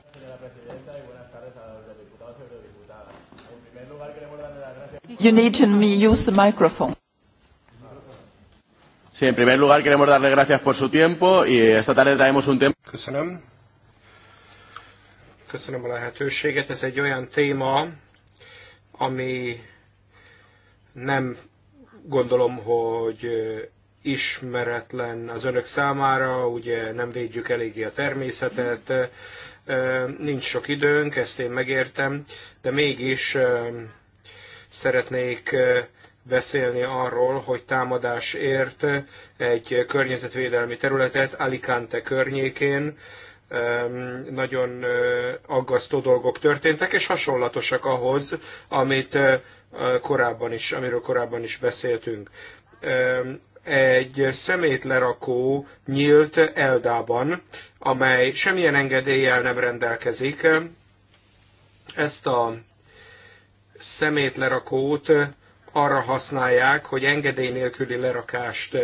B: You need to
A: use the microphone.
E: Sí, en primer lugar queremos darle gracias por su tiempo y esta tarde traemos un tema. Köszönöm.
C: Köszönöm a lehetőséget. Ez egy olyan téma, ami nem gondolom, hogy ismeretlen az önök számára, ugye nem védjük eléggé a természetet, nincs sok időnk, ezt én megértem, de mégis szeretnék beszélni arról, hogy támadás ért egy környezetvédelmi területet Alicante környékén. Nagyon aggasztó dolgok történtek, és hasonlatosak ahhoz, amit korábban is, amiről korábban is beszéltünk egy szemétlerakó nyílt Eldában, amely semmilyen engedéllyel nem rendelkezik. Ezt a szemétlerakót arra használják, hogy engedély nélküli lerakást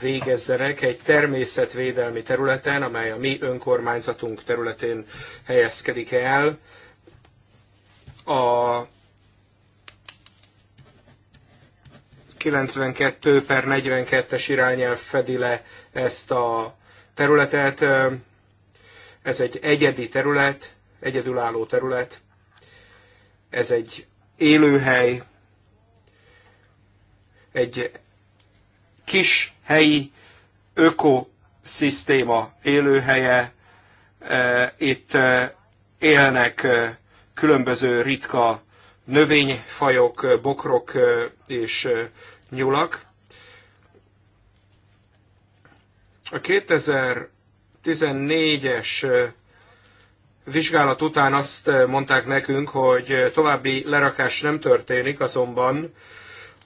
C: végezzenek egy természetvédelmi területen, amely a mi önkormányzatunk területén helyezkedik el. A 92 per 42-es irányel fedi le ezt a területet. Ez egy egyedi terület, egyedülálló terület. Ez egy élőhely, egy kis helyi ökoszisztéma élőhelye. Itt élnek különböző ritka növényfajok, bokrok és nyulak. A 2014-es vizsgálat után azt mondták nekünk, hogy további lerakás nem történik, azonban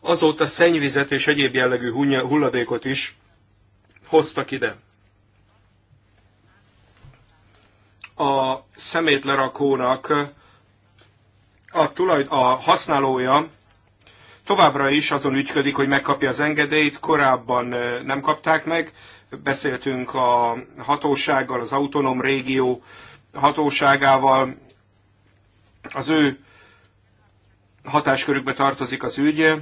C: azóta szennyvizet és egyéb jellegű hulladékot is hoztak ide. A szemétlerakónak a, tulaj, a használója továbbra is azon ügyködik, hogy megkapja az engedélyt, korábban nem kapták meg. Beszéltünk a hatósággal, az autonóm régió hatóságával, az ő hatáskörükbe tartozik az ügy.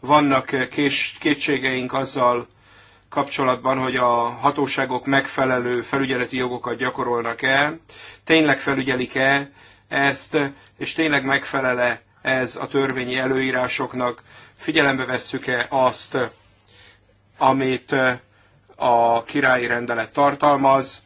C: Vannak kés, kétségeink azzal kapcsolatban, hogy a hatóságok megfelelő felügyeleti jogokat gyakorolnak-e, tényleg felügyelik-e ezt, és tényleg megfelele ez a törvényi előírásoknak, figyelembe vesszük-e azt, amit eh, a királyi rendelet tartalmaz,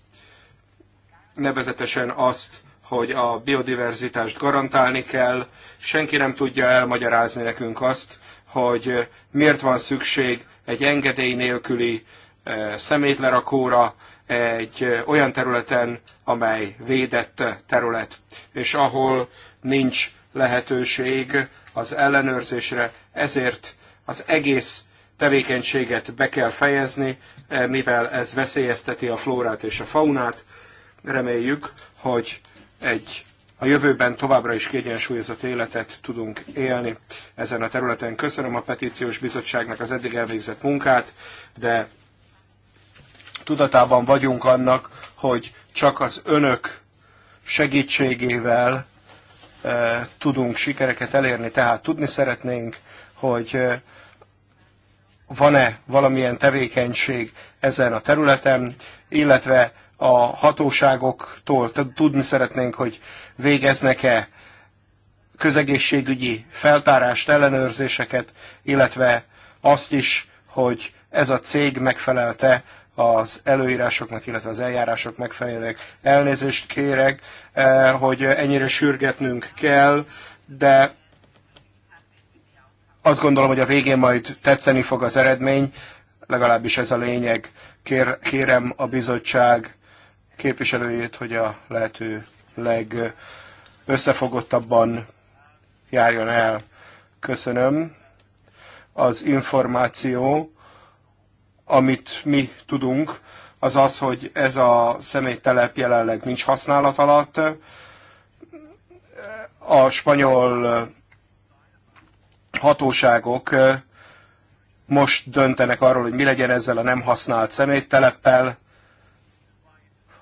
C: nevezetesen azt, hogy a biodiverzitást garantálni kell. Senki nem tudja elmagyarázni nekünk azt, hogy eh, miért van szükség egy engedély nélküli eh, szemétlerakóra egy olyan területen, amely védett terület, és ahol nincs lehetőség az ellenőrzésre, ezért az egész tevékenységet be kell fejezni, eh, mivel ez veszélyezteti a flórát és a faunát. Reméljük, hogy egy a jövőben továbbra is kiegyensúlyozott életet tudunk élni ezen a területen. Köszönöm a petíciós bizottságnak az eddig elvégzett munkát, de tudatában vagyunk annak, hogy csak az önök segítségével tudunk sikereket elérni. Tehát tudni szeretnénk, hogy van-e valamilyen tevékenység ezen a területen, illetve a hatóságoktól tudni szeretnénk, hogy végeznek-e közegészségügyi feltárást, ellenőrzéseket, illetve azt is, hogy ez a cég megfelelte az előírásoknak, illetve az eljárások megfelelőek. Elnézést kérek, eh, hogy ennyire sürgetnünk kell, de azt gondolom, hogy a végén majd tetszeni fog az eredmény, legalábbis ez a lényeg. Kér, kérem a bizottság képviselőjét, hogy a lehető legösszefogottabban járjon el. Köszönöm. Az információ amit mi tudunk, az az, hogy ez a személytelep jelenleg nincs használat alatt. A spanyol hatóságok most döntenek arról, hogy mi legyen ezzel a nem használt személyteleppel.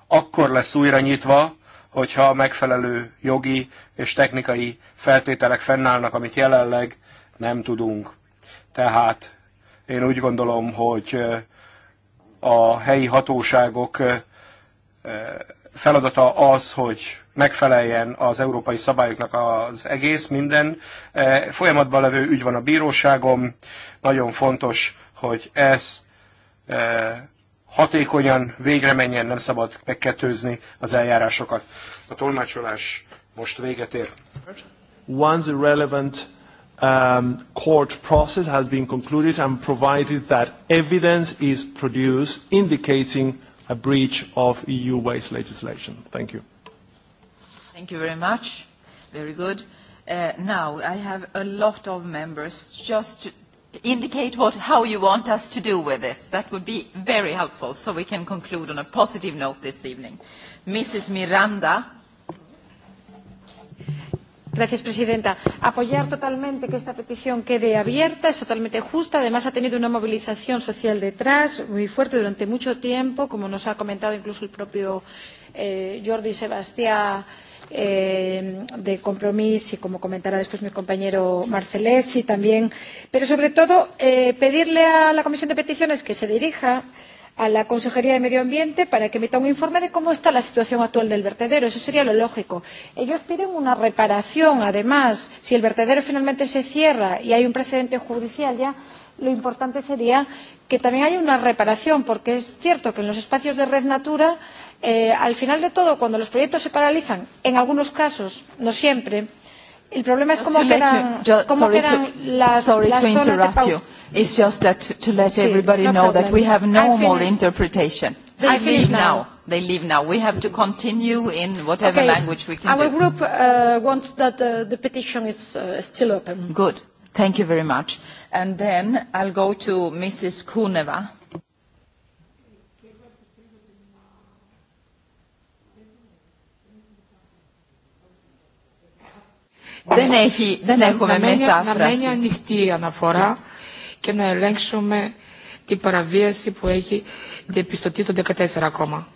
C: akkor lesz újra nyitva, hogyha a megfelelő jogi és technikai feltételek fennállnak, amit jelenleg nem tudunk. Tehát én úgy gondolom, hogy eh, a helyi hatóságok eh, feladata az, hogy megfeleljen az európai szabályoknak az egész minden. Eh, folyamatban levő ügy van a bíróságom. Nagyon fontos, hogy ez hatékonyan végre menjen, nem szabad megkettőzni az eljárásokat. A tolmácsolás most véget ér. Once relevant um, court process has been concluded and provided that evidence is produced indicating a breach of EU waste legislation. Thank you.
A: Thank you very much. Very good. Uh, now, I have a lot of members. Just to indicate what, how you want us to do with this. That would be very helpful so we can conclude on a positive note this evening. Mrs. Miranda señora presidenta. Apoyar totalmente que esta petición quede abierta, es totalmente justo. Además, ha
G: tenido una movilización social detrás muy fuerte durante mucho tiempo, como nos ha comentado incluso el propio eh, Jordi Sebastián eh, de Compromís
A: y como comentará después mi compañero Marcelés y también, pero sobre todo eh,
B: pedirle a la Comisión de Peticiones que se dirija a la Consejería de Medio Ambiente para que emita un informe de cómo está la situación actual del vertedero. Eso sería lo lógico. Ellos piden una reparación,
D: además. Si el vertedero finalmente se cierra y hay un precedente judicial ya, lo importante sería que también haya una reparación, porque es cierto que en los espacios de red natura,
A: eh, al final de todo, cuando los proyectos se paralizan, en algunos casos, no siempre, el problema es cómo quedan, cómo quedan las, las zonas de pau. It's just that to let sí, everybody no know problem. that we have no I more finish. interpretation. They I leave finish now. now. They leave now. We have to continue in whatever okay. language we can. Our do. group uh, wants that uh, the petition is uh, still open. Good. Thank you very much. And then I'll go to Mrs. Kuneva.
B: Δεν έχει, δεν έχουμε μετάφραση. Να μένει ανοιχτή η αναφορά και να ελέγξουμε την παραβίαση που έχει διαπιστωτεί το 14 ακόμα.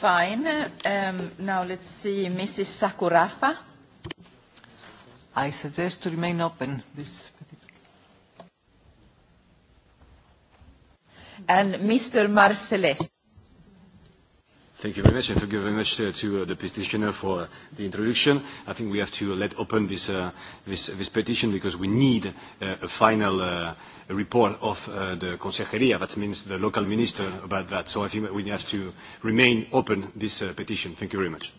A: Fine. Um, now let's see Mrs. Sakurafa. I suggest to remain open this And Mr. Marcelest.
E: Thank you very much, and thank you very much to, uh, to uh,
C: the petitioner for uh, the introduction. I think we have to uh, let open this, uh, this, this petition because we need uh, a final uh, a report of uh, the Consejería, that means the
E: local minister, about that. So I think we have to remain open this uh, petition. Thank you very much.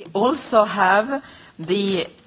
A: We also have the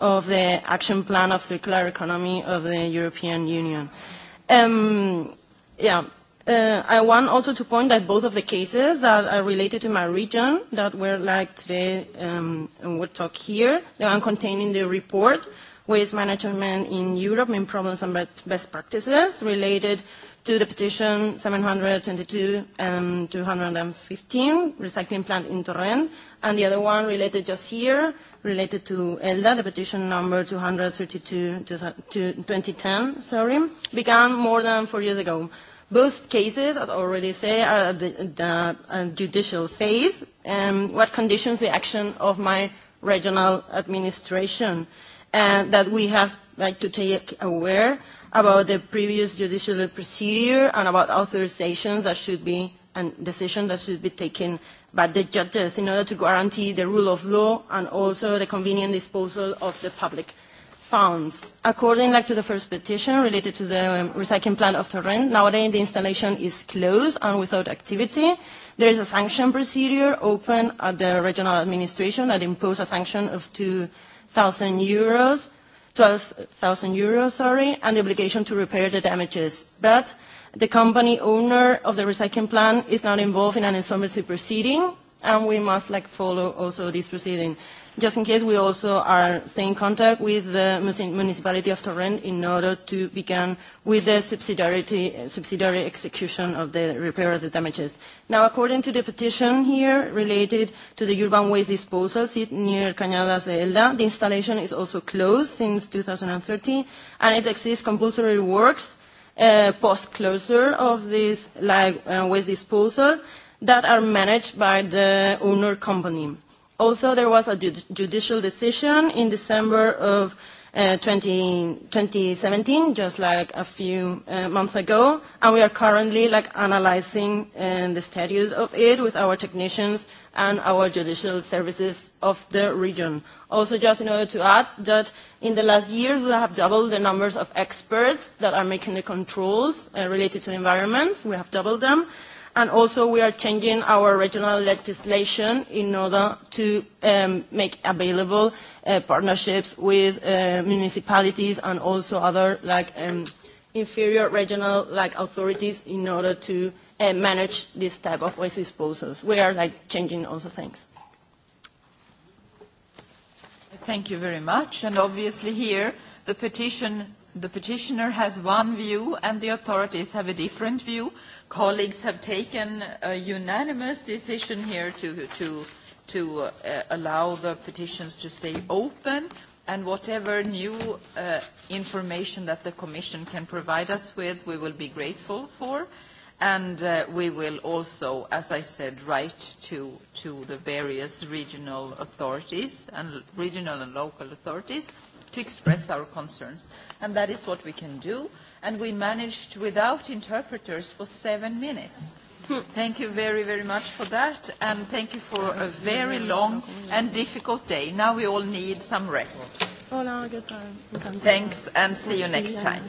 G: of the Action Plan of Circular Economy of the European Union. Um, yeah, uh, I want also to point that both of the cases that are related to my region that were like today um, and we'll talk here, the one contained in the report, Waste Management in Europe, Main Problems and Best Practices, related to the petition 722 and 215, recycling plant in Torrent, and the other one related just here, related to ELDA, the petition number 232 to 2010, sorry, began more than four years ago. Both cases, as I already say, are at the, the uh, judicial phase, and what conditions the action of my regional administration uh, that we have like, to take aware about the previous judicial procedure and about authorization that should be and decision that should be taken by the judges in order to guarantee the rule of law and also the convenient disposal of the public funds. According like, to the first petition related to the um, recycling plant of Torrent, nowadays the installation is closed and without activity. There is a sanction procedure open at the regional administration that imposed a sanction of 2,000 euros 12,000 euros, sorry, and the obligation to repair the damages. But the company owner of the recycling plant is not involved in an insolvency proceeding, and we must like follow also this proceeding. Just in case, we also are staying in contact with the municipality of Torrent in order to begin with the subsidiarity, subsidiary execution of the repair of the damages. Now, according to the petition here related to the urban waste disposal site near Cañadas de Elda, the installation is also closed since 2013, and it exists compulsory works uh, post-closure of this like, uh, waste disposal that are managed by the owner company. Also, there was a judicial decision in December of uh, 20, 2017, just like a few uh, months ago, and we are currently like analyzing um, the status of it with our technicians and our judicial services of the region. Also, just in order to add that in the last year, we have doubled the numbers of experts that are making the controls uh, related to environments. We have doubled them and also we are changing our regional legislation in order to um, make available uh, partnerships with uh, municipalities and also other like um, inferior regional like authorities in order to uh, manage this type of waste disposals. We are like changing also things.
A: Thank you very much. And obviously here the petition the petitioner has one view and the authorities have a different view colleagues have taken a unanimous decision here to, to, to uh, allow the petitions to stay open and whatever new uh, information that the Commission can provide us with, we will be grateful for. And uh, we will also, as I said, write to, to the various regional authorities and regional and local authorities to express our concerns. And that is what we can do and we managed without interpreters for seven minutes. Thank you very, very much for that, and thank you for a very long and difficult day. Now we all
G: need some rest. Hola, Thanks and see you next time.